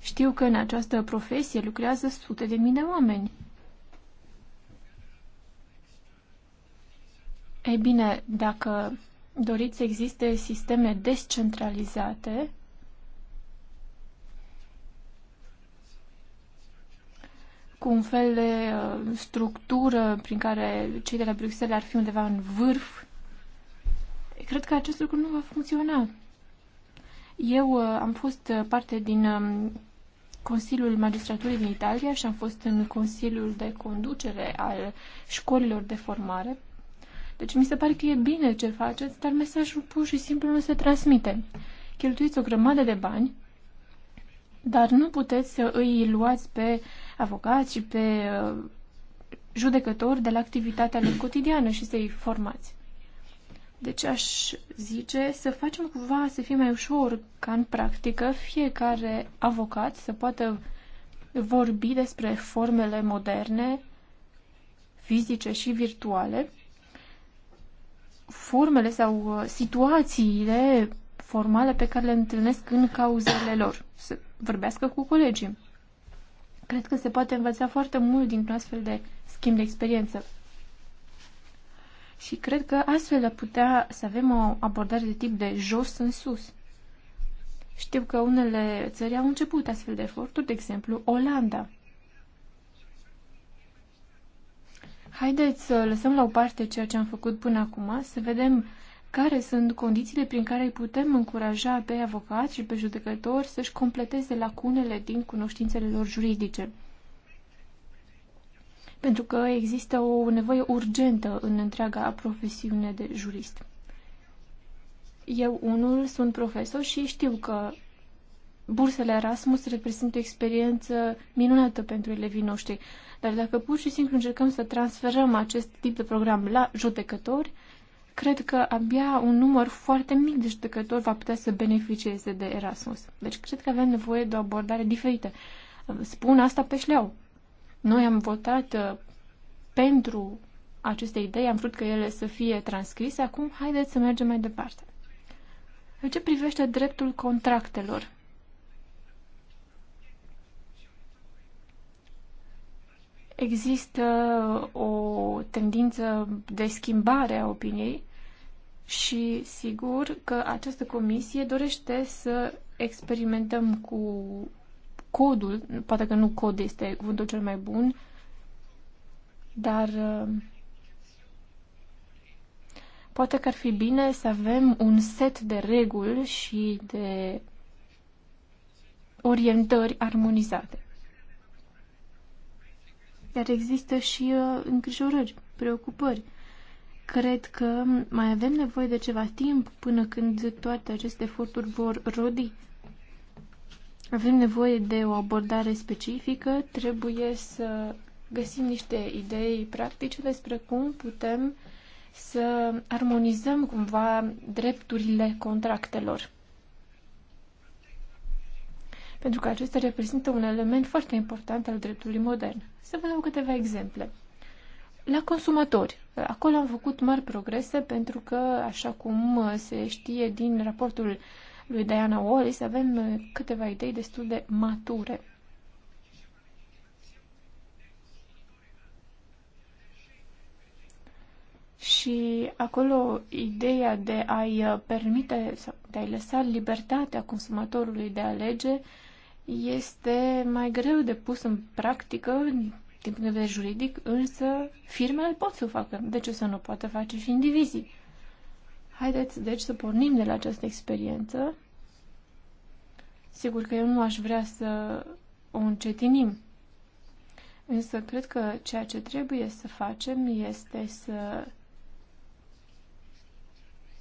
Știu că în această profesie lucrează sute de mii de oameni. Ei bine, dacă doriți să existe sisteme descentralizate, cu un fel de uh, structură prin care cei de la Bruxelles ar fi undeva în vârf, cred că acest lucru nu va funcționa. Eu uh, am fost uh, parte din um, Consiliul Magistraturii din Italia și am fost în Consiliul de Conducere al școlilor de formare. Deci mi se pare că e bine ce faceți, dar mesajul pur și simplu nu se transmite. Cheltuiți o grămadă de bani dar nu puteți să îi luați pe avocați și pe uh, judecători de la activitatea lor cotidiană și să-i formați. Deci aș zice să facem cumva să fie mai ușor ca în practică fiecare avocat să poată vorbi despre formele moderne, fizice și virtuale, formele sau uh, situațiile formale pe care le întâlnesc în cauzele lor. Să vorbească cu colegii. Cred că se poate învăța foarte mult dintr-un astfel de schimb de experiență. Și cred că astfel ar putea să avem o abordare de tip de jos în sus. Știu că unele țări au început astfel de eforturi, de exemplu Olanda. Haideți să lăsăm la o parte ceea ce am făcut până acum, să vedem care sunt condițiile prin care îi putem încuraja pe avocați și pe judecători să-și completeze lacunele din cunoștințele lor juridice. Pentru că există o nevoie urgentă în întreaga profesiune de jurist. Eu, unul, sunt profesor și știu că bursele Erasmus reprezintă o experiență minunată pentru elevii noștri, dar dacă pur și simplu încercăm să transferăm acest tip de program la judecători, cred că abia un număr foarte mic de judecători va putea să beneficieze de Erasmus. Deci cred că avem nevoie de o abordare diferită. Spun asta pe șleau. Noi am votat uh, pentru aceste idei, am vrut că ele să fie transcrise, acum haideți să mergem mai departe. În ce privește dreptul contractelor? Există uh, o tendință de schimbare a opiniei și sigur că această comisie dorește să experimentăm cu codul, poate că nu cod este cuvântul cel mai bun, dar uh, poate că ar fi bine să avem un set de reguli și de orientări armonizate. Dar există și uh, îngrijorări, preocupări. Cred că mai avem nevoie de ceva timp până când toate aceste eforturi vor rodi. Avem nevoie de o abordare specifică, trebuie să găsim niște idei practice despre cum putem să armonizăm cumva drepturile contractelor. Pentru că acesta reprezintă un element foarte important al dreptului modern. Să vă dau câteva exemple. La consumatori. Acolo am făcut mari progrese pentru că, așa cum se știe din raportul lui Diana Wallis, avem câteva idei destul de mature. Și acolo ideea de a-i permite, de a-i lăsa libertatea consumatorului de a alege este mai greu de pus în practică din punct de vedere juridic, însă, firmele pot să o facă. De ce să nu poată face și indivizii? Haideți, deci, să pornim de la această experiență. Sigur că eu nu aș vrea să o încetinim. Însă, cred că ceea ce trebuie să facem este să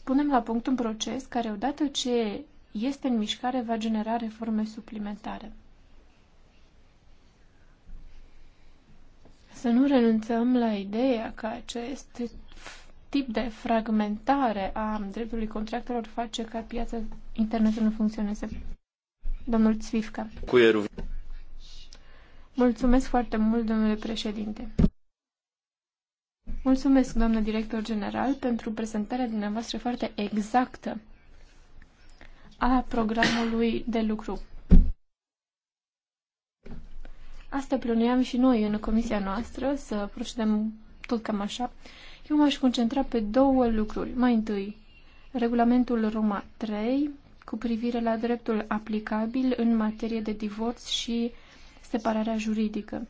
punem la punct un proces care, odată ce este în mișcare, va genera reforme suplimentare. să nu renunțăm la ideea că acest tip de fragmentare a dreptului contractelor face ca piața internetul nu funcționeze. Domnul Țvifca. Mulțumesc foarte mult, domnule președinte. Mulțumesc, doamnă director general, pentru prezentarea dumneavoastră foarte exactă a programului de lucru. Asta plănuiam și noi în comisia noastră, să procedăm tot cam așa. Eu m-aș concentra pe două lucruri. Mai întâi, regulamentul Roma 3 cu privire la dreptul aplicabil în materie de divorț și separarea juridică.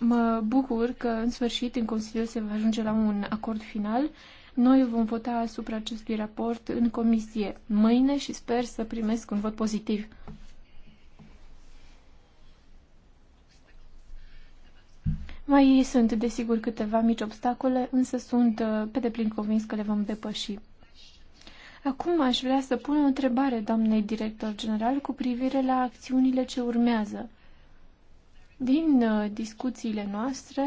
Mă bucur că în sfârșit în Consiliu se va ajunge la un acord final. Noi vom vota asupra acestui raport în comisie mâine și sper să primesc un vot pozitiv. Mai sunt, desigur, câteva mici obstacole, însă sunt uh, pe deplin convins că le vom depăși. Acum aș vrea să pun o întrebare doamnei director general cu privire la acțiunile ce urmează. Din uh, discuțiile noastre,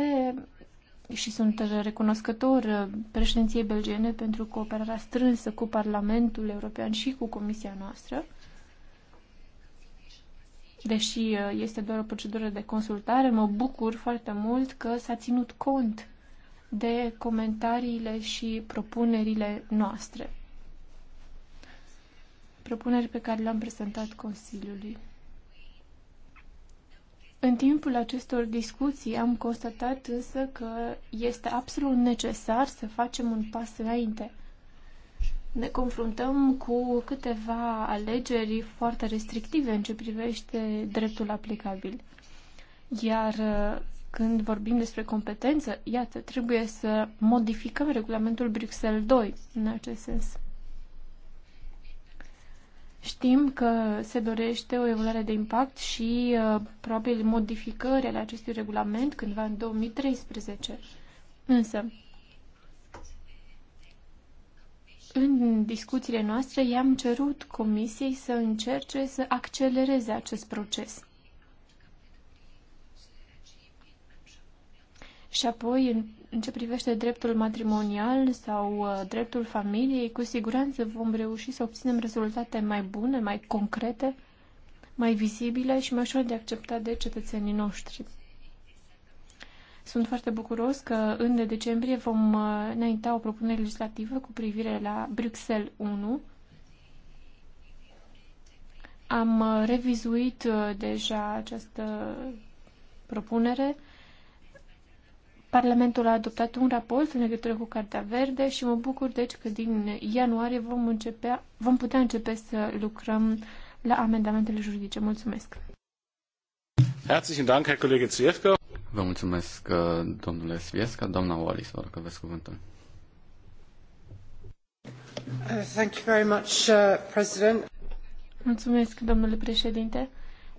și sunt recunoscător uh, președinției belgiene pentru cooperarea strânsă cu Parlamentul European și cu Comisia noastră, deși uh, este doar o procedură de consultare, mă bucur foarte mult că s-a ținut cont de comentariile și propunerile noastre. Propuneri pe care le-am prezentat Consiliului. În timpul acestor discuții am constatat însă că este absolut necesar să facem un pas înainte – ne confruntăm cu câteva alegeri foarte restrictive în ce privește dreptul aplicabil. Iar uh, când vorbim despre competență, iată, trebuie să modificăm regulamentul Bruxelles 2 în acest sens. Știm că se dorește o evaluare de impact și uh, probabil modificări ale acestui regulament cândva în 2013. Însă, în discuțiile noastre i-am cerut Comisiei să încerce să accelereze acest proces. Și apoi, în ce privește dreptul matrimonial sau uh, dreptul familiei, cu siguranță vom reuși să obținem rezultate mai bune, mai concrete, mai vizibile și mai ușor de acceptat de cetățenii noștri. Sunt foarte bucuros că în decembrie vom uh, înainta o propunere legislativă cu privire la Bruxelles 1. Am uh, revizuit uh, deja această propunere. Parlamentul a adoptat un raport în legătură cu Cartea Verde și mă bucur deci că din ianuarie vom, începe, vom putea începe să lucrăm la amendamentele juridice. Mulțumesc! Herzlichen Dank, Herr Kollege Zwiefka. Vă mulțumesc, uh, domnule Sviesca. Doamna Wallis, vă rog că aveți cuvântul. Uh, thank you very much, uh, President. Mulțumesc, domnule președinte.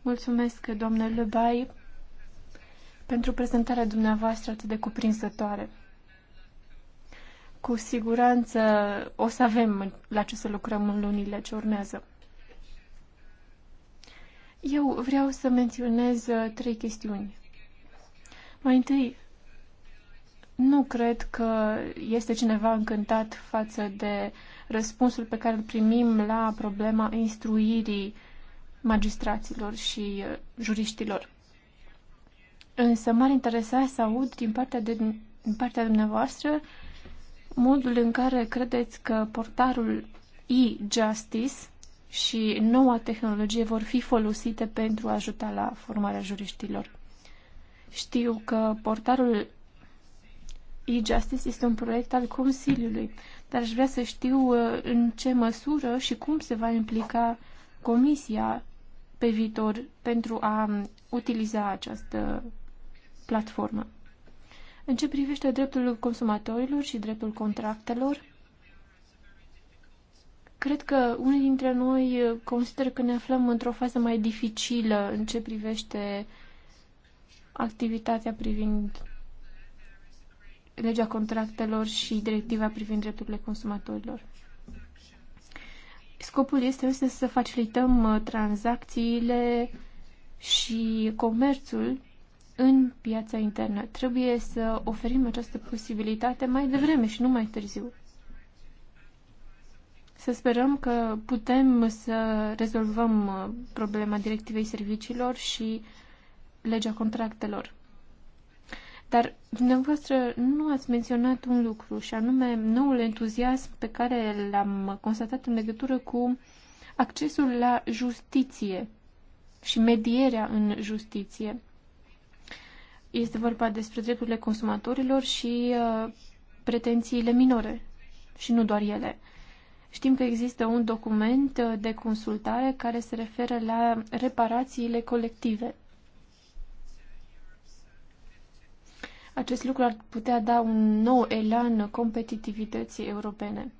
Mulțumesc, domnule Bai, pentru prezentarea dumneavoastră atât de cuprinsătoare. Cu siguranță o să avem la ce să lucrăm în lunile ce urmează. Eu vreau să menționez trei chestiuni. Mai întâi, nu cred că este cineva încântat față de răspunsul pe care îl primim la problema instruirii magistraților și uh, juriștilor. Însă m-ar interesa să aud din partea, de, din partea dumneavoastră modul în care credeți că portarul e-justice și noua tehnologie vor fi folosite pentru a ajuta la formarea juriștilor. Știu că portarul e-justice este un proiect al Consiliului, dar aș vrea să știu uh, în ce măsură și cum se va implica Comisia pe viitor pentru a um, utiliza această platformă. În ce privește dreptul consumatorilor și dreptul contractelor, cred că unii dintre noi uh, consideră că ne aflăm într-o fază mai dificilă în ce privește uh, activitatea privind legea contractelor și directiva privind drepturile consumatorilor. Scopul este însă să facilităm uh, tranzacțiile și comerțul în piața internă. Trebuie să oferim această posibilitate mai devreme și nu mai târziu. Să sperăm că putem să rezolvăm uh, problema directivei serviciilor și legea contractelor. Dar dumneavoastră nu ați menționat un lucru și anume noul entuziasm pe care l-am constatat în legătură cu accesul la justiție și medierea în justiție. Este vorba despre drepturile consumatorilor și uh, pretențiile minore și nu doar ele. Știm că există un document uh, de consultare care se referă la reparațiile colective. Acest lucru ar putea da un nou elan competitivității europene.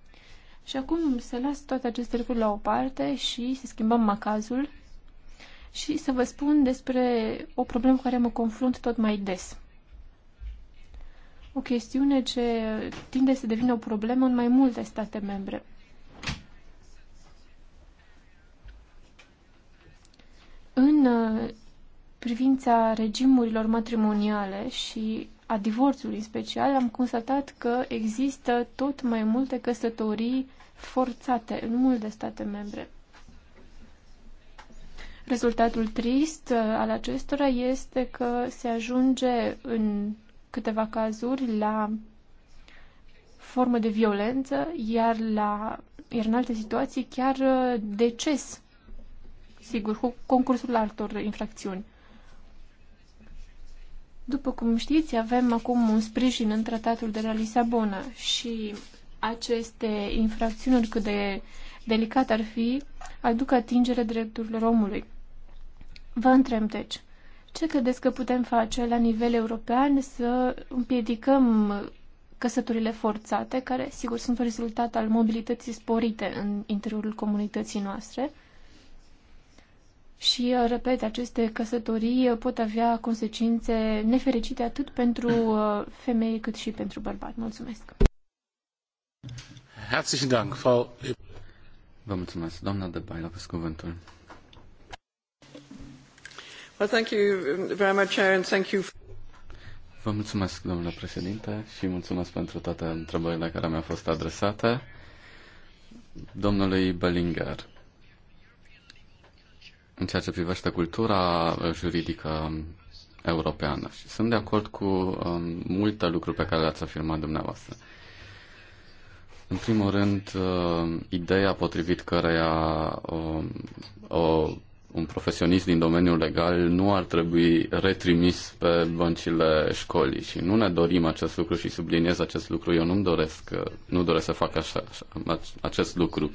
Și acum să las toate aceste lucruri la o parte și să schimbăm macazul și să vă spun despre o problemă cu care mă confrunt tot mai des. O chestiune ce tinde să devină o problemă în mai multe state membre. În uh, privința regimurilor matrimoniale și a divorțului în special, am constatat că există tot mai multe căsătorii forțate în multe state membre. Rezultatul trist uh, al acestora este că se ajunge în câteva cazuri la formă de violență, iar, la, iar în alte situații chiar uh, deces, sigur, cu concursul altor infracțiuni. După cum știți, avem acum un sprijin în tratatul de la Lisabona și aceste infracțiuni, oricât de delicat ar fi, aduc atingere drepturilor omului. Vă întreb, deci, ce credeți că putem face la nivel european să împiedicăm căsătorile forțate, care, sigur, sunt un rezultat al mobilității sporite în interiorul comunității noastre, și, uh, repet, aceste căsătorii uh, pot avea consecințe nefericite atât pentru uh, femei cât și pentru bărbați. Mulțumesc! Herzlichen Dank, Frau... Vă mulțumesc, doamna de Baila, pe cuvântul. Well, thank you very much, Chair, and thank you. Vă mulțumesc, domnule președinte, și mulțumesc pentru toate întrebările care mi-au fost adresate. Domnului Bellinger, în ceea ce privește cultura juridică europeană și sunt de acord cu um, multe lucruri pe care le-ați afirmat dumneavoastră. În primul rând, uh, ideea potrivit căreia um, o, un profesionist din domeniul legal nu ar trebui retrimis pe băncile școlii și nu ne dorim acest lucru și subliniez acest lucru. Eu nu-mi doresc, nu doresc să fac așa, așa, acest lucru. Uh,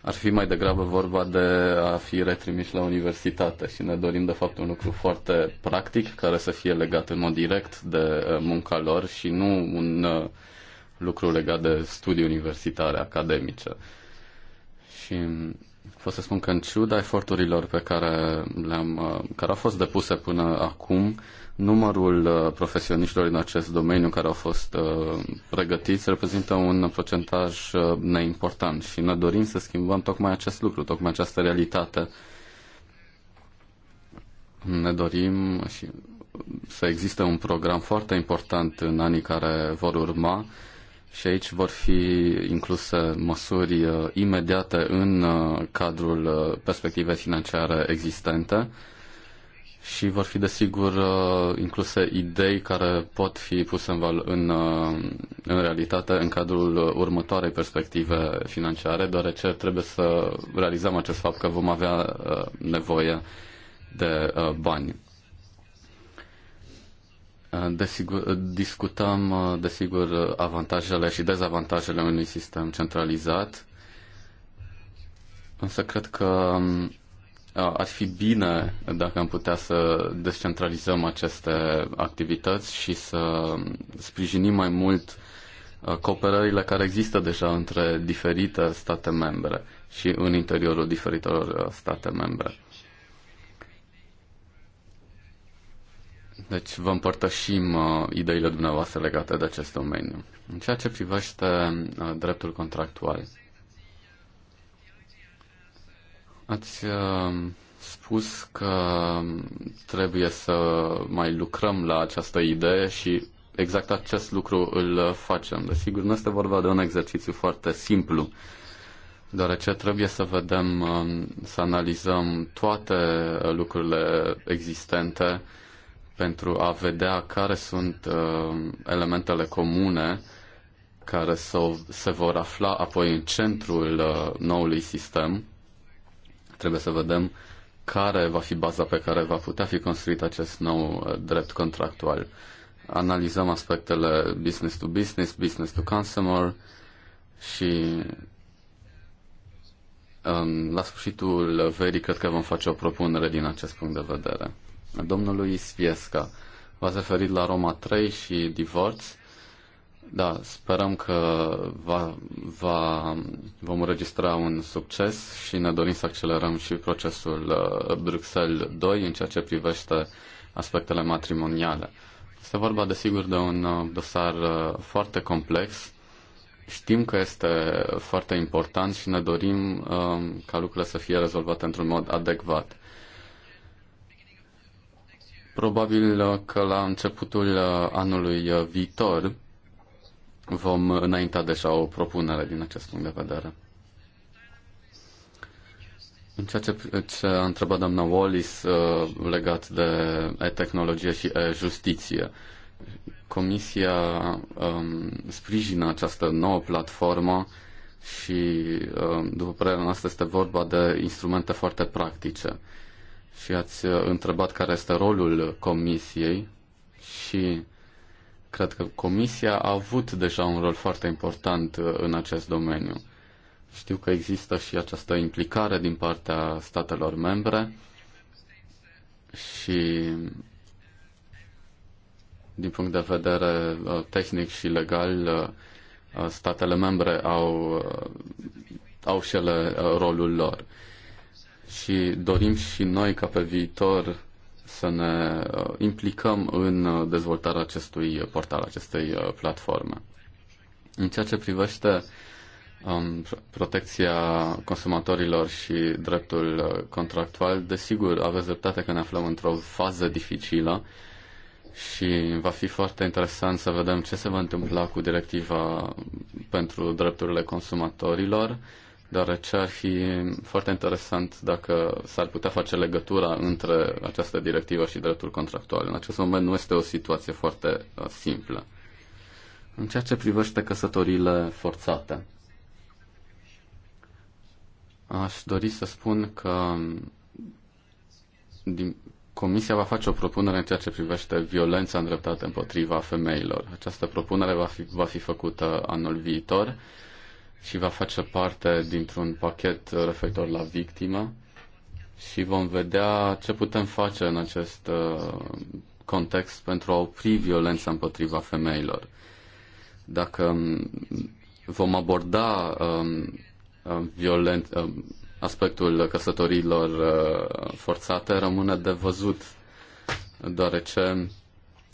ar fi mai degrabă vorba de a fi retrimiși la universitate și ne dorim de fapt un lucru foarte practic care să fie legat în mod direct de uh, munca lor și nu un uh, lucru legat de studii universitare, academice. Și Pot să spun că în ciuda eforturilor pe care le-am, uh, care au fost depuse până acum, numărul uh, profesioniștilor în acest domeniu care au fost uh, pregătiți reprezintă un procentaj neimportant și ne dorim să schimbăm tocmai acest lucru, tocmai această realitate. Ne dorim și să existe un program foarte important în anii care vor urma și aici vor fi incluse măsuri uh, imediate în uh, cadrul uh, perspectivei financiare existente și vor fi, desigur, incluse idei care pot fi puse în, val- în, în realitate în cadrul următoarei perspective financiare, deoarece trebuie să realizăm acest fapt că vom avea nevoie de bani. Desigur, discutăm, desigur, avantajele și dezavantajele unui sistem centralizat, însă cred că ar fi bine dacă am putea să descentralizăm aceste activități și să sprijinim mai mult cooperările care există deja între diferite state membre și în interiorul diferitelor state membre. Deci vă împărtășim uh, ideile dumneavoastră legate de acest domeniu. În ceea ce privește uh, dreptul contractual, ați uh, spus că trebuie să mai lucrăm la această idee și exact acest lucru îl facem. Desigur, nu este vorba de un exercițiu foarte simplu, deoarece trebuie să vedem, um, să analizăm toate uh, lucrurile existente, pentru a vedea care sunt uh, elementele comune care so, se vor afla apoi în centrul uh, noului sistem. Trebuie să vedem care va fi baza pe care va putea fi construit acest nou uh, drept contractual. Analizăm aspectele business to business, business to consumer și um, la sfârșitul verii cred că vom face o propunere din acest punct de vedere domnului Sviesca. V-ați referit la Roma 3 și divorț. Da, sperăm că va, va, vom înregistra un succes și ne dorim să accelerăm și procesul uh, Bruxelles 2 în ceea ce privește aspectele matrimoniale. Este vorba, desigur, de un uh, dosar uh, foarte complex. Știm că este foarte important și ne dorim um, ca lucrurile să fie rezolvate într-un mod adecvat. Probabil că la începutul anului viitor vom înainta deja o propunere din acest punct de vedere. În ceea ce, ce a întrebat doamna Wallis uh, legat de e-tehnologie și e-justiție, Comisia um, sprijină această nouă platformă și, um, după părerea noastră, este vorba de instrumente foarte practice și ați uh, întrebat care este rolul comisiei și cred că comisia a avut deja un rol foarte important uh, în acest domeniu. Știu că există și această implicare din partea statelor membre și din punct de vedere uh, tehnic și legal, statele membre au, au și ele rolul lor și dorim și noi ca pe viitor să ne uh, implicăm în uh, dezvoltarea acestui portal, acestei uh, platforme. În ceea ce privește um, protecția consumatorilor și dreptul contractual, desigur, aveți dreptate că ne aflăm într-o fază dificilă și va fi foarte interesant să vedem ce se va întâmpla cu directiva pentru drepturile consumatorilor dar ce ar fi foarte interesant dacă s-ar putea face legătura între această directivă și dreptul contractual. În acest moment nu este o situație foarte uh, simplă. În ceea ce privește căsătorile forțate, aș dori să spun că mm, din, Comisia va face o propunere în ceea ce privește violența îndreptată împotriva femeilor. Această propunere va fi, va fi făcută anul viitor și va face parte dintr-un pachet referitor la victimă și vom vedea ce putem face în acest uh, context pentru a opri violența împotriva femeilor. Dacă um, vom aborda um, um, violent, um, aspectul căsătorilor uh, forțate, rămâne de văzut, deoarece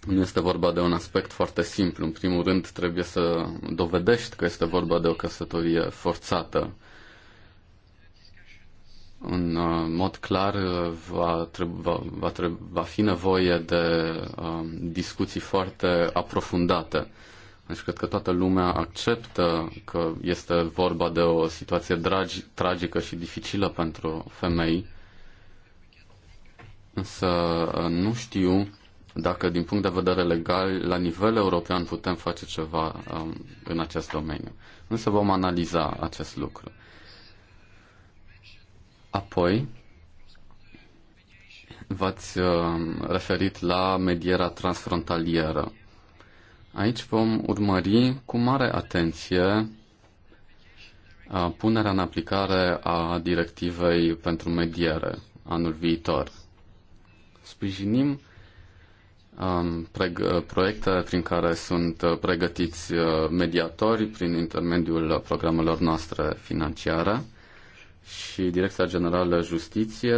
nu este vorba de un aspect foarte simplu. În primul rând, trebuie să dovedești că este vorba de o căsătorie forțată. În uh, mod clar, va, va, va, va fi nevoie de uh, discuții foarte aprofundate. Deci cred că toată lumea acceptă că este vorba de o situație dragi, tragică și dificilă pentru femei, însă uh, nu știu dacă din punct de vedere legal, la nivel european, putem face ceva um, în acest domeniu. Însă vom analiza acest lucru. Apoi, v-ați um, referit la medierea transfrontalieră. Aici vom urmări cu mare atenție uh, punerea în aplicare a directivei pentru mediere anul viitor. Sprijinim proiecte prin care sunt uh, pregătiți uh, mediatori prin intermediul programelor noastre financiare și Direcția Generală Justiție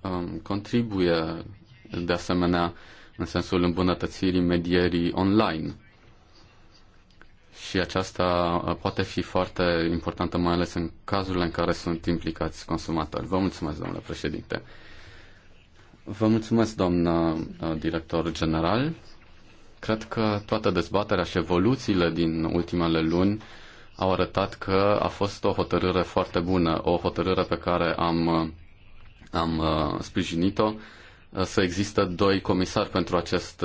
um, contribuie de asemenea în sensul îmbunătățirii medierii online. Și aceasta uh, poate fi foarte importantă, mai ales în cazurile în care sunt implicați consumatori. Vă mulțumesc, domnule președinte. Vă mulțumesc, doamna uh, director general. Cred că toată dezbaterea și evoluțiile din ultimele luni au arătat că a fost o hotărâre foarte bună, o hotărâre pe care am, uh, am uh, sprijinit-o să există doi comisari pentru acest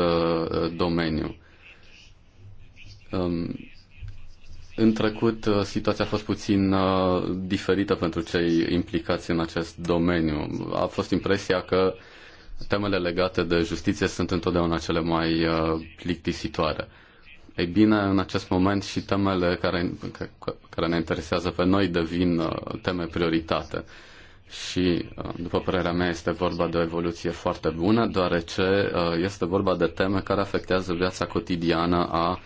domeniu. Um, în trecut, situația a fost puțin diferită pentru cei implicați în acest domeniu. A fost impresia că temele legate de justiție sunt întotdeauna cele mai uh, plictisitoare. Ei bine, în acest moment și temele care, care ne interesează pe noi devin uh, teme prioritate. Și, uh, după părerea mea, este vorba de o evoluție foarte bună, deoarece este vorba de teme care afectează viața cotidiană a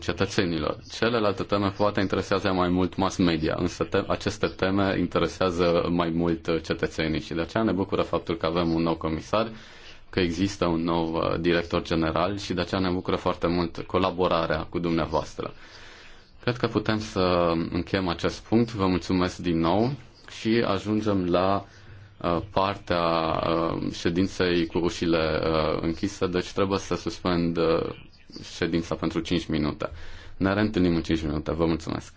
cetățenilor. Celelalte teme poate interesează mai mult mass media, însă te- aceste teme interesează mai mult uh, cetățenii și de aceea ne bucură faptul că avem un nou comisar, că există un nou uh, director general și de aceea ne bucură foarte mult colaborarea cu dumneavoastră. Cred că putem să încheiem acest punct. Vă mulțumesc din nou și ajungem la uh, partea ședinței cu ușile închise, deci trebuie să suspend ședința pentru 5 minute. Ne reîntâlnim în 5 minute. Vă mulțumesc!